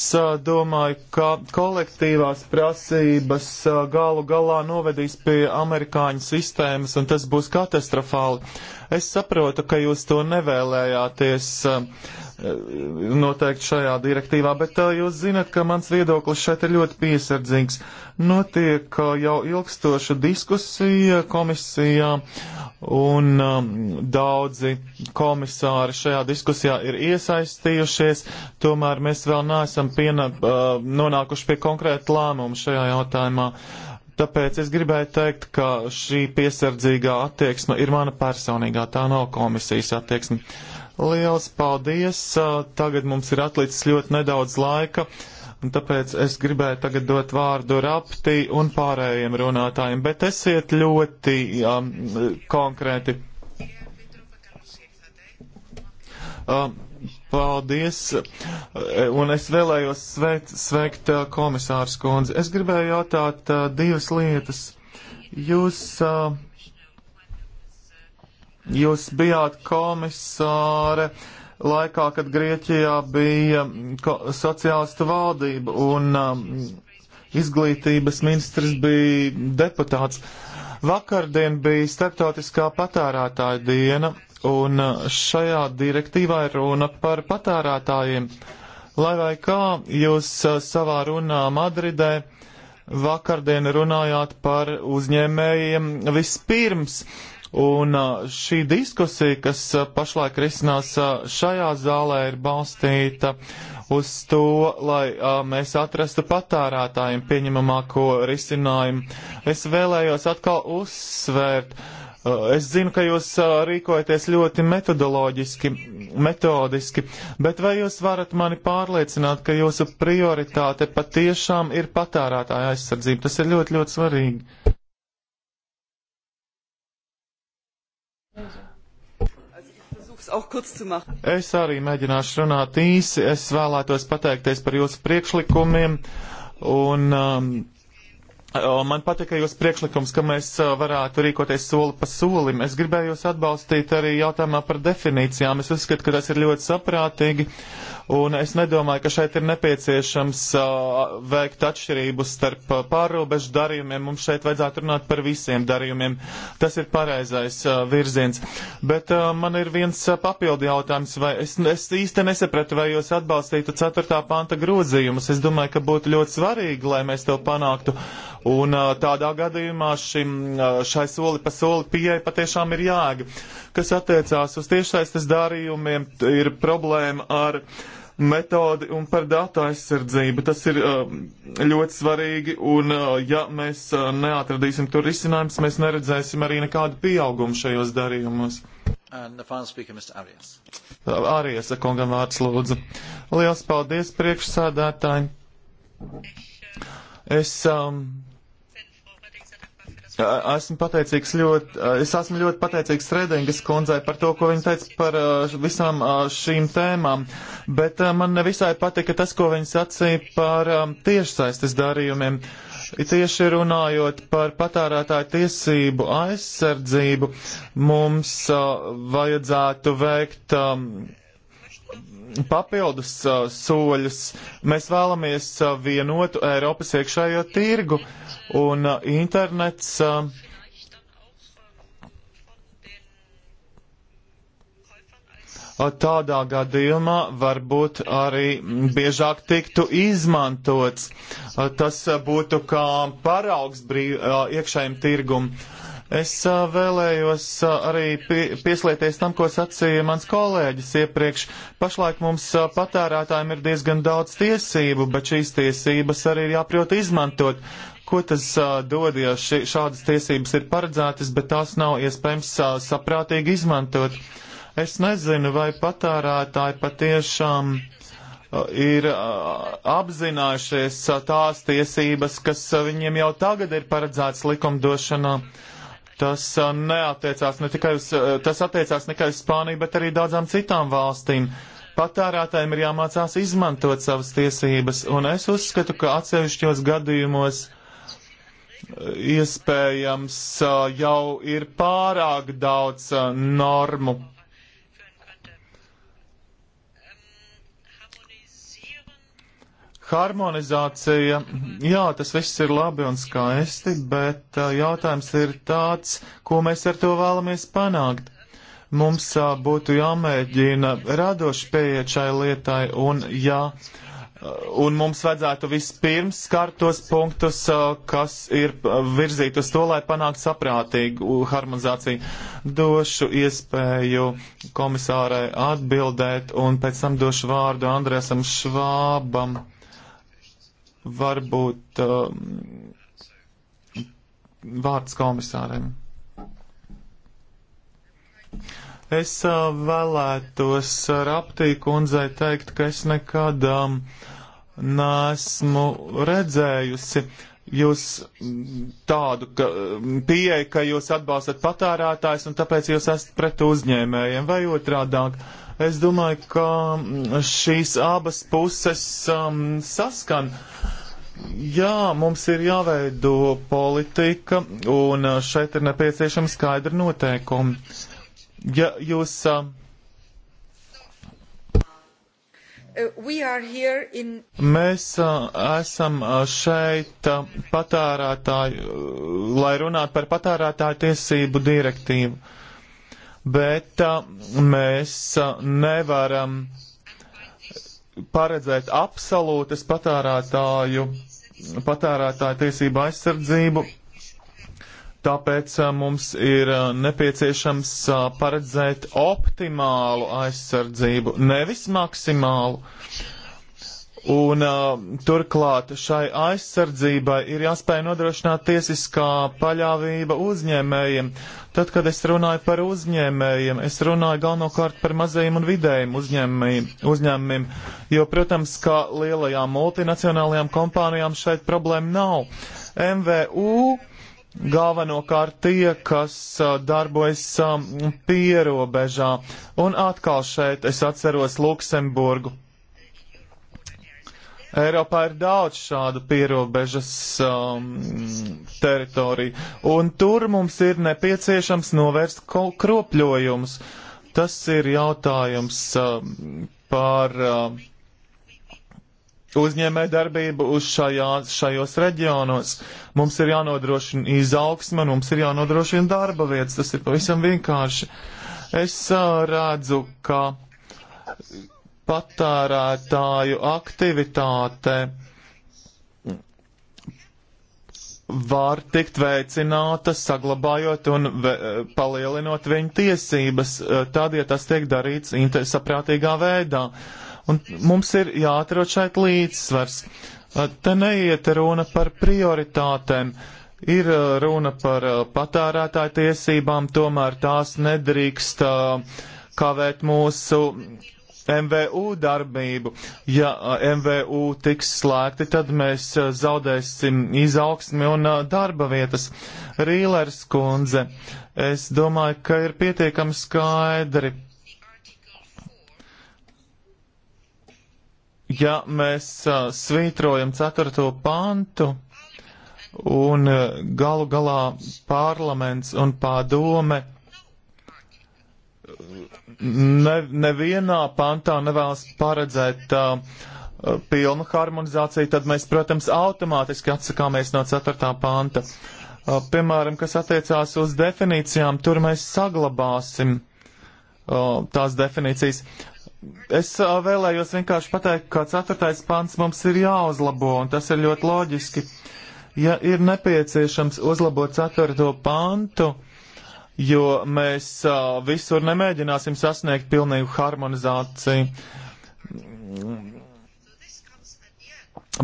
domāju, ka kolektīvās prasības galu galā novedīs pie amerikāņu sistēmas, un tas būs katastrofāli. Es saprotu, ka jūs to nevēlējāties. Uh, Eh, noteikti šajā direktīvā, bet eh, jūs zinat, ka mans viedoklis šeit ir ļoti piesardzīgs. Notiek eh, jau ilgstoša diskusija komisijā, un um, daudzi komisāri šajā diskusijā ir iesaistījušies, tomēr mēs vēl neesam piena, uh, nonākuši pie konkrēta lēmuma šajā jautājumā. Tāpēc es gribēju teikt, ka šī piesardzīgā attieksme ir mana personīgā, tā nav komisijas attieksme. Uh, Liels paldies! Tagad mums ir atlicis ļoti nedaudz laika, un tāpēc es gribēju tagad dot vārdu raptī un pārējiem runātājiem, bet esiet ļoti um, konkrēti. Um, paldies, un es vēlējos sveikt, sveikt komisārs kundzi. Es gribēju jautāt uh, divas lietas. Jūs uh, Jūs bijāt komisāre laikā, kad Grieķijā bija sociālistu valdība un um, izglītības ministrs bija deputāts. Vakardien bija starptautiskā patērētāja diena, un uh, šajā direktīvā ir runa par patērētājiem. Lai vai kā jūs uh, savā runā Madridē vakardien runājāt par uzņēmējiem vispirms, uh, Un šī diskusija, kas pašlaik risinās šajā zālē, ir balstīta uz to, lai mēs atrastu patērētājiem pieņemamāko risinājumu. Es vēlējos atkal uzsvērt, Es zinu, ka jūs rīkojaties ļoti metodoloģiski, metodiski, bet vai jūs varat mani pārliecināt, ka jūsu prioritāte patiešām ir patērētāja aizsardzība? Tas ir ļoti, ļoti svarīgi. Es arī mēģināšu runāt īsi. Es vēlētos pateikties par jūsu priekšlikumiem. Un, um, Man patika jūsu priekšlikums, ka mēs uh, varētu rīkoties soli pa solim. Es gribēju jūs atbalstīt arī jautājumā par definīcijām. Es uzskatu, ka tas ir ļoti saprātīgi Un es nedomāju, ka šeit ir nepieciešams uh, veikt atšķirību starp pārrobežu darījumiem. Mums šeit vajadzētu runāt par visiem darījumiem. Tas ir pareizais uh, virziens. Bet uh, man ir viens uh, papildi jautājums, vai es, es īsti nesapratu, vai jūs atbalstītu 4. panta grozījumus. Es domāju, ka būtu ļoti svarīgi, lai mēs to panāktu. Un uh, tādā gadījumā šim, uh, šai soli pa soli pieeja patiešām ir jāga. Kas attiecās uz tiešsaistes darījumiem, ir problēma ar. Uh, metodi un par datu aizsardzību. Tas ir um, ļoti svarīgi, un uh, ja mēs uh, neatradīsim tur risinājumus, mēs neredzēsim arī nekādu pieaugumu šajos darījumos. Arijas uh, kungam vārds lūdzu. Liels paldies priekšsādātāji. Es um, Esmu pateicīgs ļoti, es esmu ļoti pateicīgs Sredingas kundzei par to, ko viņa teica par visām šīm tēmām, bet man nevisai patika tas, ko viņa sacīja par tiešsaistes darījumiem. Tieši runājot par patērētāju tiesību aizsardzību, mums vajadzētu veikt papildus soļus. Mēs vēlamies vienotu Eiropas iekšējo tirgu. Uh, Un uh, internets uh, uh, tādā gadījumā varbūt arī biežāk tiktu izmantots. Tas būtu kā paraugs brīv, iekšējiem tirgum. Es vēlējos arī pieslieties tam, ko sacīja mans kolēģis iepriekš. Pašlaik mums patērētājiem ir diezgan daudz tiesību, bet šīs tiesības arī ir jāprot izmantot. Uh, Ko tas uh, dod, ja ši, šādas tiesības ir paredzētas, bet tās nav iespējams uh, saprātīgi izmantot? Es nezinu, vai patērētāji patiešām uh, ir uh, apzinājušies uh, tās tiesības, kas uh, viņiem jau tagad ir paredzētas likumdošanā. Tas uh, neatiecās ne tikai uz, uh, tas attiecās ne tikai uz Spāniju, bet arī daudzām citām valstīm. Uh, patērētājiem ir jāmācās izmantot savas tiesības, un es uzskatu, ka atsevišķos gadījumos iespējams jau ir pārāk daudz normu. Harmonizācija, jā, tas viss ir labi un skaisti, bet jautājums ir tāds, ko mēs ar to vēlamies panākt. Mums būtu jāmēģina radoši pieiet šai lietai un jā. Ja Uh, un mums vajadzētu vispirms skart tos punktus, uh, kas ir uh, virzīti uz to, lai panāktu saprātīgu harmonizāciju. Došu iespēju komisārai atbildēt, un pēc tam došu vārdu Andresam Švābam. Varbūt um, vārds komisāram. Es uh, vēlētos Raptī kundzei teikt, ka es nekad um, nesmu redzējusi jūs tādu ka, pieeju, ka jūs atbalstat patērētājs un tāpēc jūs esat pret uzņēmējiem vai otrādāk. Es domāju, ka šīs abas puses um, saskan. Jā, mums ir jāveido politika un šeit ir nepieciešama skaidra noteikuma. Ja jūs. Uh, uh, in... Mēs uh, esam šeit patērētāju, lai runātu par patērētāju tiesību direktīvu, bet mēs nevaram paredzēt absolūtas patērētāju, patērētāju tiesību aizsardzību Tāpēc mums ir nepieciešams paredzēt optimālu aizsardzību, nevis maksimālu. Un uh, turklāt šai aizsardzībai ir jāspēj nodrošināt tiesiskā paļāvība uzņēmējiem. Tad, kad es runāju par uzņēmējiem, es runāju galvenokārt par mazajiem un vidējiem uzņēmumiem, jo, protams, kā lielajām multinacionālajām kompānijām šeit problēma nav. MVU galvenokārt tie, kas darbojas pierobežā. Un atkal šeit es atceros Luksemburgu. Eiropā ir daudz šādu pierobežas um, teritoriju, un tur mums ir nepieciešams novērst kropļojumus. Tas ir jautājums um, par. Um, uzņēmē darbību uz šajā, šajos reģionos. Mums ir jānodrošina izaugsme, mums ir jānodrošina darba vietas. Tas ir pavisam vienkārši. Es uh, redzu, ka patērētāju aktivitāte var tikt veicināta, saglabājot un ve palielinot viņu tiesības, tad, ja tas tiek darīts saprātīgā veidā. Uh, Un mums ir jāatrod šeit līdzsvars. Te neiet runa par prioritātēm, ir runa par patērētāju tiesībām, tomēr tās nedrīkst kavēt mūsu MVU darbību. Ja MVU tiks slēgti, tad mēs zaudēsim izaugsmi un darba vietas. Rīlers kundze, es domāju, ka ir pietiekami skaidri ja mēs uh, svītrojam ceturto pantu un uh, galu galā parlaments un padome ne, nevienā pantā nevēlas paredzēt uh, pilnu harmonizāciju, tad mēs, protams, automātiski atsakāmies no 4. panta. Uh, piemēram, kas attiecās uz definīcijām, tur mēs saglabāsim uh, tās definīcijas. Es eh, vēlējos vienkārši pateikt, ka ceturtais pants mums ir jāuzlabo, un tas ir ļoti loģiski. Ja ir nepieciešams uzlabot ceturto pantu, jo mēs eh, visur nemēģināsim sasniegt pilnīgu harmonizāciju.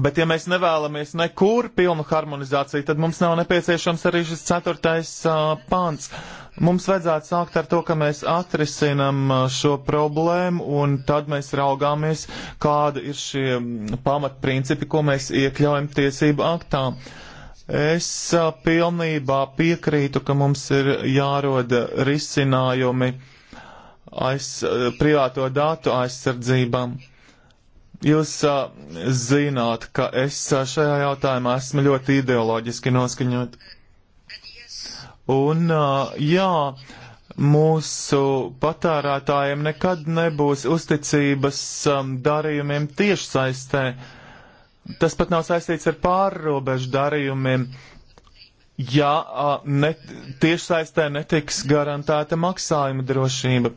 Bet ja mēs nevēlamies nekur pilnu harmonizāciju, tad mums nav nepieciešams arī šis ceturtais uh, pants. Mums vajadzētu sākt ar to, ka mēs atrisinam uh, šo problēmu, un tad mēs raugāmies, kāda ir šie mm, pamatprincipi, ko mēs iekļaujam tiesību aktā. Es uh, pilnībā piekrītu, ka mums ir jāroda risinājumi aiz, uh, privāto datu aizsardzībām. Jūs zināt, ka es šajā jautājumā esmu ļoti ideoloģiski noskaņot. Un jā, mūsu patērētājiem nekad nebūs uzticības darījumiem tiešsaistē. Tas pat nav saistīts ar pārrobežu darījumiem. Ja ne, tiešsaistē netiks garantēta maksājuma drošība.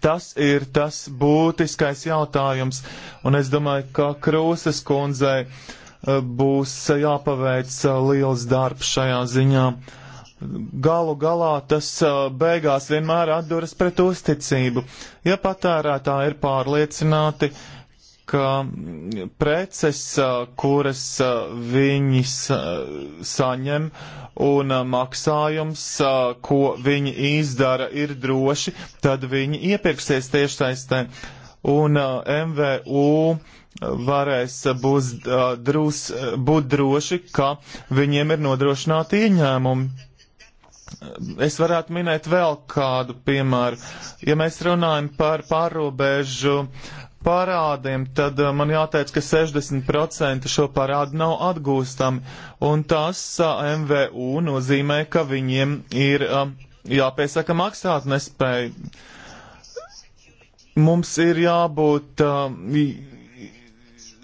Tas ir tas būtiskais jautājums, un es domāju, ka Krūzes kundzei uh, būs jāpaveic liels darbs šajā ziņā. Galu galā tas beigās vienmēr atduras pret uzticību. Ja patērētāji ir pārliecināti, ka preces, kuras viņi saņem un maksājums, ko viņi izdara, ir droši, tad viņi iepirksies tiešsaistē. Tā un uh, MVU varēs uh, būs, uh, drūs, būt droši, ka viņiem ir nodrošināti ieņēmumi. Es varētu minēt vēl kādu piemēru. Ja mēs runājam par pārobežu parādiem, tad man jāteic, ka 60% šo parādu nav atgūstami, un tas MVU nozīmē, ka viņiem ir jāpiesaka maksāt nespēju mums ir jābūt um,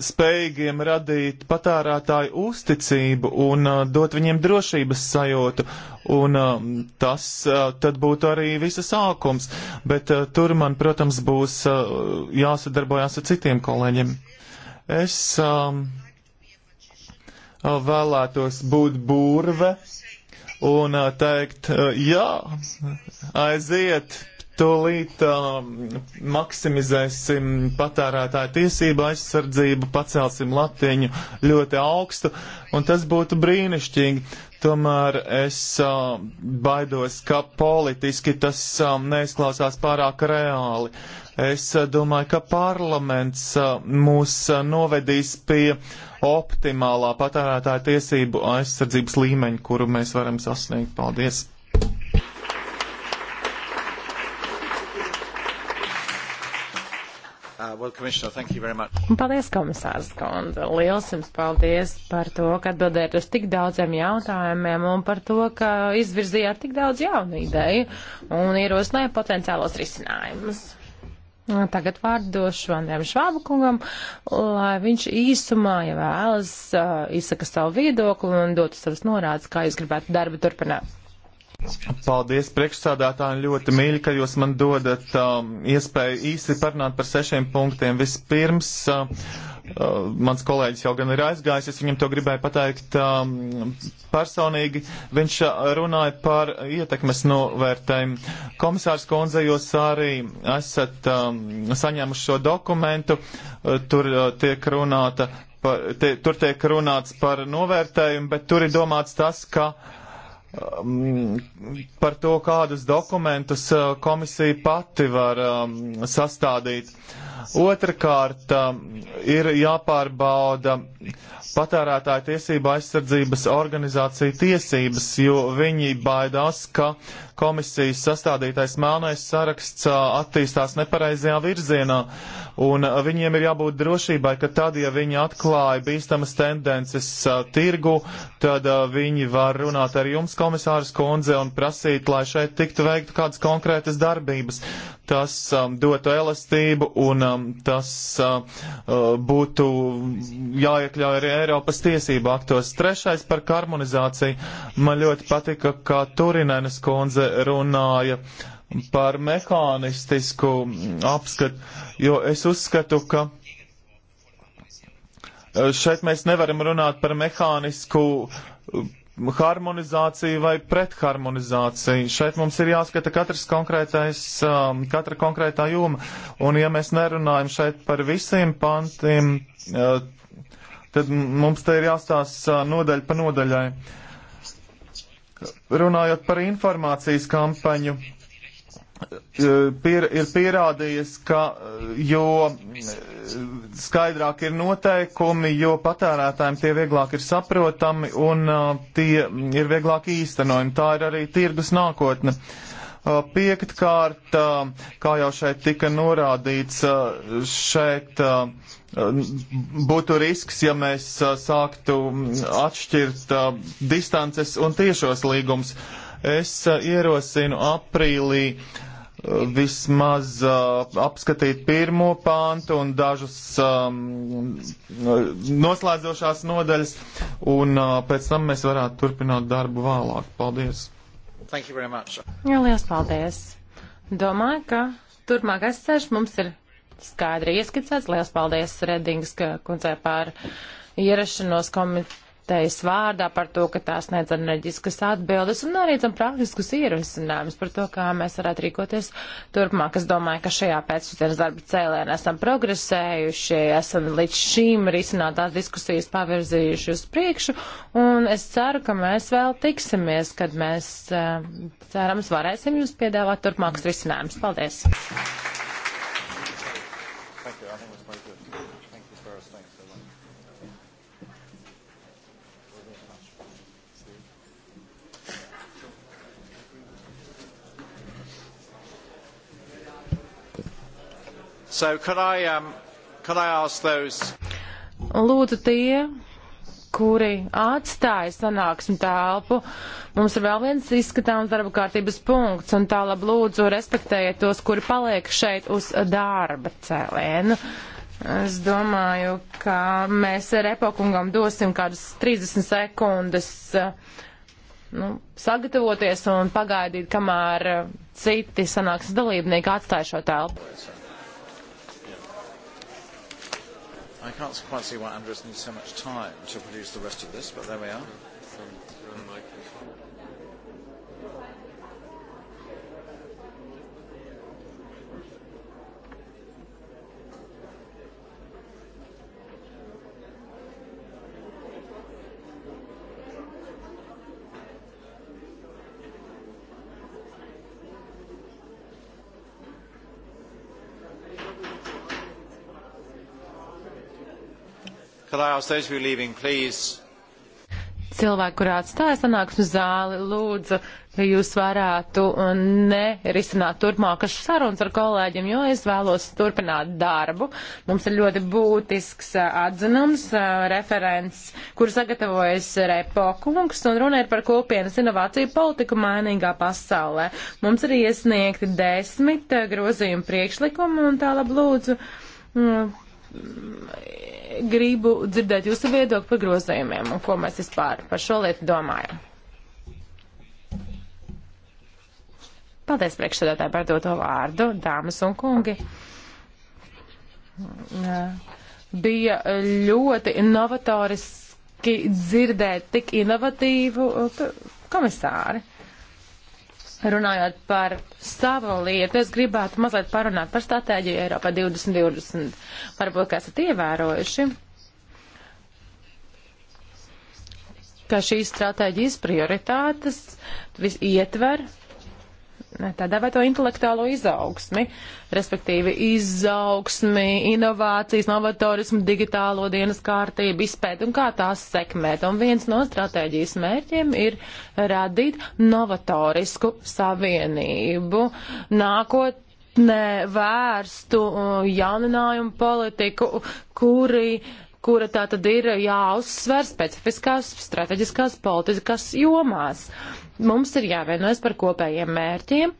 spējīgiem radīt patērētāju uzticību un uh, dot viņiem drošības sajūtu. Un uh, tas uh, tad būtu arī visa sākums. Bet uh, tur man, protams, būs uh, jāsadarbojās ar citiem kolēģiem. Es uh, vēlētos būt būrve un uh, teikt, uh, jā, aiziet! Tūlīt uh, maksimizēsim patērētāju tiesību aizsardzību, pacelsim latiņu ļoti augstu, un tas būtu brīnišķīgi. Tomēr es uh, baidos, ka politiski tas um, neizklausās pārāk reāli. Es uh, domāju, ka parlaments uh, mūs uh, novedīs pie optimālā patērētāja tiesību aizsardzības līmeņa, kuru mēs varam sasniegt. Paldies! well, paldies, komisārs Konda. Liels jums paldies par to, ka atbildējāt uz tik daudziem jautājumiem un par to, ka izvirzījāt tik daudz jaunu ideju un ierosināja potenciālos risinājumus. Tagad vārdu došu Andrēm Švābakungam, lai viņš īsumā, ja vēlas, uh, izsaka savu viedokli un dotu savas norādes, kā jūs gribētu darbu turpināt. Paldies priekšsādātājiem ļoti mīļi, ka jūs man dodat um, iespēju īsi parunāt par sešiem punktiem. Vispirms, uh, uh, mans kolēģis jau gan ir aizgājis, es viņam to gribēju pateikt um, personīgi. Viņš uh, runāja par ietekmes novērtējumu. Komisārs Konze, jūs arī esat um, saņēmuši šo dokumentu, uh, tur uh, tiek runāta, par, te, tur tiek runāts par novērtējumu, bet tur ir domāts tas, ka. Uh, Um, par to, kādus dokumentus uh, komisija pati var um, sastādīt. Otrakārt, um, ir jāpārbauda patērētāju tiesību aizsardzības organizāciju tiesības, jo viņi baidās, ka komisijas sastādītais melnais saraksts attīstās nepareizajā virzienā, un viņiem ir jābūt drošībai, ka tad, ja viņi atklāja bīstamas tendences tirgu, tad viņi var runāt ar jums, komisārs kundze, un prasīt, lai šeit tiktu veikt kādas konkrētas darbības. Tas um, dotu elastību, un um, tas uh, būtu jāiekļauj arī Eiropas tiesību aktos. Trešais par harmonizāciju. Man ļoti patika, kā Turinēnas kundze runāja par mehānistisku apskatu, jo es uzskatu, ka šeit mēs nevaram runāt par mehānisku harmonizāciju vai pretharmonizāciju. Šeit mums ir jāskata katrs konkrētais, um, katra konkrētā joma. Un ja mēs nerunājam šeit par visiem pantiem, uh, tad mums te ir jāstāsta nodaļa pa nodaļai. Runājot par informācijas kampaņu, pier, ir pierādījies, ka jo skaidrāk ir noteikumi, jo patērētājiem tie vieglāk ir saprotami un tie ir vieglāk īstenojami. Tā ir arī tirgus nākotne. Uh, Uh, piektkārt, uh, kā jau šeit tika norādīts, uh, šeit būtu risks, ja mēs sāktu atšķirt distances un tiešos līgumus. Es ierosinu aprīlī vismaz uh, apskatīt pirmo pāntu un dažus um, noslēdzošās nodaļas, un uh, pēc tam mēs varētu turpināt darbu vēlāk. Paldies! Jā, liels paldies. Domāju, ka turpmākais ceļš mums ir skaidri ieskicēts. Liels paldies Redingas kundzei par ierašanos komiteju komitejas vārdā par to, ka tās nedz enerģiskas atbildes un arī tam praktiskus ierosinājumus par to, kā mēs varētu rīkoties turpmāk. Es domāju, ka šajā pēcpusdienas darba cēlēnā esam progresējuši, esam līdz šīm risinātās diskusijas pavirzījuši uz priekšu un es ceru, ka mēs vēl tiksimies, kad mēs eh, cerams varēsim jums piedāvāt turpmākus risinājumus. Paldies! So could I, um, could I ask those... Lūdzu tie, kuri atstāja sanāksmu telpu, mums ir vēl viens izskatāms darba kārtības punkts, un tālāk lūdzu respektējiet tos, kuri paliek šeit uz darba cēlēnu. Es domāju, ka mēs repokungam dosim kādas 30 sekundes nu, sagatavoties un pagaidīt, kamēr uh, citi sanāks dalībnieki atstāja šo telpu. I can't quite see why Andres needs so much time to produce the rest of this, but there we are. Cilvēki, kur atstāja sanāksmu zāli, lūdzu, ja jūs varētu nerisināt turpmākas sarunas ar kolēģiem, jo es vēlos turpināt darbu. Mums ir ļoti būtisks eh, atzinums, eh, referents, kur sagatavojas Repo kungs, un runa ir par kopienas inovāciju politiku mainīgā pasaulē. Mums ir iesniegti desmit eh, grozījumu priekšlikumu, un tālāk lūdzu mm, Mm, gribu dzirdēt jūsu viedokli par grozējumiem un ko mēs vispār par šo lietu domājam. Paldies priekšsēdētāji par doto vārdu, dāmas un kungi. Mm, bija ļoti novatoriski dzirdēt tik inovatīvu komisāri. Runājot par savu lietu, es gribētu mazliet parunāt par stratēģiju Eiropā 2020. Varbūt, ka esat ievērojuši, ka šīs stratēģijas prioritātes ietver tā dēvēto intelektuālo izaugsmi, respektīvi izaugsmi, inovācijas, novatorismu, digitālo dienas kārtību, izpēt un kā tās sekmēt. Un viens no stratēģijas mērķiem ir radīt novatorisku savienību nākotnē vērstu uh, jauninājumu politiku, kuri kura tā tad ir jāuzsver specifiskās strateģiskās politiskās jomās. Mums ir jāvienojas par kopējiem mērķiem,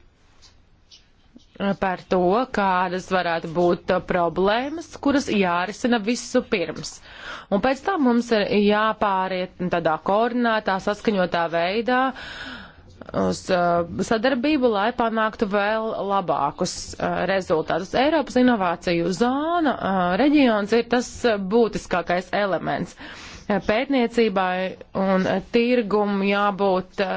par to, kādas varētu būt problēmas, kuras jārisina visu pirms. Un pēc tam mums ir jāpāriet tādā koordinētā, saskaņotā veidā uz uh, sadarbību, lai panāktu vēl labākus uh, rezultātus. Eiropas inovāciju zona, uh, reģions ir tas būtiskākais elements pētniecībai un tirgumu jābūt eh,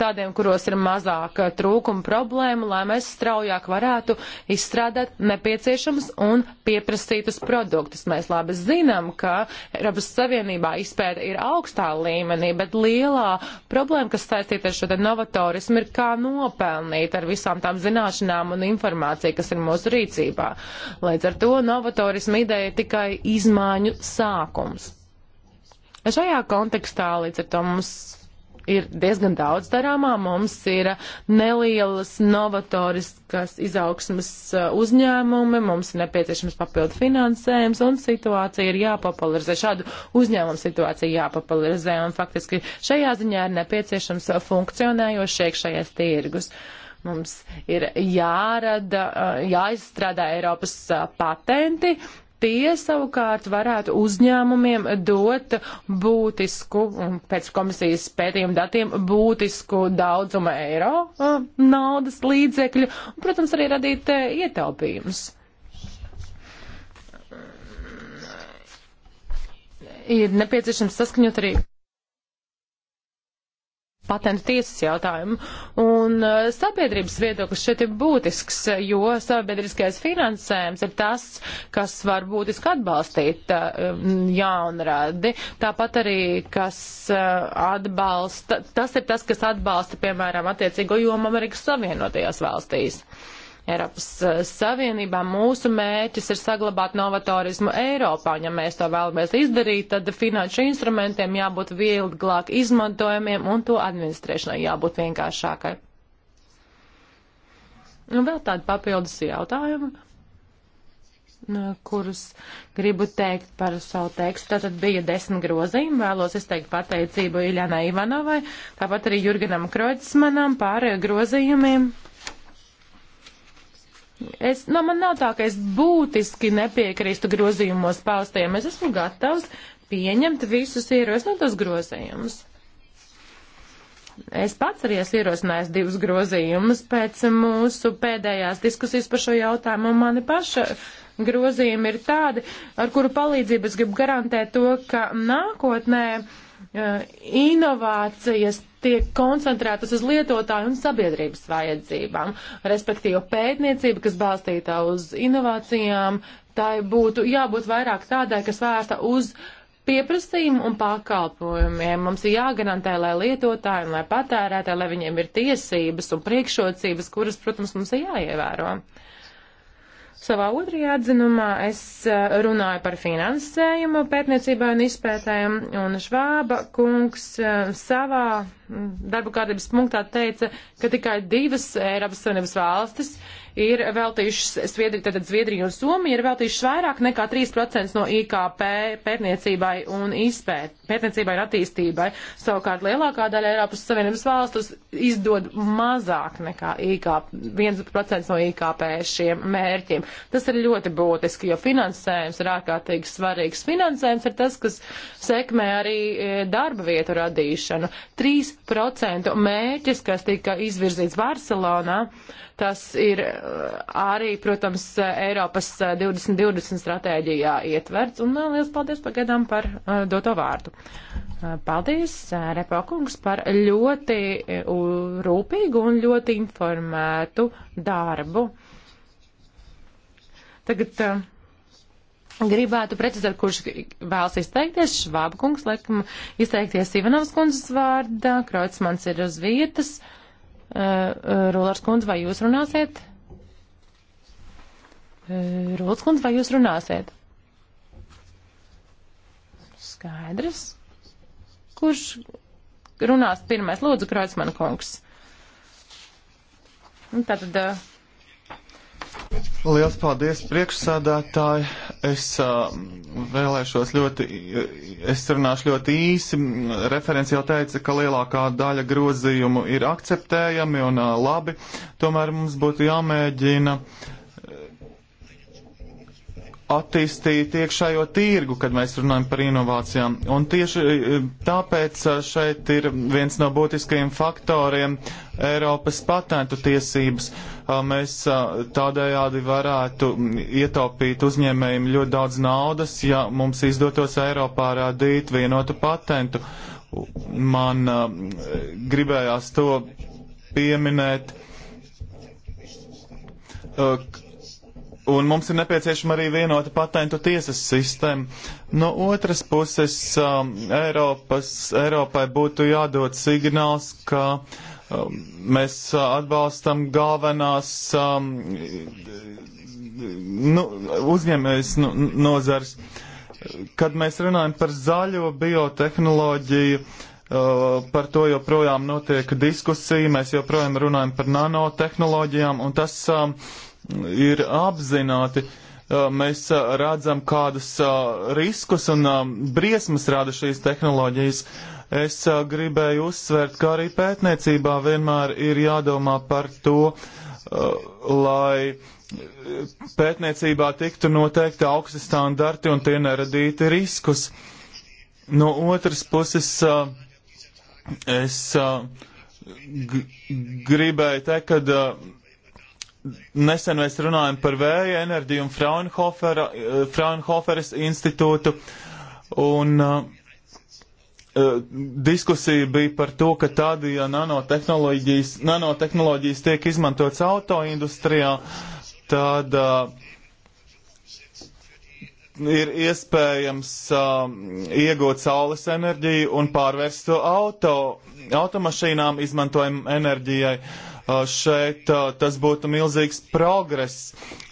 tādiem, kuros ir mazāk eh, trūkuma problēma, lai mēs straujāk varētu izstrādāt nepieciešams un pieprasītus produktus. Mēs labi zinām, ka Eiropas Savienībā izpēta ir augstā līmenī, bet lielā problēma, kas saistīta ar šo te novatorismu, ir kā nopelnīt ar visām tām zināšanām un informāciju, kas ir mūsu rīcībā. Līdz ar to novatorismu ideja ir tikai izmaiņu sākums. Šajā kontekstā līdz ar to mums ir diezgan daudz darāmā. Mums ir nelielas novatoriskas izaugsmas uh, uzņēmumi, mums ir nepieciešams papildu finansējums un situācija ir jāpopularizē. Šādu uzņēmumu situāciju jāpopularizē un faktiski šajā ziņā ir nepieciešams funkcionējošs iekšējais tirgus. Mums ir jārada, uh, jāizstrādā Eiropas uh, patenti, tie savukārt varētu uzņēmumiem dot būtisku, pēc komisijas pētījuma datiem, būtisku daudzumu eiro naudas līdzekļu, un, protams, arī radīt ietaupījumus. Ir nepieciešams saskaņot arī patentu tiesas jautājumu. Un uh, sabiedrības viedoklis šeit ir būtisks, jo sabiedriskais finansējums ir tas, kas var būtiski atbalstīt uh, jaunradi. Tāpat arī, kas uh, atbalsta, tas ir tas, kas atbalsta, piemēram, attiecīgo jomu Amerikas Savienotajās valstīs. Uh, Eiropas eh, Savienībā. Mūsu mērķis ir saglabāt novatorismu Eiropā, un ja mēs to vēlamies izdarīt, tad finanšu instrumentiem jābūt vieglāk izmantojamiem un to administrēšanai jābūt vienkāršākai. Un vēl tādi papildus jautājumi kurus gribu teikt par savu tekstu. Tātad bija desmit grozījumi, vēlos izteikt pateicību Iļanai Ivanovai, tāpat arī Jurganam Kroķismanam par grozījumiem. Es, nu, man nav tā, ka es būtiski nepiekrīstu grozījumos paustajiem. Es esmu gatavs pieņemt visus ierosinātos grozījumus. Es pats arī esmu ierosinājis divus grozījumus pēc mūsu pēdējās diskusijas par šo jautājumu, un mani paša grozījumi ir tādi, ar kuru palīdzību es gribu garantēt to, ka nākotnē uh, inovācijas tiek koncentrētas uz lietotāju un sabiedrības vajadzībām, respektīvi pētniecība, kas balstīta uz inovācijām, tai būtu jābūt vairāk tādai, kas vērsta uz pieprasījumu un pakalpojumiem. Mums ir jāgarantē, lai lietotājiem, lai patērētājiem, lai viņiem ir tiesības un priekšrocības, kuras, protams, mums ir jāievēro. Uh, Savā otrajā atzinumā es eh, runāju par finansējumu pētniecībai un izpētējumu, un Švāba kungs eh, savā darba kārtības punktā teica, ka tikai divas Eiropas Savienības valstis ir veltījušas, Sviedri, tātad Zviedrija un Somija ir veltījušas vairāk nekā 3% no IKP pētniecībai un izpēt, pētniecībai un attīstībai. Savukārt lielākā daļa Eiropas Savienības valstus izdod mazāk nekā IKP, 1% no IKP šiem mērķiem. Tas ir ļoti būtiski, jo finansējums ir ārkārtīgi svarīgs. Finansējums ir tas, kas sekmē arī e, darba vietu radīšanu. 3 5% mērķis, kas tika izvirzīts Barcelonā, tas ir uh, arī, protams, uh, Eiropas 2020 uh, stratēģijā ietverts. Un liels paldies pagaidām par doto vārdu. Paldies, Repokungs, par ļoti rūpīgu un ļoti informētu darbu. Tagad uh, Gribētu precizēt, kurš vēlas izteikties. Švāba kungs, laikam, izteikties Ivanovas kundzes vārdā. Kreutzmans ir uz vietas. Uh, uh Rulārs kundze, vai jūs runāsiet? Uh, Rulārs kundze, vai jūs runāsiet? Skaidrs. Kurš runās pirmais? Lūdzu, Kreutzmana kungs. Un nu, tātad. Uh, Liels paldies, priekšsādātāji. Es uh, vēlēšos ļoti, es runāšu ļoti īsi. Referents jau teica, ka lielākā daļa grozījumu ir akceptējami un uh, labi. Tomēr mums būtu jāmēģina uh, attīstīt iekšējo tirgu, kad mēs runājam par inovācijām. Un tieši e, tāpēc e, šeit ir viens no būtiskajiem faktoriem Eiropas patentu tiesības. E, mēs tādējādi varētu ietaupīt uzņēmējiem ļoti daudz naudas, ja mums izdotos Eiropā rādīt vienotu patentu. Man gribējās to pieminēt Un mums ir nepieciešama arī vienota patentu tiesas sistēma. No otras puses, um, Eiropas, Eiropai būtu jādod signāls, ka um, mēs uh, atbalstam galvenās um, nu, uzņēmējas nu, nozars. Kad mēs runājam par zaļo biotehnoloģiju, Uh, par to joprojām notiek diskusija, mēs joprojām runājam par nanotehnoloģijām, un tas uh, ir apzināti. Mēs redzam, kādus riskus un briesmas rada šīs tehnoloģijas. Es gribēju uzsvērt, ka arī pētniecībā vienmēr ir jādomā par to, lai pētniecībā tiktu noteikti augsti standarti un tie neradītu riskus. No otras puses, es gribēju teikt, ka Nesen mēs runājam par vēja enerģiju un Fraunhofera, eh, Fraunhoferas institūtu, un uh, diskusija bija par to, ka tad, ja nanotehnoloģijas, nanotehnoloģijas tiek izmantots autoindustrijā, tad uh, ir iespējams uh, iegūt saules enerģiju un pārvērst to auto, automašīnām izmantojumu enerģijai. Uh, šeit tas būtu milzīgs progress.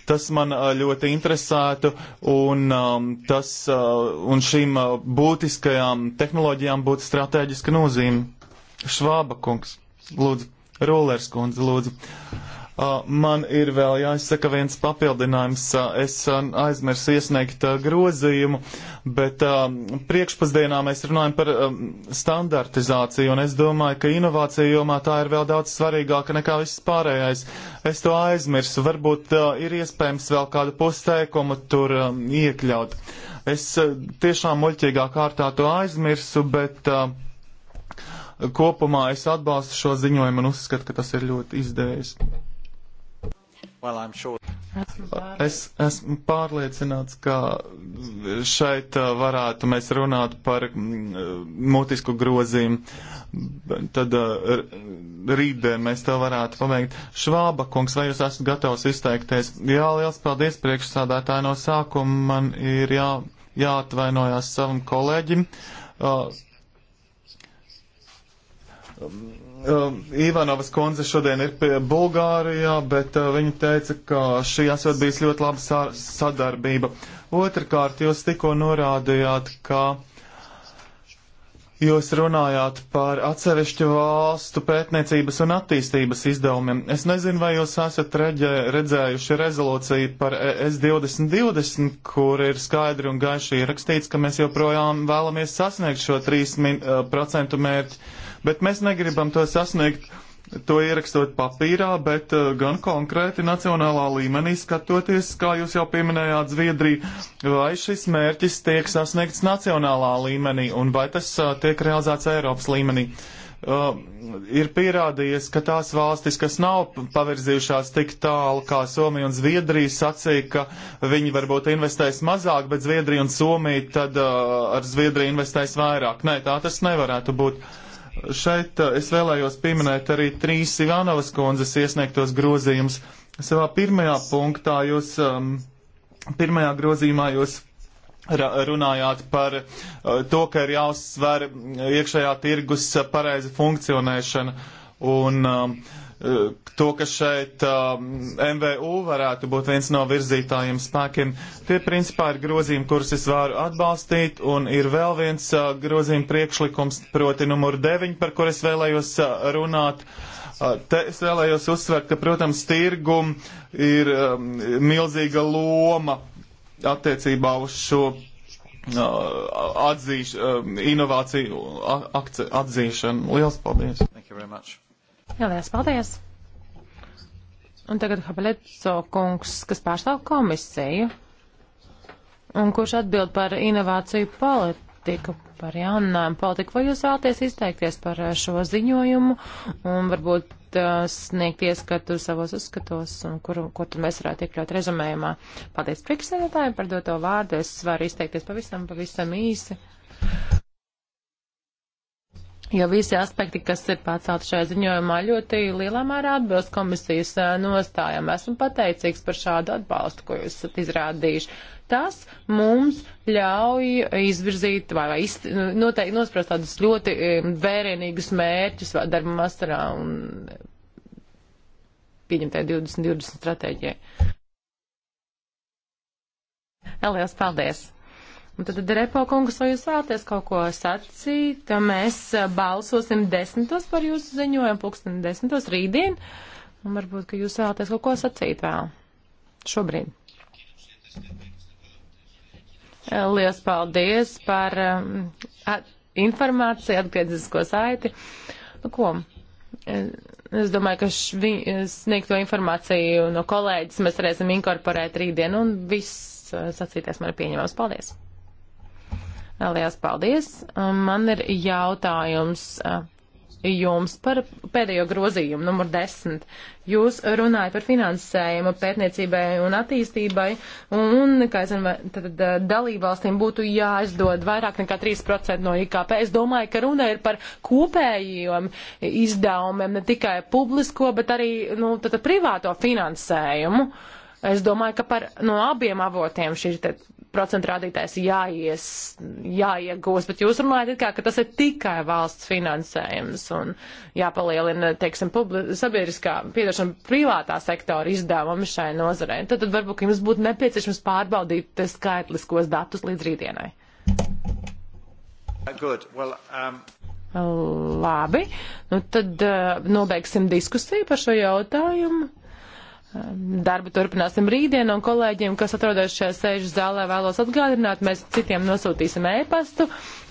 Tas man ļoti interesētu, un, tas, un šīm būtiskajām tehnoloģijām būtu strateģiska nozīme. Švāba kungs, lūdzu, Rulers kundze, lūdzu. Uh, Man ir vēl jāizsaka viens papildinājums. Es aizmirsu iesniegt grozījumu, bet priekšpusdienā mēs runājam par standartizāciju, un es domāju, ka inovācija jomā tā ir vēl daudz svarīgāka nekā viss pārējais. Es to aizmirsu. Varbūt ir iespējams vēl kādu pusteikumu tur iekļaut. Es tiešām muļķīgā kārtā to aizmirsu, bet kopumā es atbalstu šo ziņojumu un uzskatu, ka tas ir ļoti izdevies. Well, sure... Es esmu pārliecināts, ka šeit uh, varētu mēs runāt par mm, uh, mutisku grozīm. Tad uh, rītdien mēs to varētu pabeigt. Švāba kungs, vai jūs esat gatavs izteikties? Jā, liels paldies priekšsādātāji no sākuma. Man ir jā, jāatvainojās savam kolēģim. Uh, um, Uh, Ivanovas kundze šodien ir pie Bulgārijā, bet uh, viņa teica, ka šī esot bijis ļoti laba sa sadarbība. Otrakārt, jūs tikko norādījāt, ka jūs runājāt par atsevišķu valstu pētniecības un attīstības izdevumiem. Es nezinu, vai jūs esat reģē, redzējuši rezolūciju par e ES 2020, kur ir skaidri un gaiši ierakstīts, ka mēs joprojām vēlamies sasniegt šo 3% uh, mērķi Bet mēs negribam to sasniegt, to ierakstot papīrā, bet eh, gan konkrēti nacionālā līmenī skatoties, kā jūs jau pieminējāt Zviedriju, vai šis mērķis tiek sasniegts nacionālā līmenī un vai tas eh, tiek realizēts Eiropas līmenī. Uh, ir pierādījies, ka tās valstis, kas nav pavirzījušās tik tālu kā Somija un Zviedrija, sacīja, ka viņi varbūt investēs mazāk, bet Zviedrija un Somija tad uh, ar Zviedriju investēs vairāk. Nē, tā tas nevarētu būt. Uh, Šeit uh, es vēlējos pieminēt arī trīs Ivanovas kundzes iesniegtos grozījumus. Savā pirmajā punktā jūs, um, pirmajā grozījumā jūs runājāt par uh, to, ka ir jāuzsver iekšējā tirgus pareiza funkcionēšana. Un, um, Eh, to, ka šeit um, eh, MVU varētu būt viens no virzītājiem spēkiem. Tie principā ir grozījumi, kurus es varu atbalstīt, un ir vēl viens uh, grozījuma priekšlikums, proti numur 9, par kur es vēlējos uh, runāt. Uh, te es vēlējos uzsvērt, ka, protams, tirgum ir um, milzīga loma attiecībā uz šo uh, atzīš, uh, inovāciju uh, atzīšanu. Lielas paldies! Thank you very much. Jā, liels paldies! Un tagad Habeleco kungs, kas pārstāv komisiju, un kurš atbild par inovāciju politiku, par jaunām politiku, vai jūs vēlaties izteikties par eh, šo ziņojumu un varbūt eh, sniegt ieskatu savos uzskatos un kuru, ko tad mēs varētu iekļaut rezumējumā. Paldies priekšsēdētājiem par doto vārdu. Es varu izteikties pavisam, pavisam īsi jo visi aspekti, kas ir pacelti šajā ziņojumā, ļoti lielā mērā atbilst komisijas nostājām. Esmu pateicīgs par šādu atbalstu, ko jūs esat izrādījuši. Tas mums ļauj izvirzīt vai, vai iz, noteikti nosprast tādus ļoti vērienīgus mērķus darba masarā un pieņemtajai 2020 stratēģijai. Lielas paldies! Un tad, Repo kungs, vai jūs vēlaties kaut ko sacīt? Mēs balsosim desmitos par jūsu ziņojumu, pulksten desmitos rītdien. Un varbūt, ka jūs vēlaties kaut ko sacīt vēl šobrīd. Lielas paldies par informāciju, atgriezisko saiti. Nu, ko? Es domāju, ka sniegto informāciju no kolēģis mēs varēsim inkorporēt rītdien un viss sacīties man ir pieņemams. Paldies! Lielas paldies. Um, man ir jautājums uh, jums par pēdējo grozījumu, numur 10. Jūs runājat par finansējumu pētniecībai un attīstībai, un, kā es zinu, tad uh, dalībvalstīm būtu jāizdod vairāk nekā 3% no IKP. Es domāju, ka runa ir par kopējiem izdevumiem, ne tikai publisko, bet arī, nu, tad privāto finansējumu. Es domāju, ka par, no abiem avotiem šī procentu rādītājs jāies, jāiegūst, bet jūs runājat it kā, ka tas ir tikai valsts finansējums un jāpalielina, teiksim, publi, sabiedriskā, piedošana privātā sektora izdevumi šai nozarei. Tad, tad varbūt jums būtu nepieciešams pārbaudīt skaitliskos datus līdz rītdienai. Good. Well, um... Labi, nu tad uh, nobeigsim diskusiju par šo jautājumu. Darbu turpināsim rītdien, un kolēģiem, kas atrodas šajā sēžu zālē, vēlos atgādināt, mēs citiem nosūtīsim ēpastu,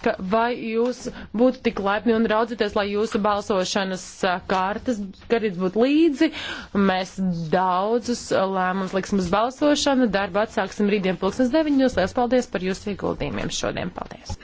ka vai jūs būtu tik laipni un raudzieties, lai jūsu balsošanas kārtas karīts būtu līdzi. Mēs daudzus lēmumus liksim uz balsošanu, darbu atsāksim rītdien pulksnes deviņos. Lielas paldies par jūsu ieguldījumiem šodien. Paldies!